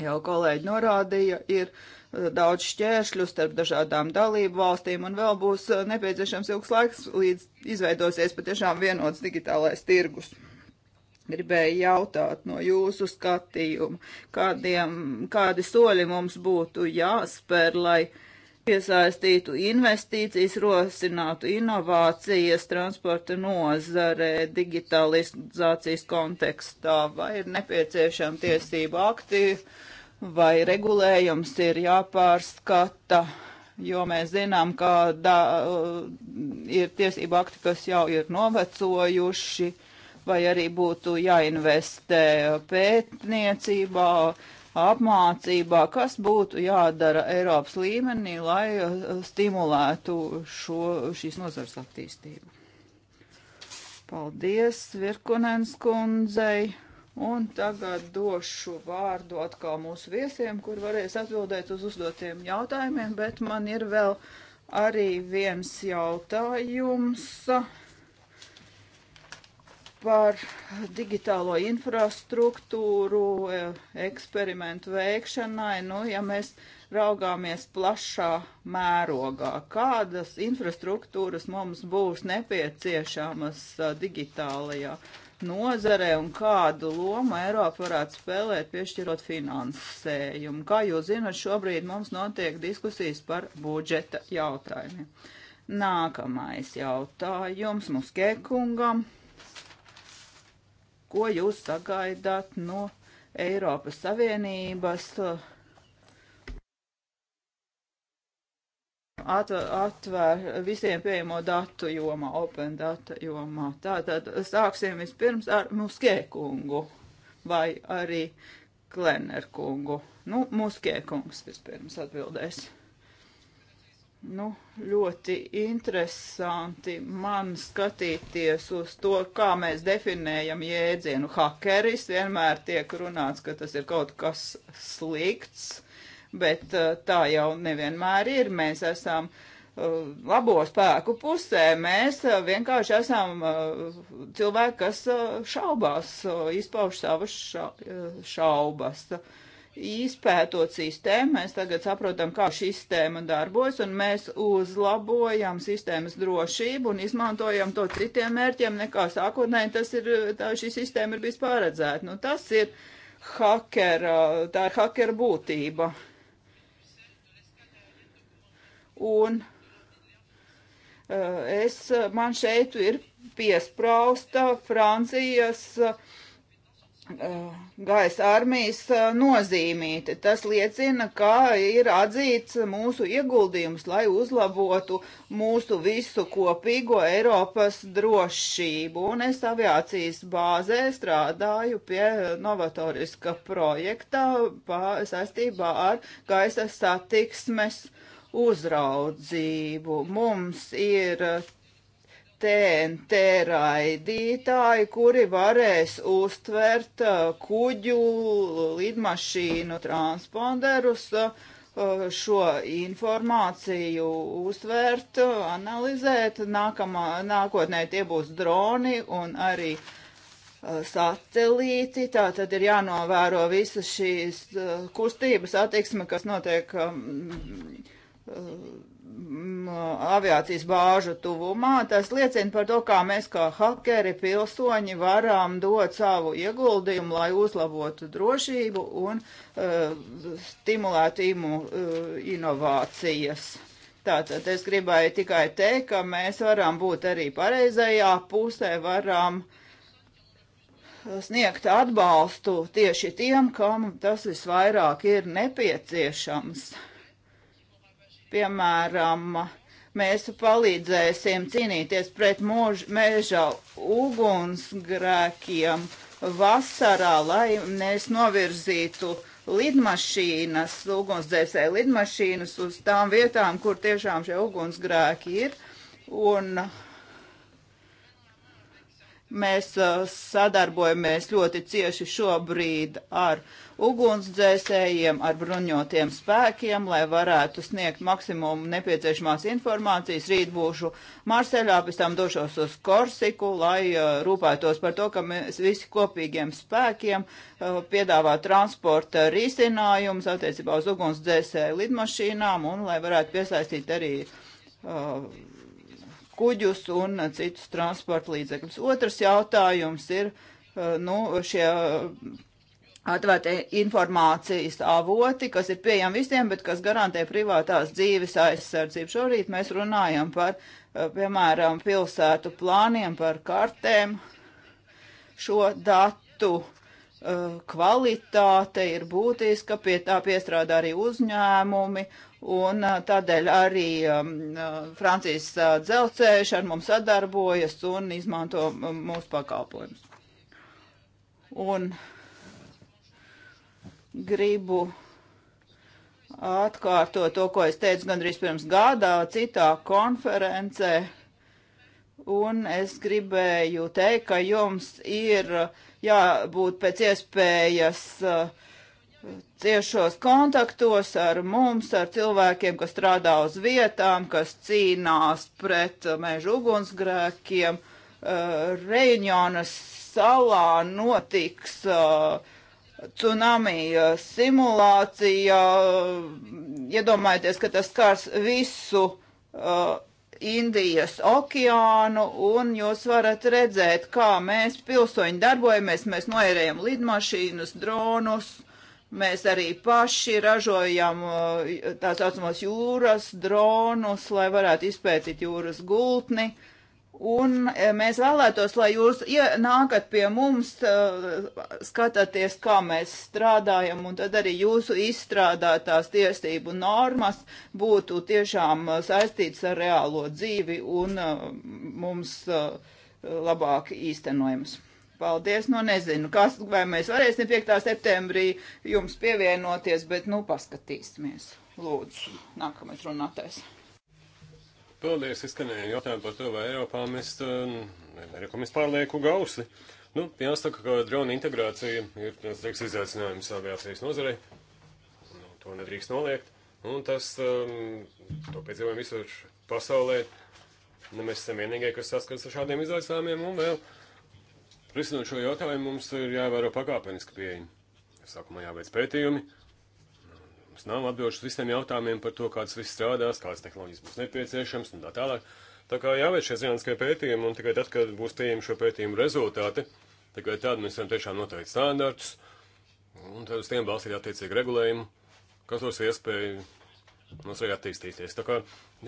Speaker 3: jau kolēģi norādīja, ir uh, daudz šķēršļu starp dažādām dalību valstīm, un vēl būs uh, nepieciešams ilgs laiks, līdz izveidosies patiešām vienots digitālais tirgus. Gribēju jautāt no jūsu skatījuma, kādiem, kādi soļi mums būtu jāspēr, lai piesaistītu investīcijas, rosinātu inovācijas transporta nozarē digitalizācijas kontekstā, vai ir nepieciešama tiesība akti, vai regulējums ir jāpārskata jo mēs zinām, ka da, ir tiesību akti, kas jau ir novecojuši, vai arī būtu jāinvestē pētniecībā, apmācībā, kas būtu jādara Eiropas līmenī, lai uh, stimulētu šo, šīs nozars attīstību. Paldies Virkunens kundzei, un tagad došu vārdu atkal mūsu viesiem, kur varēs atbildēt uz uzdotiem jautājumiem, bet man ir vēl arī viens jautājums. Uh, par digitālo infrastruktūru, e, eksperimentu veikšanai, nu, ja mēs raugāmies plašā mērogā, kādas infrastruktūras mums būs nepieciešamas e, digitālajā nozarē un kādu lomu Eiropa varētu spēlēt, piešķirot finansējumu. Kā jūs zinat, šobrīd mums notiek diskusijas par budžeta jautājumiem. Nākamais jautājums Muskē kungam ko jūs sagaidāt no Eiropas Savienības atvēr visiem pieejamo datu jomā, open data jomā. Tātad sāksim vispirms ar Muskē kungu vai arī Klener kungu. Nu, Muskē kungs vispirms atbildēs. Nu, ļoti interesanti man skatīties uz to, kā mēs definējam jēdzienu. Hakeris vienmēr tiek runāts, ka tas ir kaut kas slikts, bet uh, tā jau nevienmēr ir. Mēs esam uh, labo spēku pusē, mēs uh, vienkārši esam cilvēki, kas šaubās, izpauž savas šaubas. Izpētot sistēmu, mēs tagad saprotam, kā šī sistēma darbojas, un mēs uzlabojam sistēmas drošību un izmantojam to citiem mērķiem, nekā sākotnēji tas ir, tā šī sistēma ir bijis paredzēta. Nu, tas ir hakera, tā ir hakera būtība. Un eh, es, man šeit ir piesprausta Francijas uh, Eh, gaisa armijas eh, nozīmīti. Tas liecina, ka ir atzīts mūsu ieguldījums, lai uzlabotu mūsu visu kopīgo Eiropas drošību. Un es aviācijas bāzē strādāju pie novatoriska projekta saistībā ar gaisa satiksmes uzraudzību. Mums ir TNT raidītāji, kuri varēs uztvert uh, kuģu, lidmašīnu, transponderus, uh, šo informāciju uztvert, analizēt. Nākamā, nākotnē tie būs droni un arī uh, satelīti, tā tad ir jānovēro visas šīs kustības attiksme, kas notiek um, aviācijas bāžu tuvumā. Tas liecina par to, kā mēs kā hakeri pilsoņi varam dot savu ieguldījumu, lai uzlabotu drošību un uh, stimulētu imu, uh, inovācijas. Tātad es gribēju tikai teikt, ka mēs varam būt arī pareizajā pusē, varam sniegt atbalstu tieši tiem, kam tas visvairāk ir nepieciešams. Piemēram, mēs palīdzēsim cīnīties pret mūž, meža ugunsgrēkiem vasarā, lai mēs novirzītu lidmašīnas, ugunsdzēsēju lidmašīnas uz tām vietām, kur tiešām šie ugunsgrēki ir. Un mēs uh, sadarbojamies ļoti cieši šobrīd ar uh, ugunsdzēsējiem ar bruņotiem spēkiem, lai varētu sniegt maksimumu nepieciešamās informācijas. Rīt būšu Marseļā, pēc tam došos uz Korsiku, lai uh, rūpētos par to, ka mēs visi kopīgiem spēkiem uh, piedāvā transporta risinājums attiecībā uz ugunsdzēsēju lidmašīnām un lai varētu piesaistīt arī uh, kuģus un citus transporta līdzekļus. Otrs jautājums ir, uh, nu, šie atvērti informācijas avoti, kas ir pieejami visiem, bet kas garantē privātās dzīves aizsardzību. Šorīt mēs runājam par, eh, piemēram, pilsētu plāniem, par kartēm. Šo datu eh, kvalitāte ir būtiska, pie tā piestrādā arī uzņēmumi, un eh, tādēļ arī um, Francijas dzelzceļš ar mums sadarbojas un izmanto mūsu pakalpojumus. Un uh, gribu atkārtot to, ko es teicu gandrīz pirms gadā citā konferencē. Un es gribēju teikt, ka jums ir jābūt pēc iespējas uh, ciešos kontaktos ar mums, ar cilvēkiem, kas strādā uz vietām, kas cīnās pret uh, meža ugunsgrēkiem. Uh, Reunjonas salā notiks uh, tsunami simulācija. Iedomājieties, ka tas skars visu uh, Indijas okeānu, un jūs varat redzēt, kā mēs pilsoņi darbojamies. Mēs noērējam lidmašīnas, dronus, mēs arī paši ražojam tā saucamos jūras dronus, lai varētu izpētīt jūras gultni. Uh, Un e, mēs vēlētos, lai jūs nākat pie mums, e, skatāties, kā mēs strādājam, un tad arī jūsu izstrādātās tiesību normas būtu tiešām e, saistītas ar reālo dzīvi un mums labāk īstenojamas. Paldies, nu nezinu, kas, vai mēs varēsim 5. septembrī jums pievienoties, bet nu paskatīsimies. Lūdzu, nākamais runātais. Paldies,
Speaker 2: izskanēja jautājumu par to, vai Eiropā mēs, uh, arī ko mēs pārlieku gausli. Nu, jāsaka, ka drona integrācija ir viens liekas izaicinājums aviācijas nozarei. Nu, to nedrīkst noliegt. Un tas, um, to piedzīvojam visur pasaulē. Nu, mēs esam vienīgie, kas saskars ar šādiem izaicinājumiem un vēl. Risinot šo jautājumu, mums ir jāievēro pakāpeniski pieeja. Sākumā jāveic pētījumi, Mums nav atbildes visiem jautājumiem par to, kādas viss strādās, kādas tehnoloģijas būs nepieciešams un tā tālāk. Tā kā jāveic šie zinātniskie pētījumi, un tikai tad, kad būs pieejami šo pētījumu rezultāti, tikai tad mēs varam tiešām noteikt standartus, un tad uz tiem balstīt attiecīgi regulējumu, kas dos iespēju mums vajag attīstīties. Tā kā,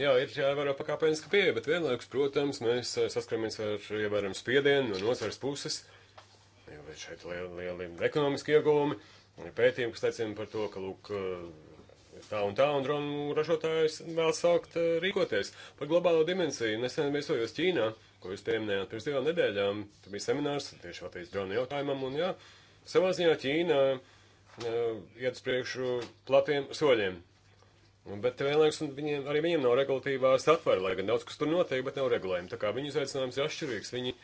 Speaker 2: jā, ir jāievēro pakāpeniska pieeja, bet vienlaikus, protams, mēs eh, saskaramies ar ievērojumu spiedienu no nozares puses, jo šeit lieli, lieli ekonomiski ieguvumi. Ir pētījumi, kas liecina par to, ka, lūk, eh, tā un tā, un dronu ražotājs vēl sākt eh, rīkoties. Par globālo dimensiju nesen viesojos Ķīnā, ko jūs pieminējāt pirms divām nedēļām. Tur bija seminārs tieši veltīts dronu jautājumam, un jā, savā ziņā Ķīna eh, iet uz priekšu platiem soļiem. Bet vienlaikus viņiem, arī viņiem nav regulatīvā satvara, lai gan daudz kas tur notiek, bet nav regulējumi. Tā kā viņu izaicinājums ir atšķirīgs. Viņi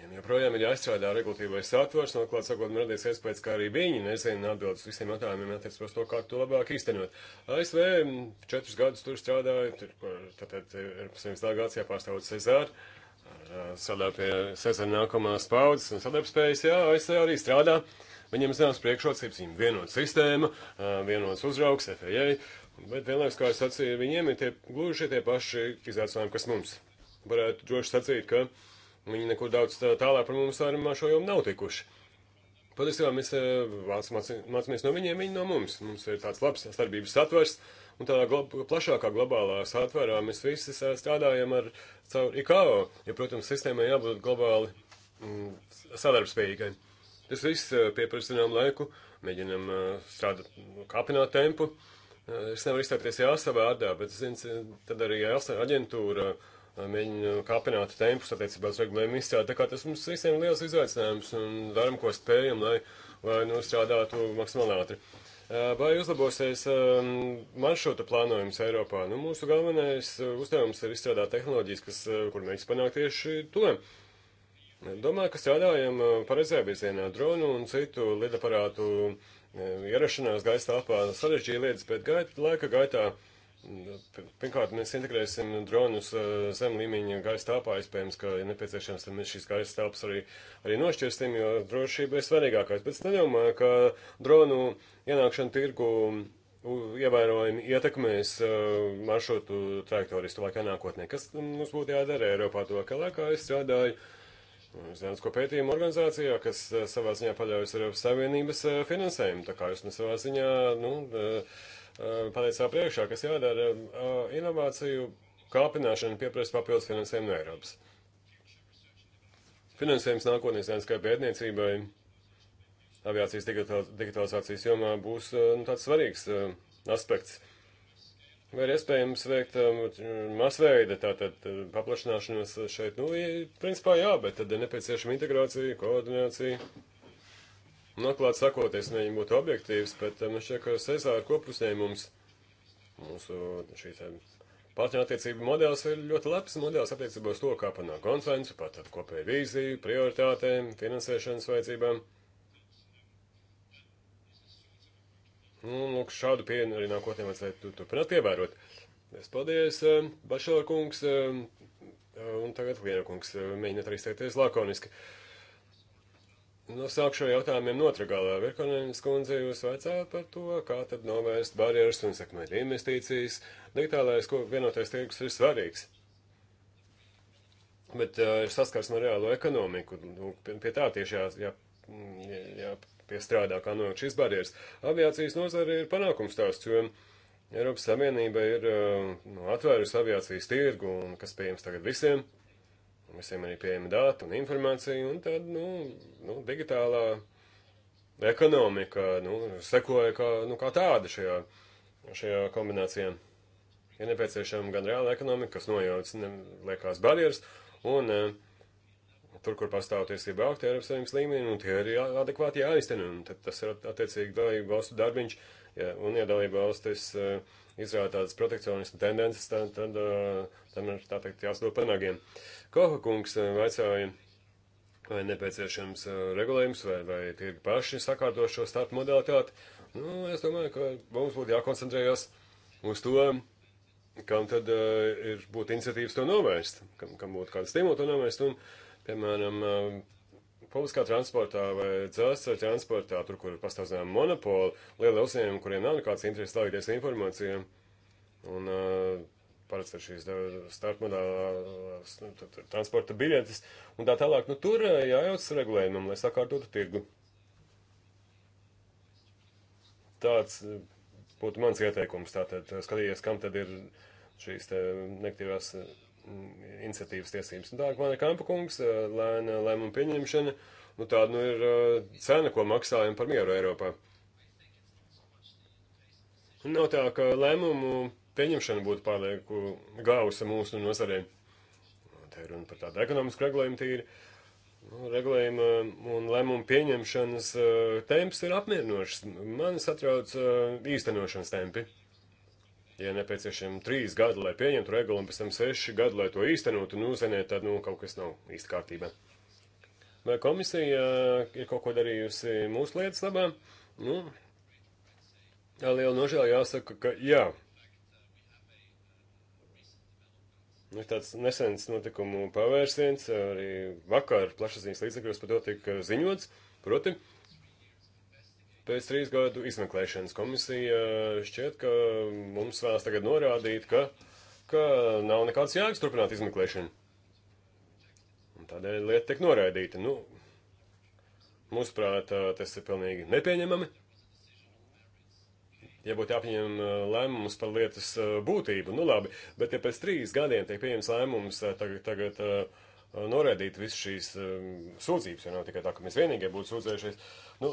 Speaker 2: Viņiem joprojām ir jāizstrādā regulatīvais satvers, un, atklāt sakot, man radies iespējas, ka arī viņi nezina atbildes visiem jautājumiem attiecībā uz to, kā to labāk īstenot. ASV četrus gadus tur strādāja, tur, tātad Eiropas Savienības delegācijā pārstāvot Cezāru, strādāja pie Cezāra nākamās paudzes un sadarbspējas, jā, ASV arī strādā. Viņiem zināms priekšrocības, viņiem vienot sistēma, vienots uzraugs, FAA, bet vienlaikus, kā es sacīju, viņiem ir tie gluži tie paši izaicinājumi, kas mums. Varētu droši sacīt, ka Viņi neko daudz tālāk par mums ar šo jomu nav tikuši. Patiesībā mēs eh, mācāmies no viņiem, viņi no mums. Mums ir tāds labs starpības satvers, un tādā glob plašākā globālā satverā mēs visi strādājam ar caur IKO, ja, protams, sistēmai jābūt globāli mm, sadarbspējīgai. Tas viss eh, pieprasa zinām laiku, mēģinam eh, strādāt, kāpināt tempu. Es nevaru izteikties jāsavā vārdā, bet, zinu, tad arī jāsavā aģentūra. Uh, mēģina kāpināt tempus attiecībā uz regulējumu izstrādi. Tā kā tas mums visiem ir liels izaicinājums un darām, ko spējam, lai, lai nu, strādātu maksimāli ātri. Vai uzlabosies maršruta plānojums Eiropā? Nu, mūsu galvenais uzdevums ir izstrādāt tehnoloģijas, kas, kur mēs panākt tieši to. Domāju, ka strādājam pareizajā virzienā dronu un citu lidaparātu ierašanās gaisa telpā sarežģīja lietas, bet gaita, laika gaitā. Uh, Pirmkārt, mēs integrēsim dronus zem līmeņa gaisa telpā. Iespējams, ka ir nepieciešams, tad mēs šīs gaisa telpas arī, arī nošķirsim, jo drošība ir svarīgākais. Bet es nedomāju, ka dronu ienākšana tirgu ievērojami ietekmēs maršrutu trajektorijas tuvākajā nākotnē. Kas mums būtu jādara Eiropā to, ka laikā es strādāju Zinātnisko pētījumu organizācijā, kas savā ziņā paļaujas Eiropas Savienības finansējumu. Tā kā jūs nu savā ziņā, nu, uh, pateikt savā priekšā, kas jādara inovāciju kāpināšana pieprasa papildus finansējumu no Eiropas. Finansējums nākotnē zinātniskai pētniecībai aviācijas digitalizācijas jomā būs nu, tāds svarīgs uh, aspekts. Vai ir iespējams veikt uh, masveida tātad paplašināšanos šeit? Nu, principā jā, bet tad ir nepieciešama integrācija, koordinācija. Un nu, atklāt sakoties, ne viņam būtu objektīvs, bet eh, man šķiet, ka Cezāra kopuzņēmums mūsu šīs partneru attiecību modelis ir ļoti labs modelis attiecībā uz to, kā panākt konsensu par tādu kopēju vīziju, prioritātēm, finansēšanas vajadzībām. Nu, lūk, šādu pieeju arī nākotnē vajadzētu turpināt ievērot. Es paldies, eh, Bašaur kungs, eh, un tagad Liena kungs mēģināt arī steigties lakoniski. Uh, No nu, sākšu ar jautājumiem notragālā. Virkonēnas kundze, jūs vajadzētu par to, kā tad novērst barjeras un sekmēt investīcijas. Digitālais vienotais tirgus ir svarīgs. Bet uh, ir saskarsme ar reālo ekonomiku. Nu, pie, pie tā tieši jā, jā, jā, jā piestrādā, kā nonākt šīs barjeras. Aviācijas nozare ir panākums stāsts, jo Eiropas Savienība ir uh, nu, atvērusi aviācijas tirgu, un kas pieejams tagad visiem. Visiem ir pieejama data un informācija, un tad, nu, nu digitālā ekonomika, nu, sekoja kā, nu, kā tāda šajā, šajā kombinācijā. Ir nepieciešama gan reāla ekonomika, kas nojauc liekās barjeras, un uh, tur, kur pastāv tiesība augt Eiropas Savienības līmenī, un nu, tie ir jā, adekvāti jāiztena, un tad tas ir attiecīgi dalību valstu darbiņš, ja, un ja dalību valstis uh, izrāda tādas protekcionismu tendences, tad, tad eh, tam ir, tā teikt, jāsadod panāgiem. Koha kungs eh, vaicāja, vai nepieciešams eh, regulējums, vai, vai tirgi paši sakārto šo startu modalitāti. Nu, es domāju, ka mums būtu jākoncentrējas uz to, kam tad uh, ir būtu iniciatīvas to novērst, kam, kam būtu kāda stimula to novērst. Un, piemēram, uh, publiskā transportā vai dzelzceļa transportā, tur, kur pastāv zinām monopoli, lielie uzņēmumi, kuriem nav nekāds interesi dalīties informācijā. Un uh, parasti ar šīs starpmodālās transporta biļetes un tā tālāk. Nu, tur jājauc regulējumam, lai sakārtotu tirgu. Tāds būtu mans ieteikums. Tātad skatījies, kam tad ir šīs negatīvās Mm, iniciatīvas tiesības. Un nu, tā, mana kampa kungs, lēna lēmuma pieņemšana, nu tāda nu ir cena, ko maksājam par mieru Eiropā. Nav tā, ka lēmumu pieņemšana būtu pārlieku gausa mūsu nozarē. Nu, te ir runa par tādu ekonomisku regulējumu tīri. Nu, regulējuma un lēmumu pieņemšanas uh, temps ir apmierinošs. Man satrauc uh, īstenošanas tempi. Uh, ja nepieciešami trīs gadi, lai pieņemtu regulu, un pēc tam seši gadi, lai to īstenotu, nu, ziniet, tad, nu, kaut kas nav īsti kārtībā. Vai komisija uh, ir kaut ko darījusi mūsu lietas labā? Nu, liela nožēla jāsaka, ka jā. Ir tāds nesens notikumu pavērsiens, arī vakar plašsaziņas līdzekļos par to tika ziņots, proti, uh, Pēc trīs gadu izmeklēšanas komisija eh, šķiet, ka mums vēlas tagad norādīt, ka, ka nav nekāds jēgas turpināt izmeklēšanu. Un tādēļ lieta tiek noraidīta. Nu, mūsuprāt, eh, tas ir pilnīgi nepieņemami. Ja būtu jāpieņem eh, lēmums par lietas būtību, nu labi, bet ja pēc trīs gadiem tiek pieņems lēmums tagad, tagad uh, Eh, noraidīt visas šīs eh, sūdzības, jo nav tikai tā, ka mēs vienīgie būtu sūdzējušies. Nu,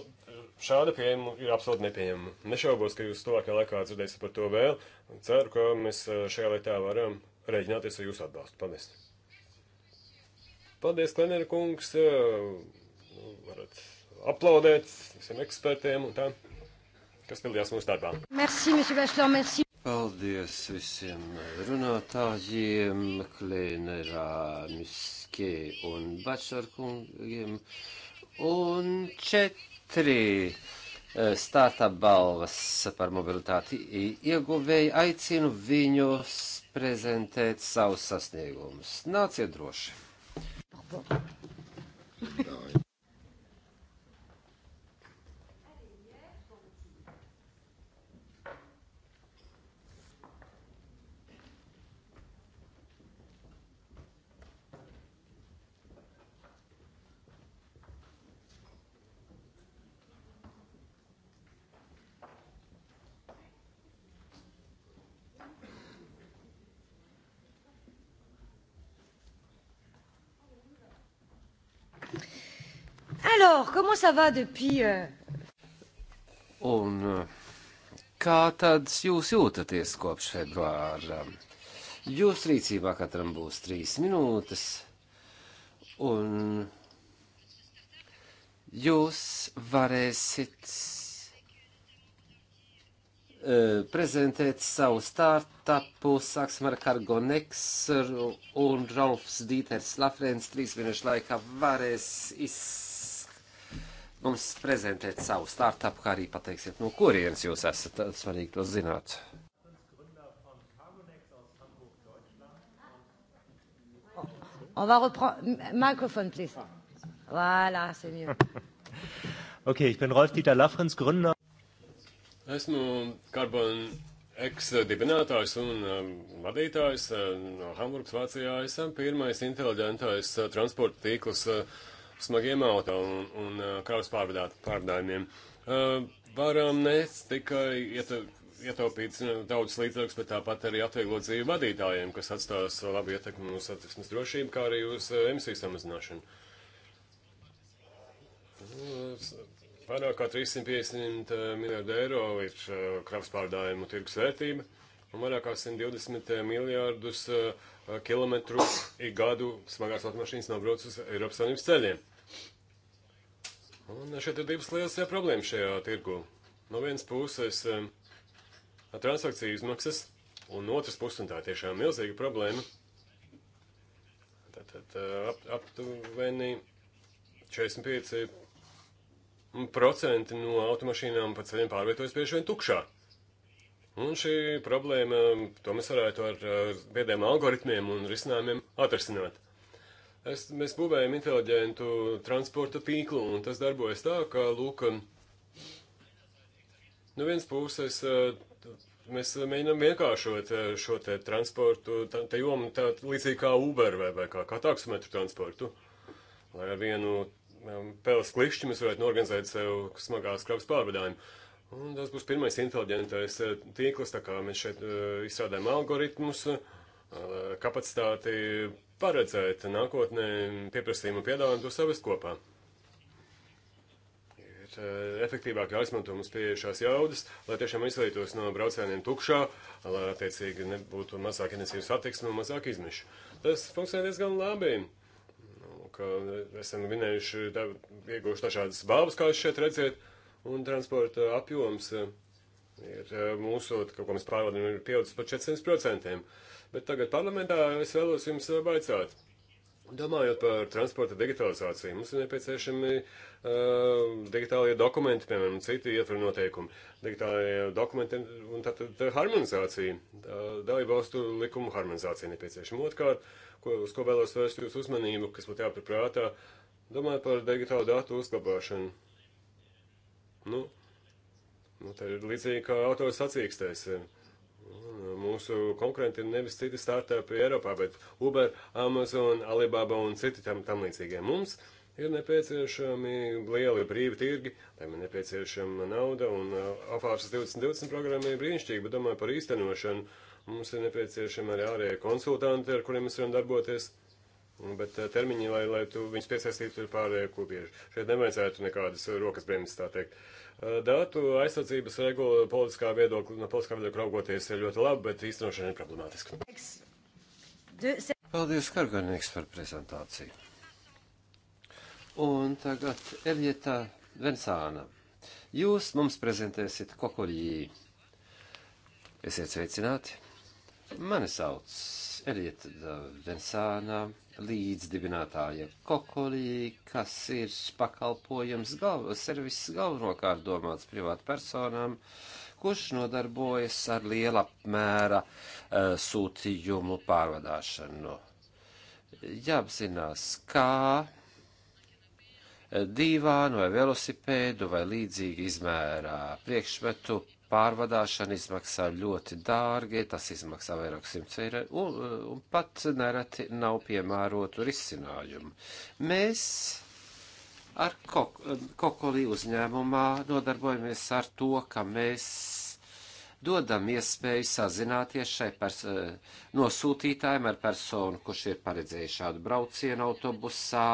Speaker 2: šāda pieejama ir absolūti nepieejama. Nešaubos, ka jūs tuvākajā laikā dzirdēsiet par to vēl. Ceru, ka mēs eh, šajā lietā varam rēķināties ar jūsu atbalstu. Paldies! Paldies, Klenera kungs! Nu, varat aplaudēt visiem ekspertiem un tā, kas pildījās mūsu darbā.
Speaker 3: Merci, monsieur Bachelor, merci!
Speaker 1: Paldies visiem runātājiem, Klēnerā, Miskē un Bačarkungiem. Un četri eh, startup balvas par mobilitāti ieguvēji aicinu viņus prezentēt savus sasniegumus. Nāciet droši! Bravo.
Speaker 2: Alors, comment ça va depuis? Euh
Speaker 1: un uh, kā tad jūs jūtaties kopš februāra? Jūs rīcībā katram būs trīs minūtes, un jūs varēsit uh, prezentēt savu startupu, sāksim ar Cargo Next, un Rolfs Dīters Lafrens trīs minūšu laikā varēs izsākt mums prezentēt savu startupu, kā arī pateiksiet, no kurienes jūs esat. Svarīgi to zināt. On va reprendre. Microphone, please. Voilà, c'est mieux.
Speaker 2: ok, ich bin Rolf-Dieter Lafrens, Gründer. Esmu Carbon X dibinātājs un um, vadītājs uh, no Hamburgas, Vācijā. Esam pirmais inteliģentais uh, transporta tīkls. Uh, smagiem auto un, un uh, kravas pārvadājumiem. Uh, varam nes tikai ieta, ietaupīt uh, daudz līdzekļus, bet tāpat arī atvieglot dzīvi vadītājiem, kas atstās labu ietekmi uz satiksmes drošību, kā arī uz emisiju samazināšanu. Vairāk kā 350 miljārdu eiro ir kravas pārdājumu tirgus vērtība un vairāk kā 120 miljārdus uh, Eh, kilometru ik gadu smagās automašīnas nobrauc uz Eiropas Savienības ceļiem. Un šeit ir divas lielas eh, problēmas šajā tirgu. No vienas puses eh, transakciju izmaksas, un no otras puses, un tā tiešām milzīga problēma, tātad ap, aptuveni 45% no automašīnām pa ceļiem pārvietojas bieži vien tukšāk. Un šī problēma, to mēs varētu ar, ar viediem algoritmiem un risinājumiem atrasināt. Es, mēs būvējam inteliģentu transporta tīklu, un tas darbojas tā, ka, lūk, no nu vienas puses eh, mēs mēģinām vienkāršot eh, šo te transportu, tā, te jomu tā līdzīgi kā Uber vai, vai kā, kā taksometru transportu, lai ar vienu eh, pēles klišķi mēs varētu norganizēt sev smagās kravas pārvadājumu. Un tas būs pirmais inteliģentais eh, tīkls, tā kā mēs šeit eh, izstrādājam algoritmus, eh, kapacitāti paredzēt nākotnē pieprasījumu un piedāvājumu to savest kopā. Ir efektīvāk jāizmanto mums pieejušās jaudas, lai tiešām izvairītos no braucieniem tukšā, lai attiecīgi nebūtu mazāk enerģijas attieksme un mazāk izmešu. Tas funkcionē diezgan labi nu, ka esam vinējuši, ieguvuši dažādas balvas, kā jūs šeit redzat un transporta apjoms eh, ir eh, mūsu, kaut ko mēs pārvaldam, ir pieaudzis par 400%. Bet tagad parlamentā es vēlos jums eh, baicāt. Domājot par transporta digitalizāciju, mums ir nepieciešami uh, digitālie dokumenti, piemēram, citi ietveru noteikumi, digitālie dokumenti un tātad harmonizācija, tā, dalību valstu likumu harmonizācija nepieciešama. Otkārt, ko, uz ko vēlos vērst jūsu uzmanību, kas būtu jāpaturprātā, domājot par digitālu datu uzglabāšanu. Nu, nu tā ir līdzīgi kā autors sacīkstēs. Nu, mūsu konkurenti ir nevis citi startupi Eiropā, bet Uber, Amazon, Alibaba un citi tam, tam līdzīgie. Mums ir nepieciešami lieli brīvi tirgi, lai man nepieciešama nauda, un uh, Afārsas 2020 programma ir brīnišķīga, bet domāju par īstenošanu. Mums ir nepieciešami arī ārējie konsultanti, ar kuriem mēs varam darboties. Bet eh, termiņi, lai, lai tu viņus piesaistītu, ir pārlieku bieži. Šeit nevajadzētu nekādas rokas bremzes, tā teikt. Eh, datu aizsardzības regula politiskā viedokļa, no politiskā viedokļa raugoties ir ļoti laba, bet īstenošana ir problemātiska.
Speaker 1: Paldies, Karganīgs, par prezentāciju. Un tagad Evjeta Vensāna. Jūs mums prezentēsit kokoļī. Esiet sveicināti. Mani sauc Evjeta Vensāna līdzdibinātāja Kokolī, kas ir pakalpojums galv serviss galvenokārt domāts privātpersonām, kurš nodarbojas ar liela apmēra uh, e, sūtījumu pārvadāšanu. Jāapzinās, kā e, divānu vai velosipēdu vai līdzīgi izmērā priekšmetu pārvadāšana izmaksā ļoti dārgi, tas izmaksā vairāk simts eiro, un, un pat nereti nav piemērotu risinājumu. Mēs ar kok kokolī uzņēmumā nodarbojamies ar to, ka mēs dodam iespēju sazināties šai nosūtītājiem ar personu, kurš ir paredzējis šādu braucienu autobusā,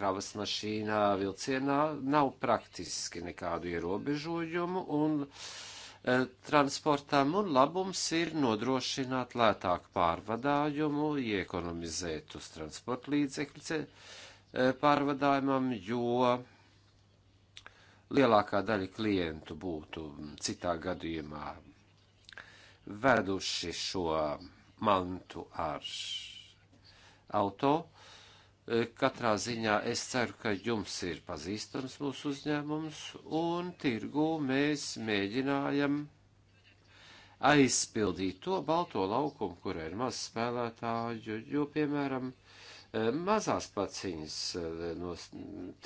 Speaker 1: kravas mašīnā, vilcienā. Nav praktiski nekādu ierobežojumu un uh, Eh, transportam, un labums ir nodrošināt lētāku pārvadājumu, iekonomizēt uz transporta līdzekļu eh, pārvadājumam, jo lielākā daļa klientu būtu mm, citā gadījumā veduši šo mantu ar auto Eh, katrā ziņā es ceru, ka jums ir pazīstams mūsu uzņēmums, un tirgū mēs mēģinājam aizpildīt to balto laukumu, kur ir maz spēlētāju, jo, piemēram, eh, mazās paciņas eh, no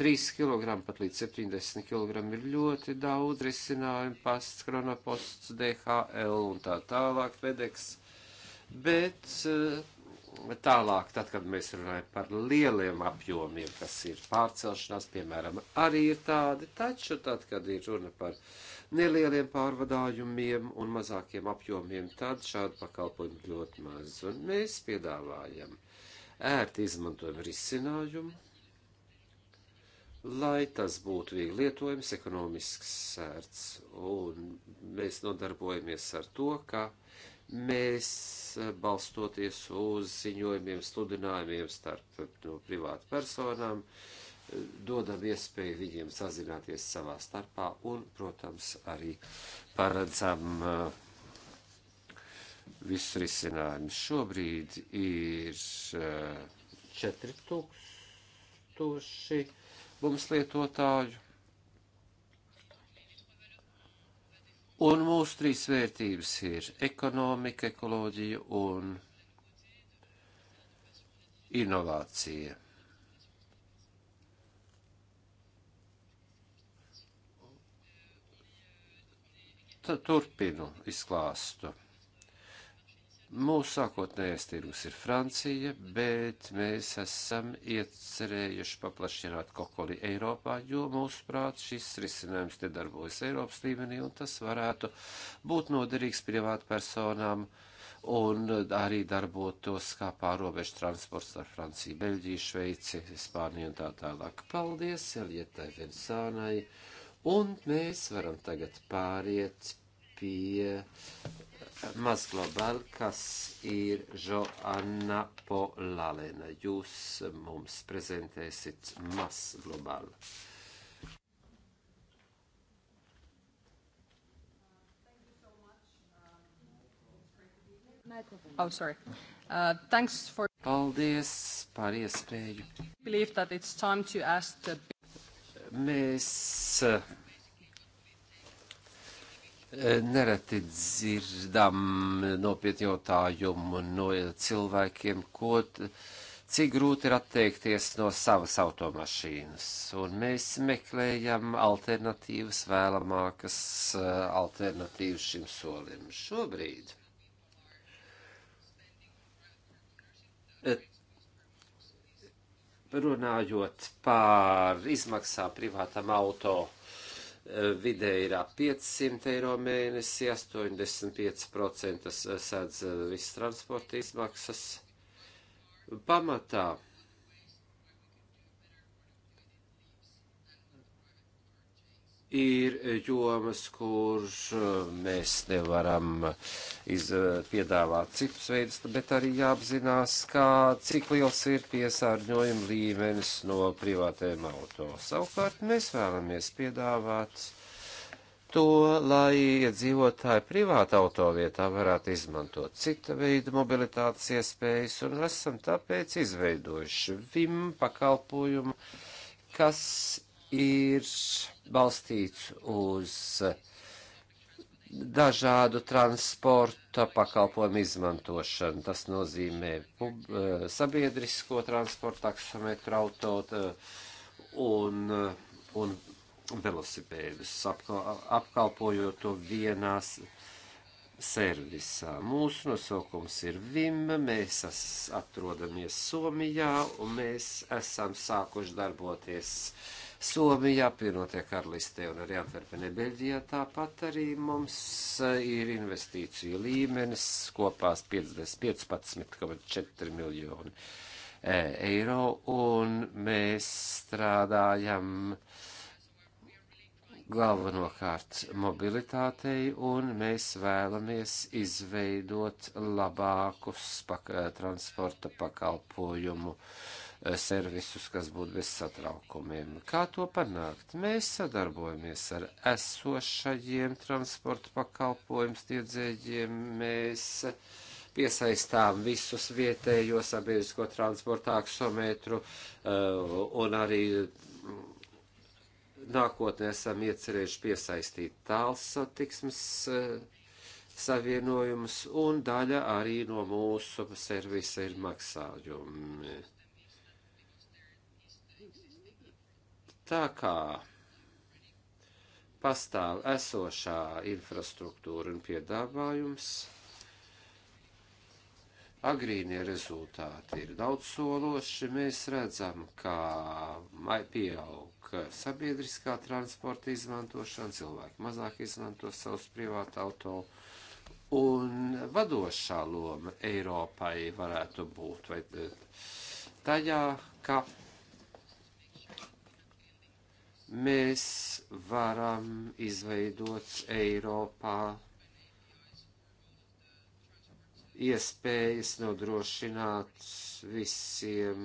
Speaker 1: 3 kg pat līdz 70 kg ir ļoti daudz risinājumu, pasts, kronoposts, DHL un tā tālāk, FedEx, bet Tālāk, tad, kad mēs runājam par lieliem apjomiem, kas ir pārcelšanās, piemēram, arī ir tādi, taču tad, kad ir runa par nelieliem pārvadājumiem un mazākiem apjomiem, tad šādu pakalpojumu ļoti maz. Un mēs piedāvājam ērti izmantojumu risinājumu, lai tas būtu viegli lietojams, ekonomisks sērts, un mēs nodarbojamies ar to, ka Mēs eh, balstoties uz ziņojumiem, sludinājumiem starp eh, no privātu personām, eh, dodam iespēju viņiem sazināties savā starpā un, protams, arī paredzam visu risinājumu. Šobrīd ir 4000 mums lietotāju Un mūsu trīs vērtības ir ekonomika, ekoloģija un inovācija. Turpinu izklāstu. Mūsu sākotnējais tirgus ir Francija, bet mēs esam iecerējuši paplašināt kokoli Eiropā, jo mūsuprāt šis risinājums te darbojas Eiropas līmenī un tas varētu būt noderīgs privātu personām un arī darbotos kā pārobežu transports ar Franciju, Beļģiju, Šveici, Spāniju un tā tālāk. Paldies Elietai Vensānai un mēs varam tagad pāriet pie maz globāli, kas ir Joanna Polalena. Jūs mums prezentēsit maz globāli.
Speaker 3: Oh, sorry. Uh, thanks for...
Speaker 1: Paldies par iespēju. Believe that it's time to ask the... Mēs uh, nereti dzirdam nopietni jautājumu no cilvēkiem, ko, cik grūti ir atteikties no savas automašīnas. Un mēs meklējam alternatīvas, vēlamākas eh, alternatīvas šim solim šobrīd. Eh, runājot par izmaksām privātam automašīnam vidēji ir ap 500 eiro mēnesī, 85% sēdz eh, viss transporta izmaksas. Pamatā ir jomas, kur eh, mēs nevaram eh, iz, eh, piedāvāt citus veidus, bet arī jāapzinās, kā, cik liels ir piesārņojuma līmenis no privātiem auto. Savukārt mēs vēlamies piedāvāt to, lai iedzīvotāji privāta auto vietā varētu izmantot cita veida mobilitātes iespējas, un esam tāpēc izveidojuši VIM pakalpojumu, kas ir balstīts uz dažādu transporta pakalpojumu izmantošanu. Tas nozīmē eh, sabiedrisko transportu, taksometru, auto eh, un, eh, un velosipēdus, apkalpojot to vienās servisā. Mūsu nosaukums ir Vim, mēs atrodamies Somijā un mēs esam sākuši darboties uh, Somijā, apvienotie karalistē un arī Antverpenē, Beļģijā. Tāpat arī mums eh, ir investīciju līmenis kopās 15,4 miljoni eh, eiro, un mēs strādājam galvenokārt mobilitātei, un mēs vēlamies izveidot labākus paka transporta pakalpojumu uh, Eh, servisus, kas būtu bez satraukumiem. Kā to panākt? Mēs sadarbojamies ar esošajiem transporta pakalpojumu sniedzējiem. Mēs piesaistām visus vietējo sabiedrisko transportu aksometru eh, un arī mm, nākotnē esam iecerējuši piesaistīt tālsatiksmes eh, savienojumus, un daļa arī no mūsu servisa ir maksājumi. Tā kā pastāv esošā infrastruktūra un piedāvājums, agrīnie rezultāti ir daudz sološi. Mēs redzam, ka pieaug sabiedriskā transporta izmantošana, cilvēki mazāk izmanto savus privātu auto. Un vadošā loma Eiropai varētu būt vai eh, tajā, ka mēs varam izveidot Eiropā iespējas nodrošināt visiem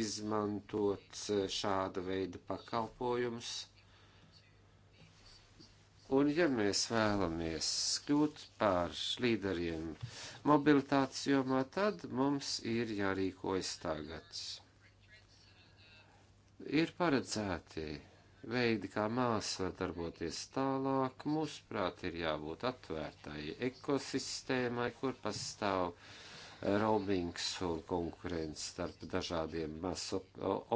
Speaker 1: izmantot šāda veida pakalpojumus. Un ja mēs vēlamies kļūt par līderiem mobilitātes jomā, tad mums ir jārīkojas tagad. Ir paredzēti veidi, kā māsa var darboties tālāk. Mūsuprāt, ir jābūt atvērtai ekosistēmai, kur pastāv roamings un konkurence starp dažādiem masu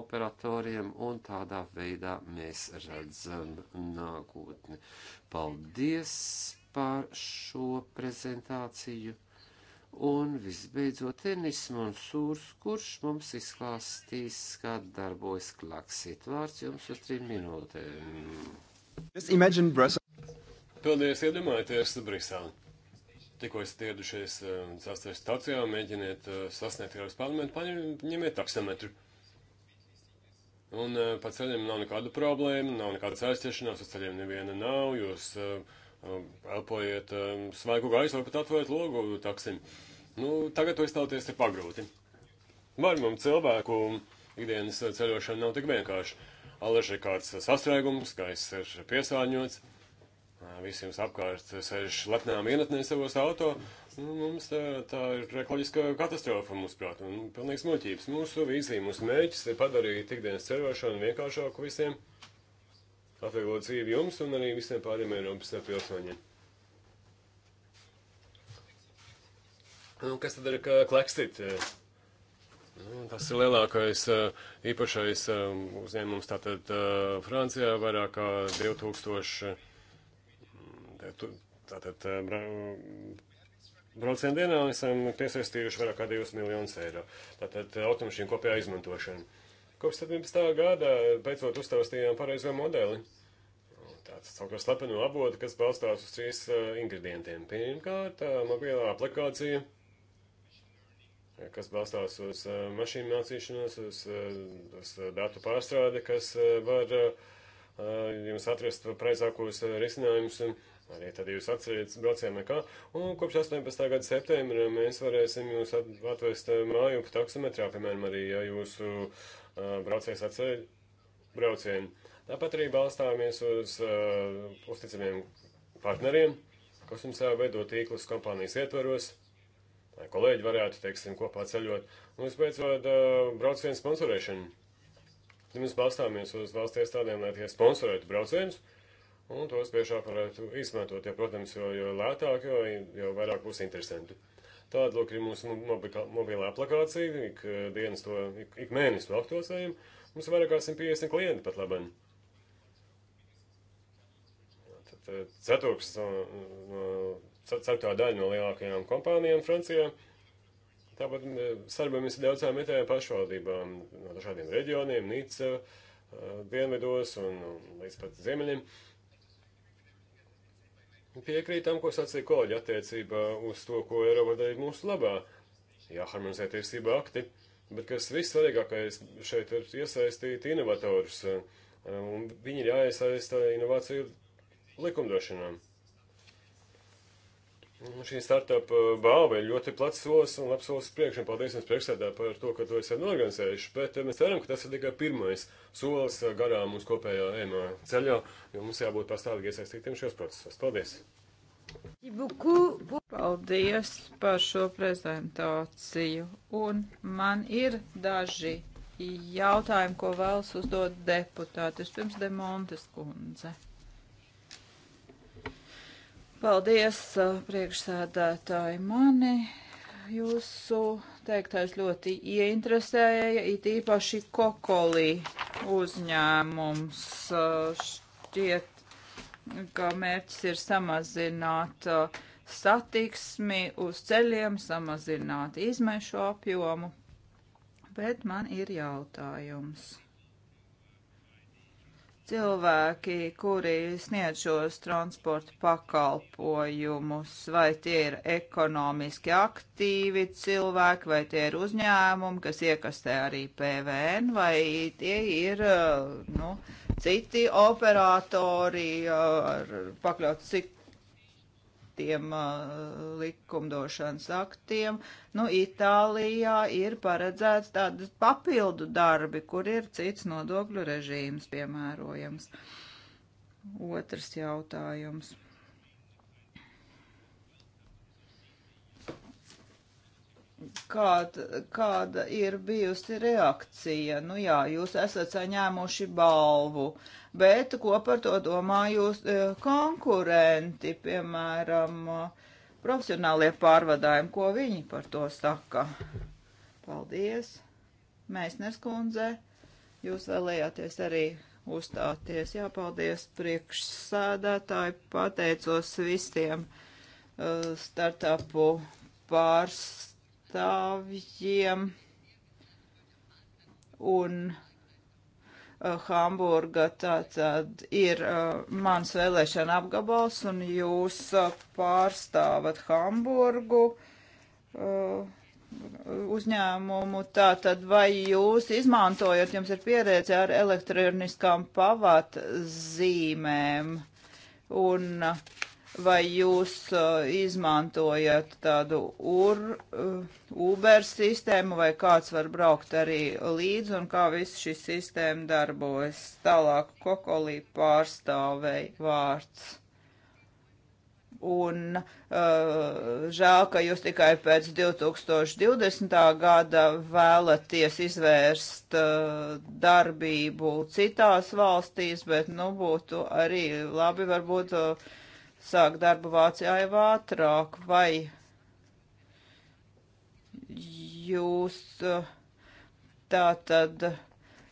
Speaker 1: operatoriem, un tādā veidā mēs redzam nākotni. Paldies par šo prezentāciju! Un visbeidzot Enismu un Sūrs, kurš mums izklāstīs, kā darbojas klaksit. Vārds jums uz trim minūtēm.
Speaker 2: Paldies, iedomājieties Briselu. Tikko esat ieradušies uh, eh, sastāvdaļas stācijā, mēģiniet uh, sasniegt Eiropas parlamentu, paņemiet taksometru. Un uh, pa ceļiem nav nekādu problēmu, nav nekādas aizķeršanās, uz ceļiem neviena nav, jūs uh, Um, elpojiet um, svaigu gaisu, varbūt atveriet logu taksim. Nu, tagad to iztauties ir pagrūti. Varmam cilvēku ikdienas ceļošana nav tik vienkārši. Alaži ir kāds sastrēgums, gaiss ir piesārņots, visi jums apkārt sēž lepnām ienatnē savos auto. Nu, mums tā, tā ir ekoloģiska katastrofa, mūsuprāt, un pilnīgs muļķības. Mūsu vīzija, mūsu mēģis ir padarīt ikdienas ceļošanu vienkāršāku visiem atvieglot dzīvi jums un arī visiem pāriem Eiropas pilsoņiem. Nu, kas tad ir klekstīt? Eh, nu, tas ir lielākais eh, īpašais eh, uzņēmums tātad Francijā, vairāk kā 2000 mm, tātad mm, braucienu dienā esam piesaistījuši vairāk kā 2 miljonus eiro. Tātad automašīnu kopējā izmantošana. Kopš 17. gada beidzot uztaustījām pareizo modeli. Tāds kaut kā slepeno avotu, kas balstās uz trīs uh, ingredientiem. Pirmkārt, uh, mobilā aplikācija, kas balstās uz uh, mašīnu mācīšanos, uz, uh, uz datu pārstrādi, kas uh, var uh, jums atrast praizākos uh, risinājumus. Uh, Arī tad jūs atcerieties, braucējām nekā. Un kopš 18. gada septembra mēs varēsim jūs atvest māju pa taksometrā, piemēram, arī, ja jūsu braucējs atceļ braucienu. Tāpat arī balstāmies uz uh, uzticamiem partneriem, kas mums jau veido tīklus kompānijas ietvaros, lai kolēģi varētu, teiksim, kopā ceļot. Un visbeidzot, uh, braucienu sponsorēšanu. Tad mēs balstāmies uz valsts iestādēm, lai tie sponsorētu braucienus, un tos biežāk varētu izmantot, ja, protams, jo, jo lētāk, jo, jo vairāk būs interesanti. Tāda, lūk, ir mūsu mobilā aplikācija, ik eh, dienas to, ik, ik mēnesi to aktualizējam. Mums ir vairāk kā 150 klienti pat labam. Eh, ceturks, eh, no, ceturtā daļa no lielākajām kompānijām Francijā. Tāpat sarbam ir daudzām vietējām pašvaldībām no dažādiem reģioniem, Nīca, dienvidos un līdz pat ziemeļiem. Uh, Piekrīt tam, ko sacīja kolēģi attiecībā uz to, ko Eiropa darīja mūsu labā. Jāharmonizē tiesība akti, bet kas vissvarīgākais šeit ir iesaistīt inovatorus, eh, un viņi ir jāiesaista inovāciju likumdošanām. Nu, šī startup uh, balva ir ļoti plats solis un labs solis priekšā. Paldies jums priekšsēdā par to, ka to esat norganizējuši, bet uh, mēs ceram, ka tas ir tikai pirmais solis uh, garām mūsu kopējā ēmā ceļā, jo mums jābūt pastāvīgi iesaistītiem šajos procesos. Paldies!
Speaker 3: Paldies par šo prezentāciju, un man ir daži jautājumi, ko vēlas uzdot deputāti. Pirms demontes kundze. Paldies, uh, priekšsēdētāji mani. Jūsu teiktais ļoti ieinteresēja, it īpaši Kokoli uzņēmums uh, šķiet, ka mērķis ir samazināt uh, satiksmi uz ceļiem, samazināt izmešu apjomu, bet man ir jautājums. Cilvēki, kuri sniedz šos transporta pakalpojumus, vai tie ir ekonomiski aktīvi cilvēki, vai tie ir uzņēmumi, kas iekastē arī PVN, vai tie ir eh, nu, citi operatori, eh, ar, pakļauts citu citiem uh, likumdošanas aktiem. Nu, Itālijā ir paredzēts tādas papildu darbi, kur ir cits nodokļu režīms piemērojams. Otrs jautājums. kāda, kāda ir bijusi reakcija. Nu jā, jūs esat saņēmuši balvu, bet ko par to domā jūs e, konkurenti, piemēram, profesionālie pārvadājumi, ko viņi par to saka? Paldies, Mēsners kundze, jūs vēlējāties arī uzstāties. Jā, paldies priekšsēdētāji, pateicos visiem uh, startupu pārs pārstāvjiem un eh, Hamburga tātad ir uh, mans vēlēšana apgabals un jūs uh, pārstāvat Hamburgu uh, uzņēmumu. Tātad vai jūs izmantojat, jums ir pieredze ar elektroniskām pavatzīmēm un uh, vai jūs uh, izmantojat tādu ur, uh, Uber sistēmu, vai kāds var braukt arī līdzi, un kā viss šī sistēma darbojas. Tālāk kokolī pārstāvēja vārds. Un uh, žēl, ka jūs tikai pēc 2020. gada vēlaties izvērst uh, darbību citās valstīs, bet, nu, būtu arī labi varbūt uh, sāk darbu Vācijā jau ātrāk, vai jūs uh, tā tad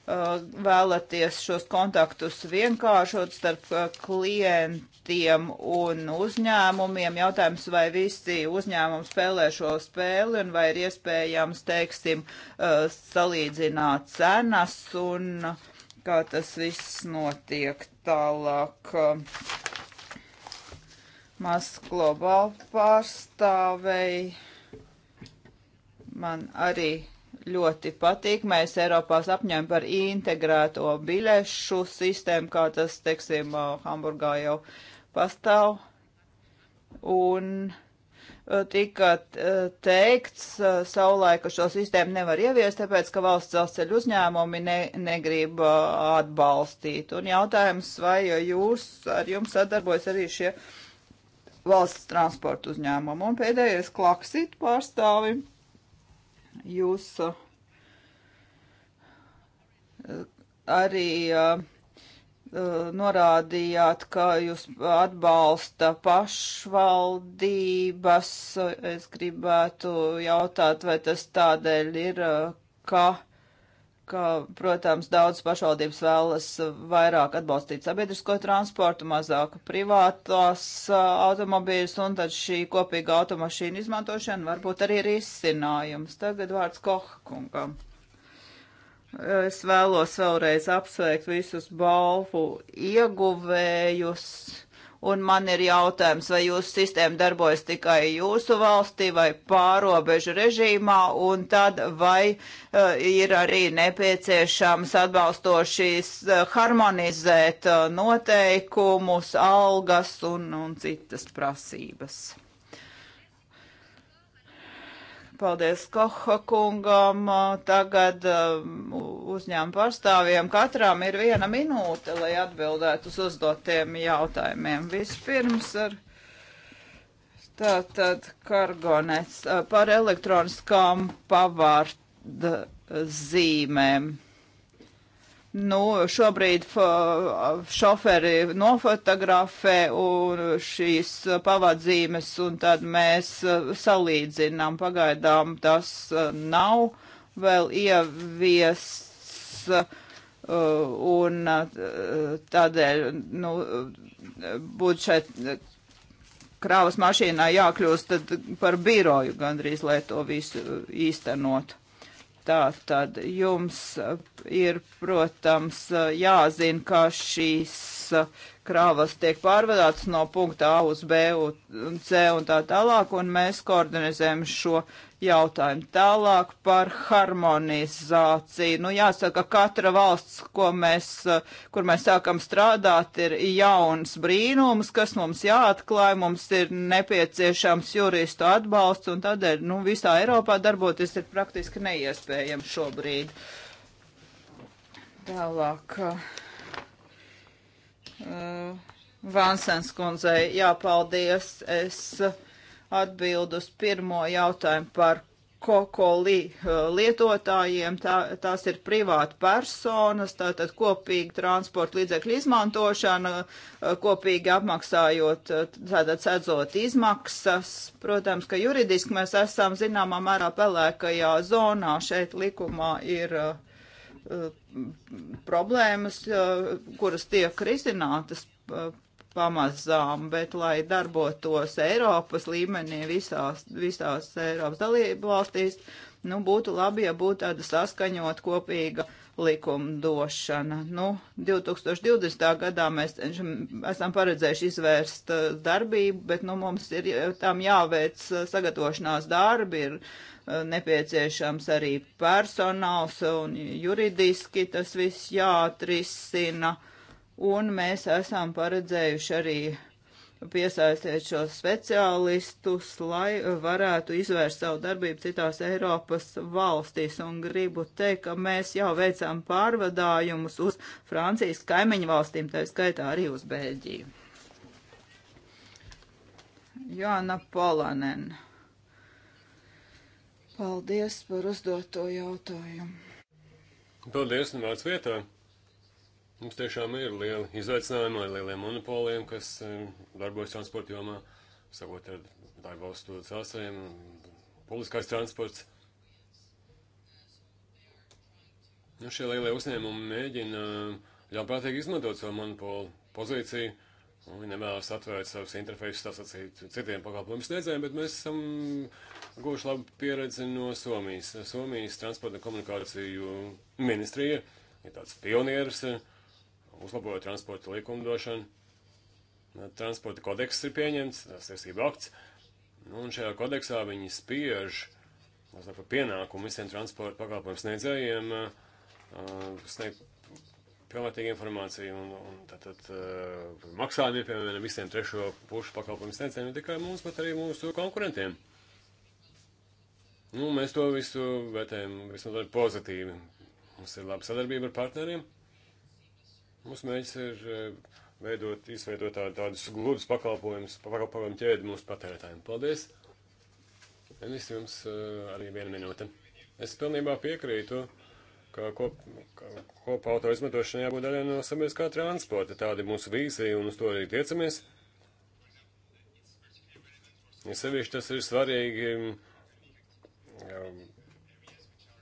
Speaker 3: uh, vēlaties šos kontaktus vienkāršot starp uh, klientiem un uzņēmumiem. Jautājums, vai visi uzņēmumi spēlē šo spēli un vai ir iespējams, teiksim, salīdzināt cenas un kā tas viss notiek tālāk. Mas Global pārstāvei. Man arī ļoti patīk. Mēs Eiropā apņēmām par integrēto biļešu sistēmu, kā tas, teiksim, Hamburgā jau pastāv. Un tika teikts saulēk, ka šo sistēmu nevar ieviest, tāpēc, ka valsts dzelzceļu uzņēmumi ne, negrib atbalstīt. Un jautājums, vai jūs, ar jums sadarbojas arī šie. Uh, valsts transporta uzņēmumu. Un pēdējais klaksit pārstāvi. Jūs uh, arī uh, uh, norādījāt, ka jūs atbalsta pašvaldības. Es gribētu jautāt, vai tas tādēļ ir, ka ka, protams, daudz pašvaldības vēlas vairāk atbalstīt sabiedrisko transportu, mazāk privātās automobīļus, un tad šī kopīga automašīna izmantošana varbūt arī ir izcinājums. Tagad vārds Koha kungam. Es vēlos vēlreiz apsveikt visus balvu ieguvējus Un man ir jautājums, vai jūsu sistēma darbojas tikai jūsu valstī vai pārobežu režīmā, un tad vai uh, ir arī nepieciešams atbalstošīs uh, harmonizēt uh, noteikumus, algas un, un citas prasības. Paldies Koha kungam. Tagad um, uzņēmuma pārstāvjiem katram ir viena minūte, lai atbildētu uz uzdotiem jautājumiem. Vispirms ar tātad kargonets uh, par elektroniskām pavārda zīmēm. Nu, šobrīd šoferi nofotografē un šīs pavadzīmes, un tad mēs e, salīdzinām. Pagaidām tas e, nav vēl ieviests, e, un tādēļ, nu, būtu šeit krāvas mašīnā jākļūst par biroju gandrīz, lai to visu īstenotu. Tā tad jums ir, protams, jāzina, kā šīs kravas tiek pārvadātas no punkta A uz B un C un tā tālāk, un mēs koordinizējam šo jautājumu tālāk par harmonizāciju. Nu, jāsaka, katra valsts, ko mēs, kur mēs sākam strādāt, ir jauns brīnums, kas mums jāatklāj, mums ir nepieciešams juristu atbalsts, un tādēļ, nu, visā Eiropā darboties ir praktiski neiespējams šobrīd. Tālāk. Uh, Uh, Vansens kundzei jāpaldies. Es atbildu uz pirmo jautājumu par kokoli uh, lietotājiem. Tā, tās ir privāti personas, tātad kopīgi transporta līdzekļu izmantošana, uh, kopīgi apmaksājot, tātad sedzot izmaksas. Protams, ka juridiski mēs esam zināmā mērā pelēkajā zonā. Šeit likumā ir uh, Uh, problēmas, uh, kuras tiek risinātas uh, pamazām, bet lai darbotos Eiropas līmenī visās, visās Eiropas dalību valstīs, nu, būtu labi, ja būtu tāda saskaņot kopīga likumdošana. Nu, 2020. gadā mēs esam paredzējuši izvērst darbību, bet, nu, mums ir tām jāveic sagatavošanās darbi, ir nepieciešams arī personāls un juridiski tas viss jāatrisina. Un mēs esam paredzējuši arī piesaistīt šos speciālistus, lai varētu izvērst savu darbību citās Eiropas valstīs. Un gribu teikt, ka mēs jau veicām pārvadājumus uz Francijas kaimiņu valstīm, tā skaitā arī uz Bēļģiju. Jāna Polanen. Paldies par uzdoto jautājumu.
Speaker 2: Paldies, nu vārds vietā. Mums tiešām ir liela izaicinājuma ar lieliem monopoliem, kas eh, darbojas transporta jomā, sakot ar darbvalstu sāsajiem, publiskais transports. Nu, šie lielie uzņēmumi mēģina ļaunprātīgi izmantot savu monopolu pozīciju Un viņi nevēlas atvērt savus interfeisus, tā sacīt, citiem pakalpojumu sniedzējiem, bet mēs esam guvuši labu pieredzi no Somijas. Somijas transporta un komunikāciju ministrija ir tāds pionieris, uzlaboja transporta likumdošanu. Transporta kodeks ir pieņemts, tas tiesība akts. Nu, un šajā kodeksā viņi spiež par pienākumu visiem transporta pakalpojumu sniedzējiem uh, sniegt pilnvērtīga informācija un, un tātad uh, eh, maksājumi, piemēram, visiem trešo pušu pakalpojumu sniedzējiem, ne tikai mums, bet arī mūsu konkurentiem. Nu, mēs to visu vērtējam visnotaļ pozitīvi. Mums ir laba sadarbība ar partneriem. Mūsu mērķis ir uh, veidot, izveidot tādu, tādus gludus pakalpojumus, pakalpojumu ķēdi mūsu patērētājiem. Paldies! Un es jums uh, arī vienu minūti. Es pilnībā piekrītu. Uh, ka kop, ka kopā auto izmantošana jābūt daļai no sabiedriskā transporta. Tāda ir mūsu vīzija un uz to arī tiecamies. Ja sevišķi tas ir svarīgi ja, um,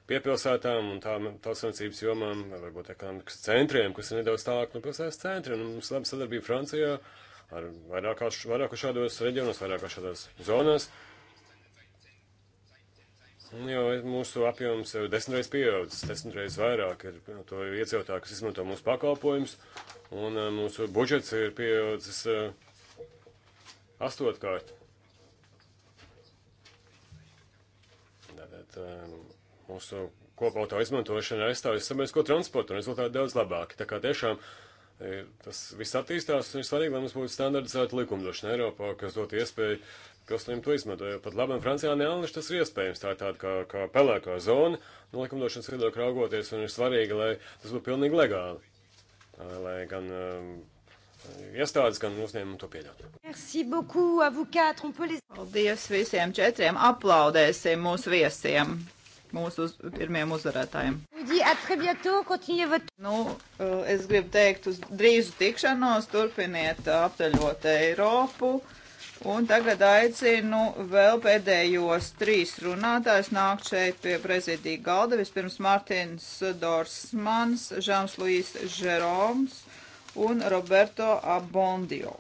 Speaker 2: piepilsētām un tām tautsvencības jomām, vai varbūt ekonomikas centriem, kas ir nedaudz tālāk no pilsētas centra. Un nu, mums laba sadarbība Francijā ar vairākos šādos reģionos, vairākos šādās zonās. Uh, Jo mūsu apjoms ir desmitreiz pieaudzis, desmitreiz vairāk ir nu, to iedzīvotāju, kas izmanto mūsu pakalpojumus, un eh, mūsu budžets ir pieaudzis uh, astotkārt. Tātad uh, mūsu kopauto izmantošana aizstāvjas sabiedrisko transportu un rezultāti daudz labāki. Tā kā tiešām ir, tas viss attīstās un ir svarīgi, lai mums būtu standardizēta likumdošana Eiropā, kas dot iespēju kas viņam nu to izmanto. Jo pat labam Francijā nealniši tas ir iespējams. Tā ir tāda kā, kā pelēkā zona, no nu, likumdošanas viedokļa raugoties, un ir svarīgi, lai tas būtu pilnīgi legāli. Lai gan um, iestādes, gan uzņēmumi to pieļautu.
Speaker 3: Merci beaucoup, avocat, un polis. Paldies visiem četriem. Aplaudēsim mūsu viesiem. Mūsu uz, pirmiem uzvarētājiem. Nu, eh, es gribu teikt uz drīzu tikšanos, turpiniet apceļot Eiropu. Un tagad aicinu vēl pēdējos trīs runātājus nākt šeit pie prezidija galda. Vispirms Mārtiņš Dorsmans, Žāns Luīs Žeroms un Roberto Abondio.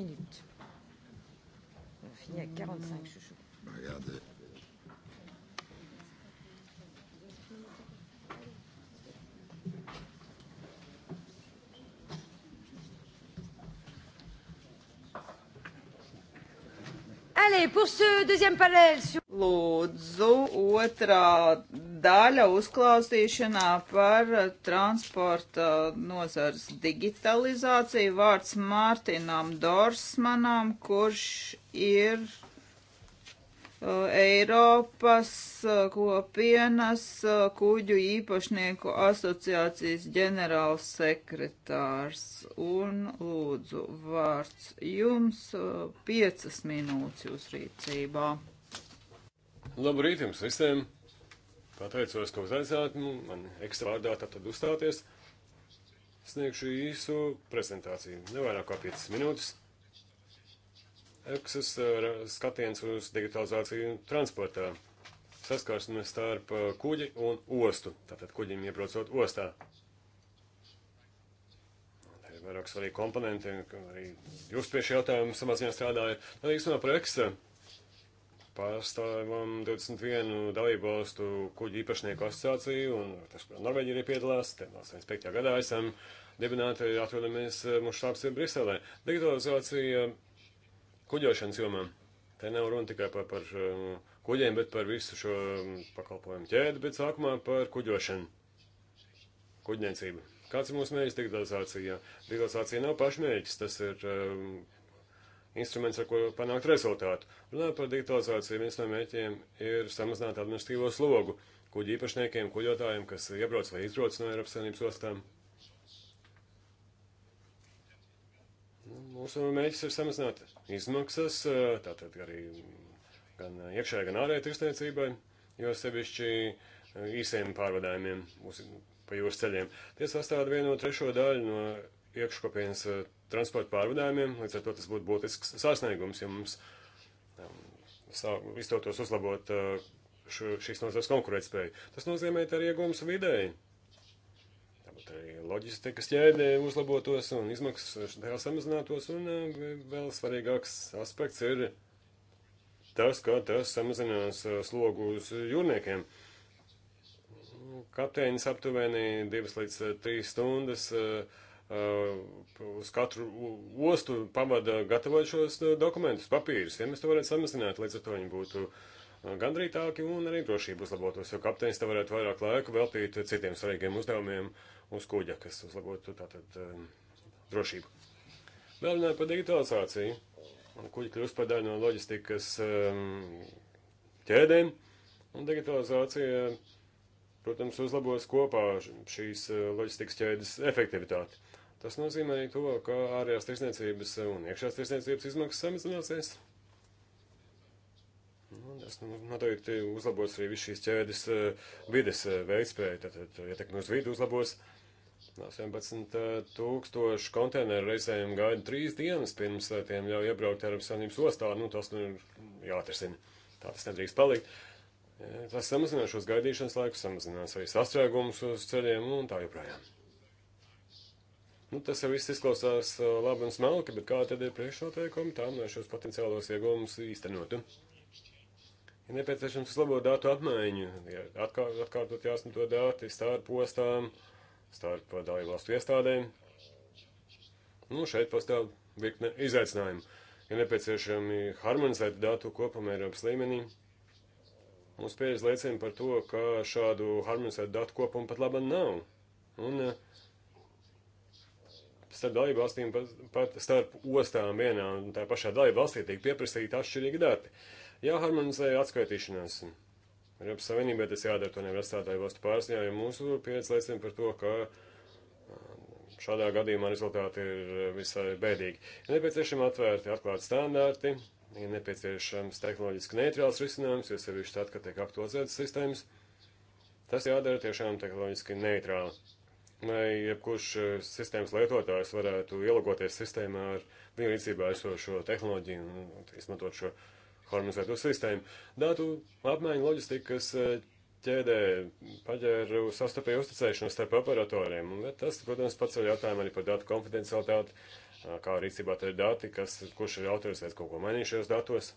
Speaker 3: Minūtes. Fini à 45 chouchous. Regardez. Allez, pour ce deuxième panel. Lūdzu, otrā daļa uzklausīšanā par transporta nozars digitalizāciju vārds Mārtinam Dorsmanam, kurš ir Eiropas eh, kopienas eh, kuģu īpašnieku asociācijas ģenerāls sekretārs. Un lūdzu, vārds jums eh, piecas minūtes jūs rīcībā.
Speaker 2: Labrīt jums visiem! Pateicos, ka uzaicināt man ekstra vārdā tātad uzstāties. Sniegšu īsu prezentāciju, nevairāk kā 5 minūtes. Eksas eh, skatiens uz digitalizāciju transportā saskarsme starp eh, kuģi un ostu, tātad kuģim iebraucot ostā. Te ir vairāk svarīgi komponenti, arī jūs pie šī jautājuma savā ziņā strādājat. Tad īstenībā par Eksa pārstāvam 21 dalībvalstu kuģu īpašnieku asociāciju, un tas, protams, Norvēģi arī piedalās, te 85. gadā esam dibināti, atrodamies eh, mūsu štāps ir Briselē. Digitalizācija kuģošanas jomām. Te nav runa tikai par, par eh, kuģiem, bet par visu šo mm, pakalpojumu ķēdi, bet sākumā par kuģošanu. Kuģniecību. Kāds ir mūsu mērķis digitalizācijā? Digitalizācija nav pašmērķis, tas ir um, instruments, ar ko panākt rezultātu. Runājot par digitalizāciju, viens no mērķiem ir samazināt administratīvo slogu kuģi īpašniekiem, kuģotājiem, kas iebrauc vai izbrauc no Eiropas Savienības ostām. Mūsu mērķis ir samazināt izmaksas, tātad arī gan iekšējai, gan ārējai tirsniecībai, jo sevišķi īsiem pārvadājumiem mūsu pa jūras ceļiem. Tie sastāv vienu no trešo daļu no iekškopienas transporta pārvadājumiem, līdz ar to tas būtu būtisks sasniegums, ja mums izdotos uzlabot šo, šīs nozares konkurētspēju. Tas nozīmē arī iegūmus vidēji arī loģistikas ķēdē uzlabotos un izmaksas vēl samazinātos, un eh, vēl svarīgāks aspekts ir tas, ka tas samazinās eh, slogu uz jūrniekiem. Kapteinis aptuveni 2 līdz 3 eh, stundas uz katru ostu pavada gatavot šos dokumentus, papīrus. Ja mēs to varētu samazināt, līdz ar to viņi būtu gandrītāki un arī drošību uzlabotos, jo kapteinis te varētu vairāk laika veltīt citiem svarīgiem uzdevumiem uz kuģa, kas uzlabotu tātad um, drošību. Vēl runājot par digitalizāciju, kuģi kļūst par daļu no loģistikas um, ķēdēm, un digitalizācija, protams, uzlabos kopā šīs eh, loģistikas ķēdes efektivitāti. Tas nozīmē to, ka ārējās tirsniecības un iekšējās tirsniecības izmaksas samazināsies. Nu, tas nu, noteikti uzlabos arī visu šīs ķēdes eh, vides eh, veidspēju, tātad ietekmi ja uz vidu uzlabos. Uh, No 17 tūkstoši konteineru reizēm gaida trīs dienas pirms tiem jau iebraukt Eiropas Savienības ostā. Nu, tas nu ir jāatrisina. Tā tas nedrīkst palikt. Tas samazinās šos gaidīšanas laikus, samazinās arī sastrēgumus uz ceļiem un tā joprojām. Nu, tas jau viss izklausās labi un smalki, bet kā tad ir priekšnoteikumi tām, lai šos potenciālos iegūmus īstenotu? Ir ja nepieciešams uzlabot datu apmaiņu, ja atkār, atkārtot jāsmito dati starp postām. Uh, starp dalību valstu iestādēm. Nu, šeit pastāv virkne izaicinājumu. Ir ja nepieciešami harmonizēt datu kopumā Eiropas līmenī. Mums pieredze liecina par to, ka šādu harmonizētu datu kopumu pat laba nav. Un eh, starp dalību valstīm, pat, pat starp ostām vienā un tā pašā dalību valstī tiek pieprasīti atšķirīgi dati. Jāharmonizē atskaitīšanās. Ja Eiropas Savienībai tas jādara, to nevar atstāt tādu valstu pārziņā, jo mūsu pieredze liecina par to, ka um, šādā gadījumā rezultāti ir uh, visai bēdīgi. Ir nepieciešami atvērti, atklāti standarti, ir nepieciešams tehnoloģiski neitrāls risinājums, jo sevišķi tad, kad tiek aktualizētas sistēmas, tas jādara tiešām tehnoloģiski neitrāli lai jebkurš uh, sistēmas lietotājs varētu ielūgoties sistēmā ar viņu rīcībā esošo tehnoloģiju un izmantot šo harmonizēto sistēmu. Datu apmaiņa loģistikas eh, ķēdē paģēru sastapēju uzticēšanos starp operatoriem, un tas, protams, paceļ jautājumu arī par datu konfidencialitāti, kā rīcībā te ir dati, kas, kurš ir autorizēts kaut ko mainījušajos datos.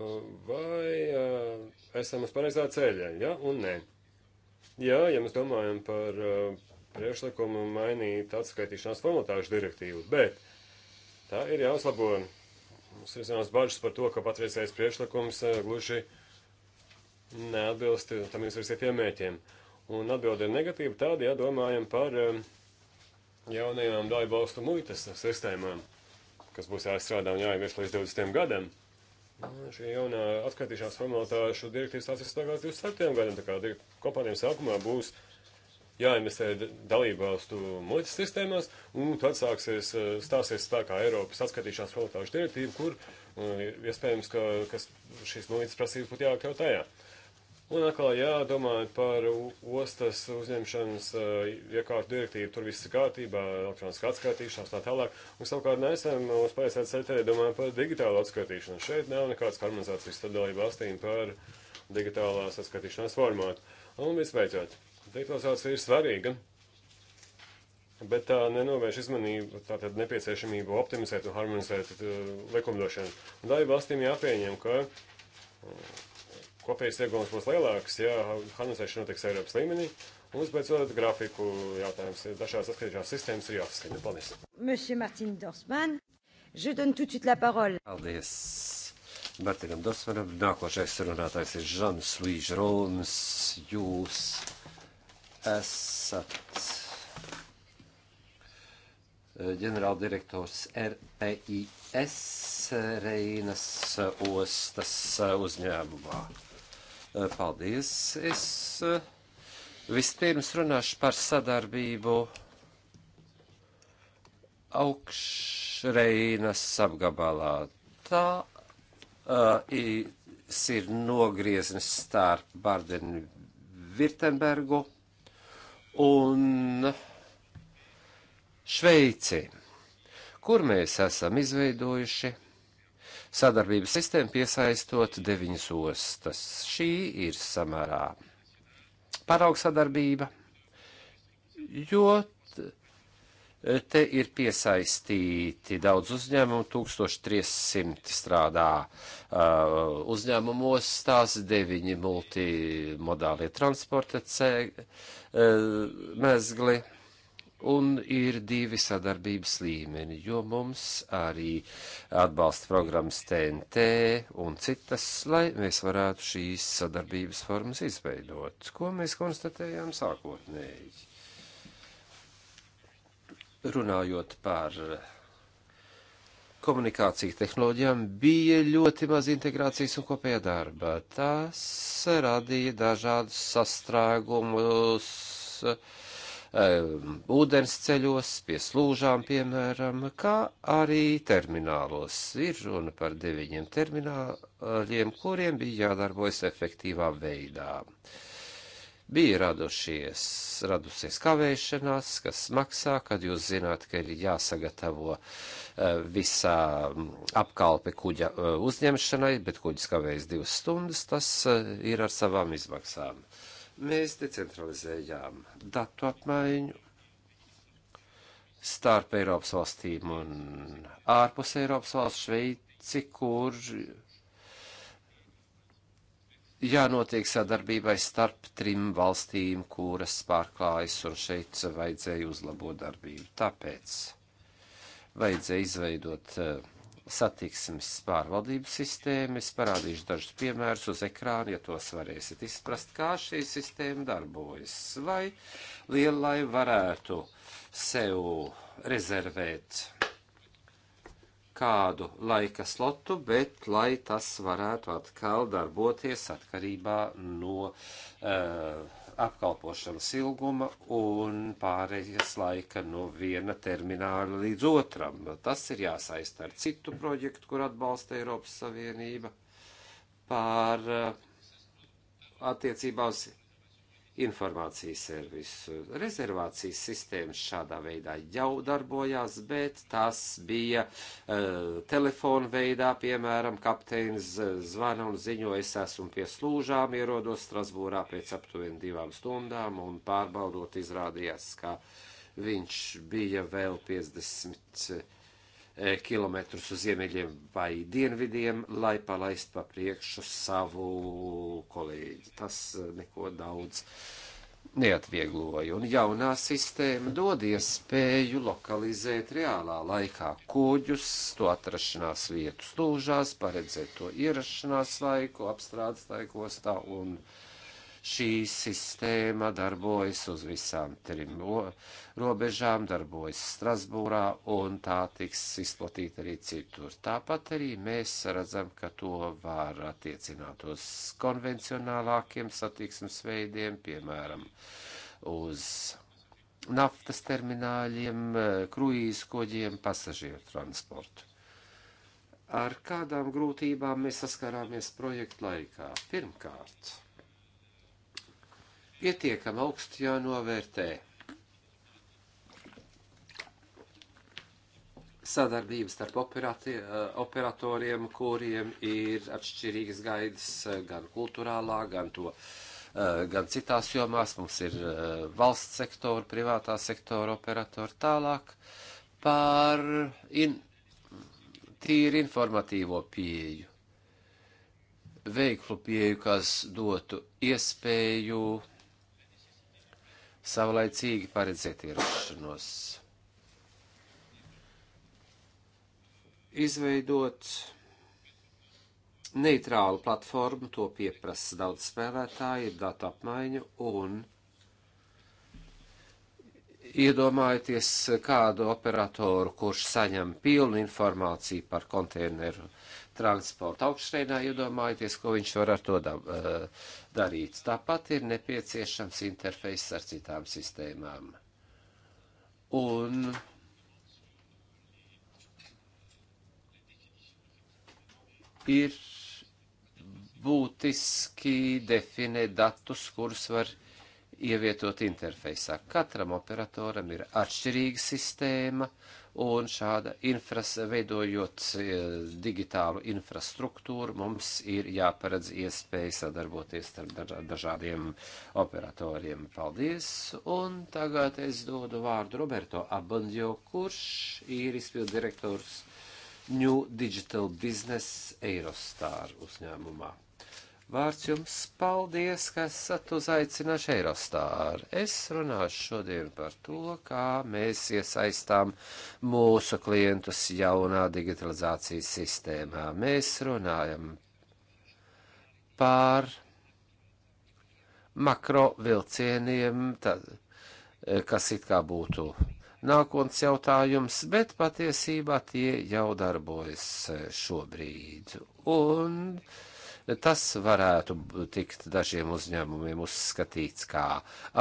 Speaker 2: Vai uh, esam uz pareizā ceļa, ja un nē? Jā, ja mēs domājam par uh, priekšlikumu mainīt atskaitīšanās formulātāšu direktīvu, bet tā ir jāuzlabo Mums ir zināmas bažas par to, ka patreizējais priekšlikums eh, gluži neatbilst tam izvirzītiem mēķiem. Un atbilde ir negatīva tāda, ja domājam par eh, jaunajām dāļu balstu muitas sistēmām, kas būs jāizstrādā un jāievieš līdz 20. gadam. Šī jaunā atskaitīšanās formalitāšu direktīvas tās ir stāvās 27. gadam, tā kā kompanijām sākumā būs uh, jāinvestē dalībvalstu muitas sistēmās, un tad sāksies, eh, stāsies spēkā Eiropas atskatīšanās kvalitāšu direktīva, kur eh, iespējams, ka, ka šīs muitas prasības būtu jāiekļaut tajā. Un atkal jādomā par ostas uzņemšanas eh, iekārtu direktīvu, tur viss ir kārtībā, elektroniskā atskaitīšanās tā tālāk. Un savukārt nesam uz paiesēt setē domājam par digitālu atskaitīšanu. Šeit nav nekādas harmonizācijas starp dalību valstīm par digitālās atskaitīšanās formātu. Un visbeidzot. Digitalizācija ir svarīga, bet tā nenovērš uzmanību, tā tad nepieciešamību optimizēt un harmonizēt uh, likumdošanu. Un daļai valstīm jāpieņem, ka uh, kopējas ieguvums būs lielāks, ja harmonizēšana notiks Eiropas līmenī. Un uzbeidzot grafiku jautājums, dažās atskaitīšās sistēmas ir jāsasina. Paldies.
Speaker 1: Monsieur Martin Dorsman, je donne tout de suite la parole. Paldies. Martinam Dosmanam. Nākošais runātājs ir Žans Līžrons. Jūs esat ģenerāldirektors RPIS Reinas ostas uzņēmumā. Paldies! Es eh, vispirms runāšu par sadarbību augšreinas apgabalā. Tā uh, ir nogrieznis starp Bardeni Virtenbergu un Šveici, kur mēs esam izveidojuši sadarbības sistēmu piesaistot deviņas ostas. Šī ir samērā paraugs sadarbība, jo Te ir piesaistīti daudz uzņēmumu, 1300 strādā uh, uzņēmumos, tās 9 multimodālie transporta cēg, uh, mezgli, un ir divi sadarbības līmeni, jo mums arī atbalsta programmas TNT un citas, lai mēs varētu šīs sadarbības formas izveidot, ko mēs konstatējām sākotnēji runājot par komunikāciju tehnoloģijām, bija ļoti maz integrācijas un kopējā darba. Tas radīja dažādus sastrēgumus um, ūdens ceļos, pie slūžām, piemēram, kā arī terminālos. Ir runa par deviņiem termināliem, kuriem bija jādarbojas efektīvā veidā. Uh, bija radušies, radusies kavēšanās, kas maksā, kad jūs zināt, ka ir jāsagatavo eh, visā mm, apkalpe kuģa eh, uzņemšanai, bet kuģis kavējas divas stundas, tas eh, ir ar savām izmaksām. Mēs decentralizējām datu apmaiņu starp Eiropas valstīm un ārpus Eiropas valsts Šveici, kur jānotiek sadarbībai starp trim valstīm, kuras pārklājas, un šeit vajadzēja uzlabot darbību. Tāpēc vajadzēja izveidot eh, satiksmes pārvaldības sistēmu. Es parādīšu dažus piemērus uz ekrāna, ja tos varēsiet izprast, kā šī sistēma darbojas. Vai lielai varētu sev rezervēt kādu laika slotu, bet lai tas varētu atkal darboties atkarībā no uh, apkalpošanas ilguma un pārējas laika no viena termināla līdz otram. Tas ir jāsaista ar citu projektu, kur atbalsta Eiropas Savienība pār uh, eh, attiecībā uz informācijas servisu. Rezervācijas sistēmas šādā veidā jau darbojās, bet tas bija uh, eh, telefona veidā, piemēram, kapteinis eh, zvana un ziņo, es esmu pie slūžām, ierodos Strasbūrā pēc aptuveni divām stundām un pārbaudot izrādījās, ka viņš bija vēl 50 Eh, kilometrus uz ziemeļiem vai dienvidiem, lai palaistu pa priekšu savu kolēģi. Tas eh, neko daudz neatviegloja. Un jaunā sistēma dod iespēju lokalizēt reālā laikā kuģus, to atrašanās vietu stūžās, paredzēt to ierašanās laiku, apstrādes laiku ostā un tā šī sistēma darbojas uz visām trim robežām, darbojas Strasbūrā un tā tiks izplatīta arī citur. Tāpat arī mēs redzam, ka to var attiecināt uz konvencionālākiem satiksmes veidiem, piemēram, uz naftas termināļiem, kruīzu koģiem, pasažieru transportu. Ar kādām grūtībām mēs saskarāmies projekta laikā? Pirmkārt, pietiekam augstu jānovērtē. sadarbības starp eh, operatoriem, kuriem ir atšķirīgas gaidas eh, gan kultūrālā, gan to. Eh, gan citās jomās mums ir valsts sektora, privātā sektora operatori tālāk par in, tīri informatīvo pieju, veiklu pieju, kas dotu iespēju savlaicīgi paredzēt ierašanos. Izveidot neitrālu platformu, to pieprasa daudz spēlētāji, ir datu apmaiņa un iedomājieties kādu operatoru, kurš saņem pilnu informāciju par konteineru transporta augšreinā, iedomājieties, ko viņš var ar to da eh, darīt. Tāpat ir nepieciešams interfejs ar citām sistēmām. Un ir būtiski definēt datus, kurus var ievietot interfejsā. Katram operatoram ir atšķirīga sistēma, uh, un šāda infras, veidojot e, digitālu infrastruktūru, mums ir jāparedz iespēja sadarboties ar dažādiem operatoriem. Paldies! Un tagad es dodu vārdu Roberto Abandjo, kurš ir izpildu direktors New Digital Business Eirostar uzņēmumā. Vārds jums paldies, ka esat uzaicināši Eirostāru. Es runāšu šodien par to, kā mēs iesaistām mūsu klientus jaunā digitalizācijas sistēmā. Mēs runājam pār makro vilcieniem, tad, kas it kā būtu nākotnes jautājums, bet patiesībā tie jau darbojas šobrīd. Un Tas varētu tikt dažiem uzņēmumiem uzskatīts kā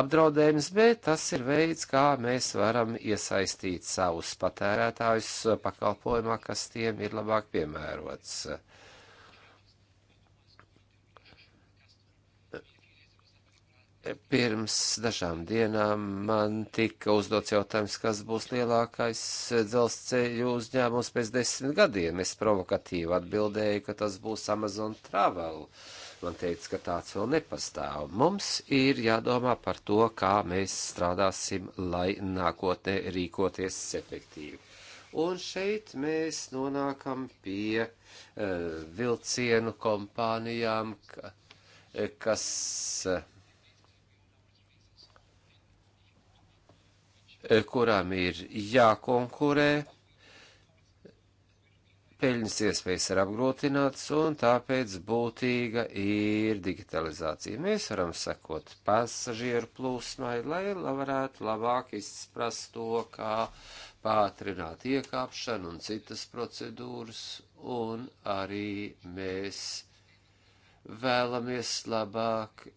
Speaker 1: apdraudējums, bet tas ir veids, kā mēs varam iesaistīt savus patērētājus pakalpojumā, kas tiem ir labāk piemērots. Pirms dažām dienām man tika uzdots jautājums, kas būs lielākais dzelzceļu uzņēmums pēc desmit gadiem. Es provokatīvi atbildēju, ka tas būs Amazon Travel. Man teica, ka tāds vēl nepastāv. Mums ir jādomā par to, kā mēs strādāsim, lai nākotnē rīkoties efektīvi. Un šeit mēs nonākam pie uh, vilcienu kompānijām, ka, eh, kas. Uh, kurām ir jākonkurē, peļņas iespējas ir apgrūtinātas, un tāpēc būtīga ir digitalizācija. Mēs varam sekot pasažieru plūsmai, lai varētu labāk izprast to, kā pātrināt iekāpšanu un citas procedūras, un arī mēs vēlamies labāk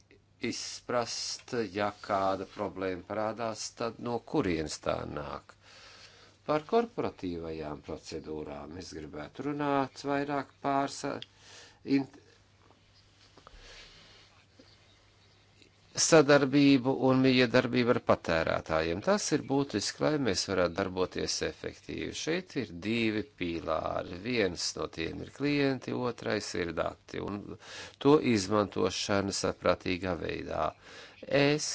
Speaker 1: izprast, ja kāda problēma parādās, tad no kurienes tā nāk. Par korporatīvajām procedūrām es gribētu runāt vairāk pārsa, in, sadarbību un miedarbību ar patērētājiem. Tas ir būtiski, lai mēs varētu darboties efektīvi. Šeit ir divi pīlāri. Viens no tiem ir klienti, otrais ir dati un to izmantošana saprātīgā veidā. Es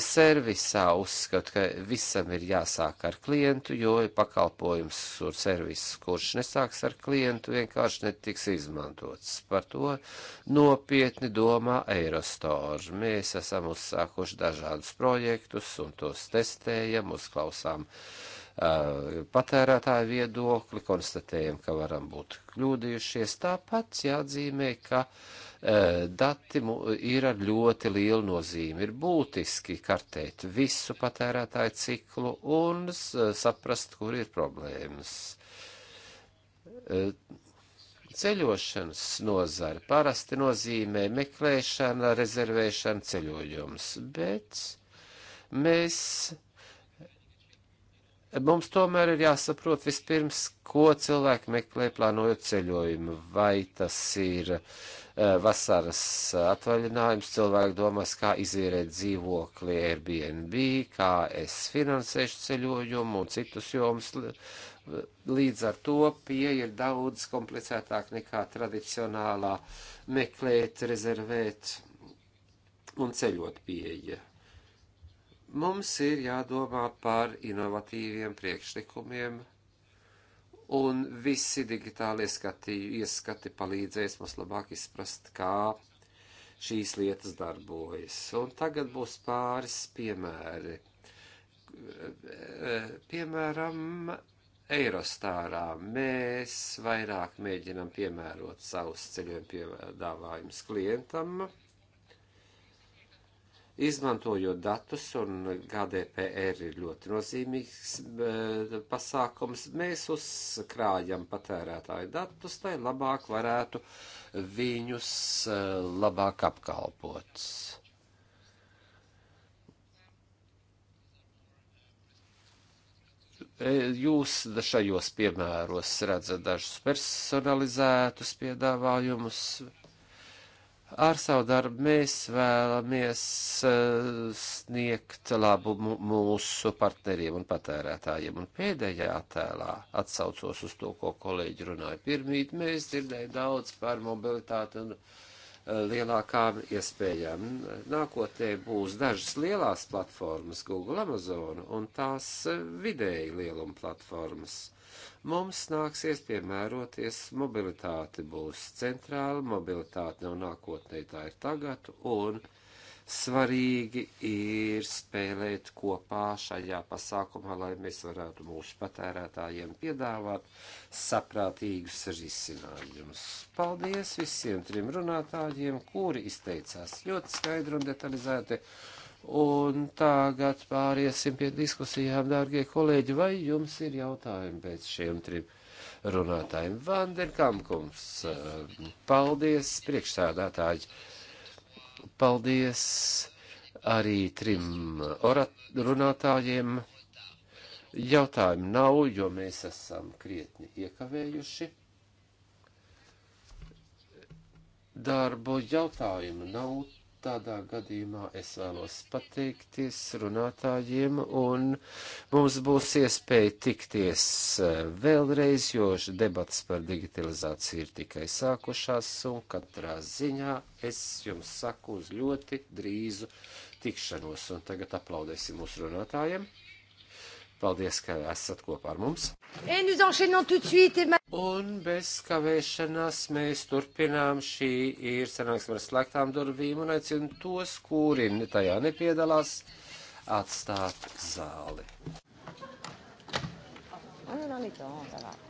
Speaker 1: servisā uzskatu, ka visam ir jāsāk ar klientu, jo pakalpojums un servis, kurš nesāks ar klientu, vienkārši netiks izmantots. Par to nopietni domā Eirostor. Mēs esam uzsākuši dažādus projektus un tos testējam, uzklausām uh, patērētāju viedokli, konstatējam, ka varam būt kļūdījušies. Tāpat jāatzīmē, ka uh, Eh, dati ir ar ļoti lielu nozīmi. Ir būtiski kartēt visu patērētāju ciklu un eh, saprast, kur ir problēmas. Eh, ceļošanas nozara parasti nozīmē meklēšana, rezervēšana, ceļojums, bet mēs mums tomēr ir jāsaprot vispirms, ko cilvēki meklē, plānojot ceļojumu. Vai tas ir Eh, vasaras atvaļinājums, cilvēki domās, kā izīrēt dzīvokli Airbnb, kā es finansēšu ceļojumu un citus jomas. Līdz ar to pieeja ir daudz komplicētāk nekā tradicionālā meklēt, rezervēt un ceļot pieeja. Mums ir jādomā par inovatīviem priekšlikumiem, un visi digitāli ieskati, ieskati palīdzēs mums labāk izprast, kā šīs lietas darbojas. Un tagad būs pāris piemēri. Piemēram, Eirostārā mēs vairāk mēģinam piemērot savus ceļojumu piedāvājumus klientam. Izmantojot datus, un GDPR ir ļoti nozīmīgs eh, pasākums, mēs uzkrājam patērētāju datus, lai labāk varētu viņus eh, labāk apkalpot. E, jūs šajos piemēros redzat dažus personalizētus piedāvājumus, ar savu darbu mēs vēlamies eh, sniegt labumu mūsu partneriem un patērētājiem. Un pēdējā attēlā atsaucos uz to, ko kolēģi runāja pirmīt, mēs dzirdējām daudz par mobilitāti un eh, lielākām iespējām. Nākotnē būs dažas lielās platformas, Google, Amazon un tās eh, vidēji lieluma platformas Mums nāksies piemēroties, mobilitāte būs centrāla, mobilitāte nav nākotnē, tā ir tagad, un svarīgi ir spēlēt kopā šajā pasākumā, lai mēs varētu mūsu patērētājiem piedāvāt saprātīgus risinājumus. Paldies visiem trim runātājiem, kuri izteicās ļoti skaidri un detalizēti Un tagad pāriesim pie diskusijām, dārgie kolēģi, vai jums ir jautājumi pēc šiem trim runātājiem? Vanderkampkums, paldies, priekšsādātāji, paldies arī trim runātājiem. Jautājumu nav, jo mēs esam krietni iekavējuši. Darbu jautājumu nav Tādā gadījumā es vēlos pateikties runātājiem, un mums būs iespēja tikties eh, vēlreiz, jo debats par digitalizāciju ir tikai sākušās, un katrā ziņā es jums saku uz ļoti drīzu tikšanos, un tagad aplaudēsim mūsu runātājiem. Paldies, ka esat kopā ar mums. Un bez kavēšanās mēs turpinām. Šī ir sanāksme ar slēgtām durvīm un aicinu tos, kuri tajā nepiedalās, atstāt zāli.
Speaker 3: Ah, non, non, non, non, non.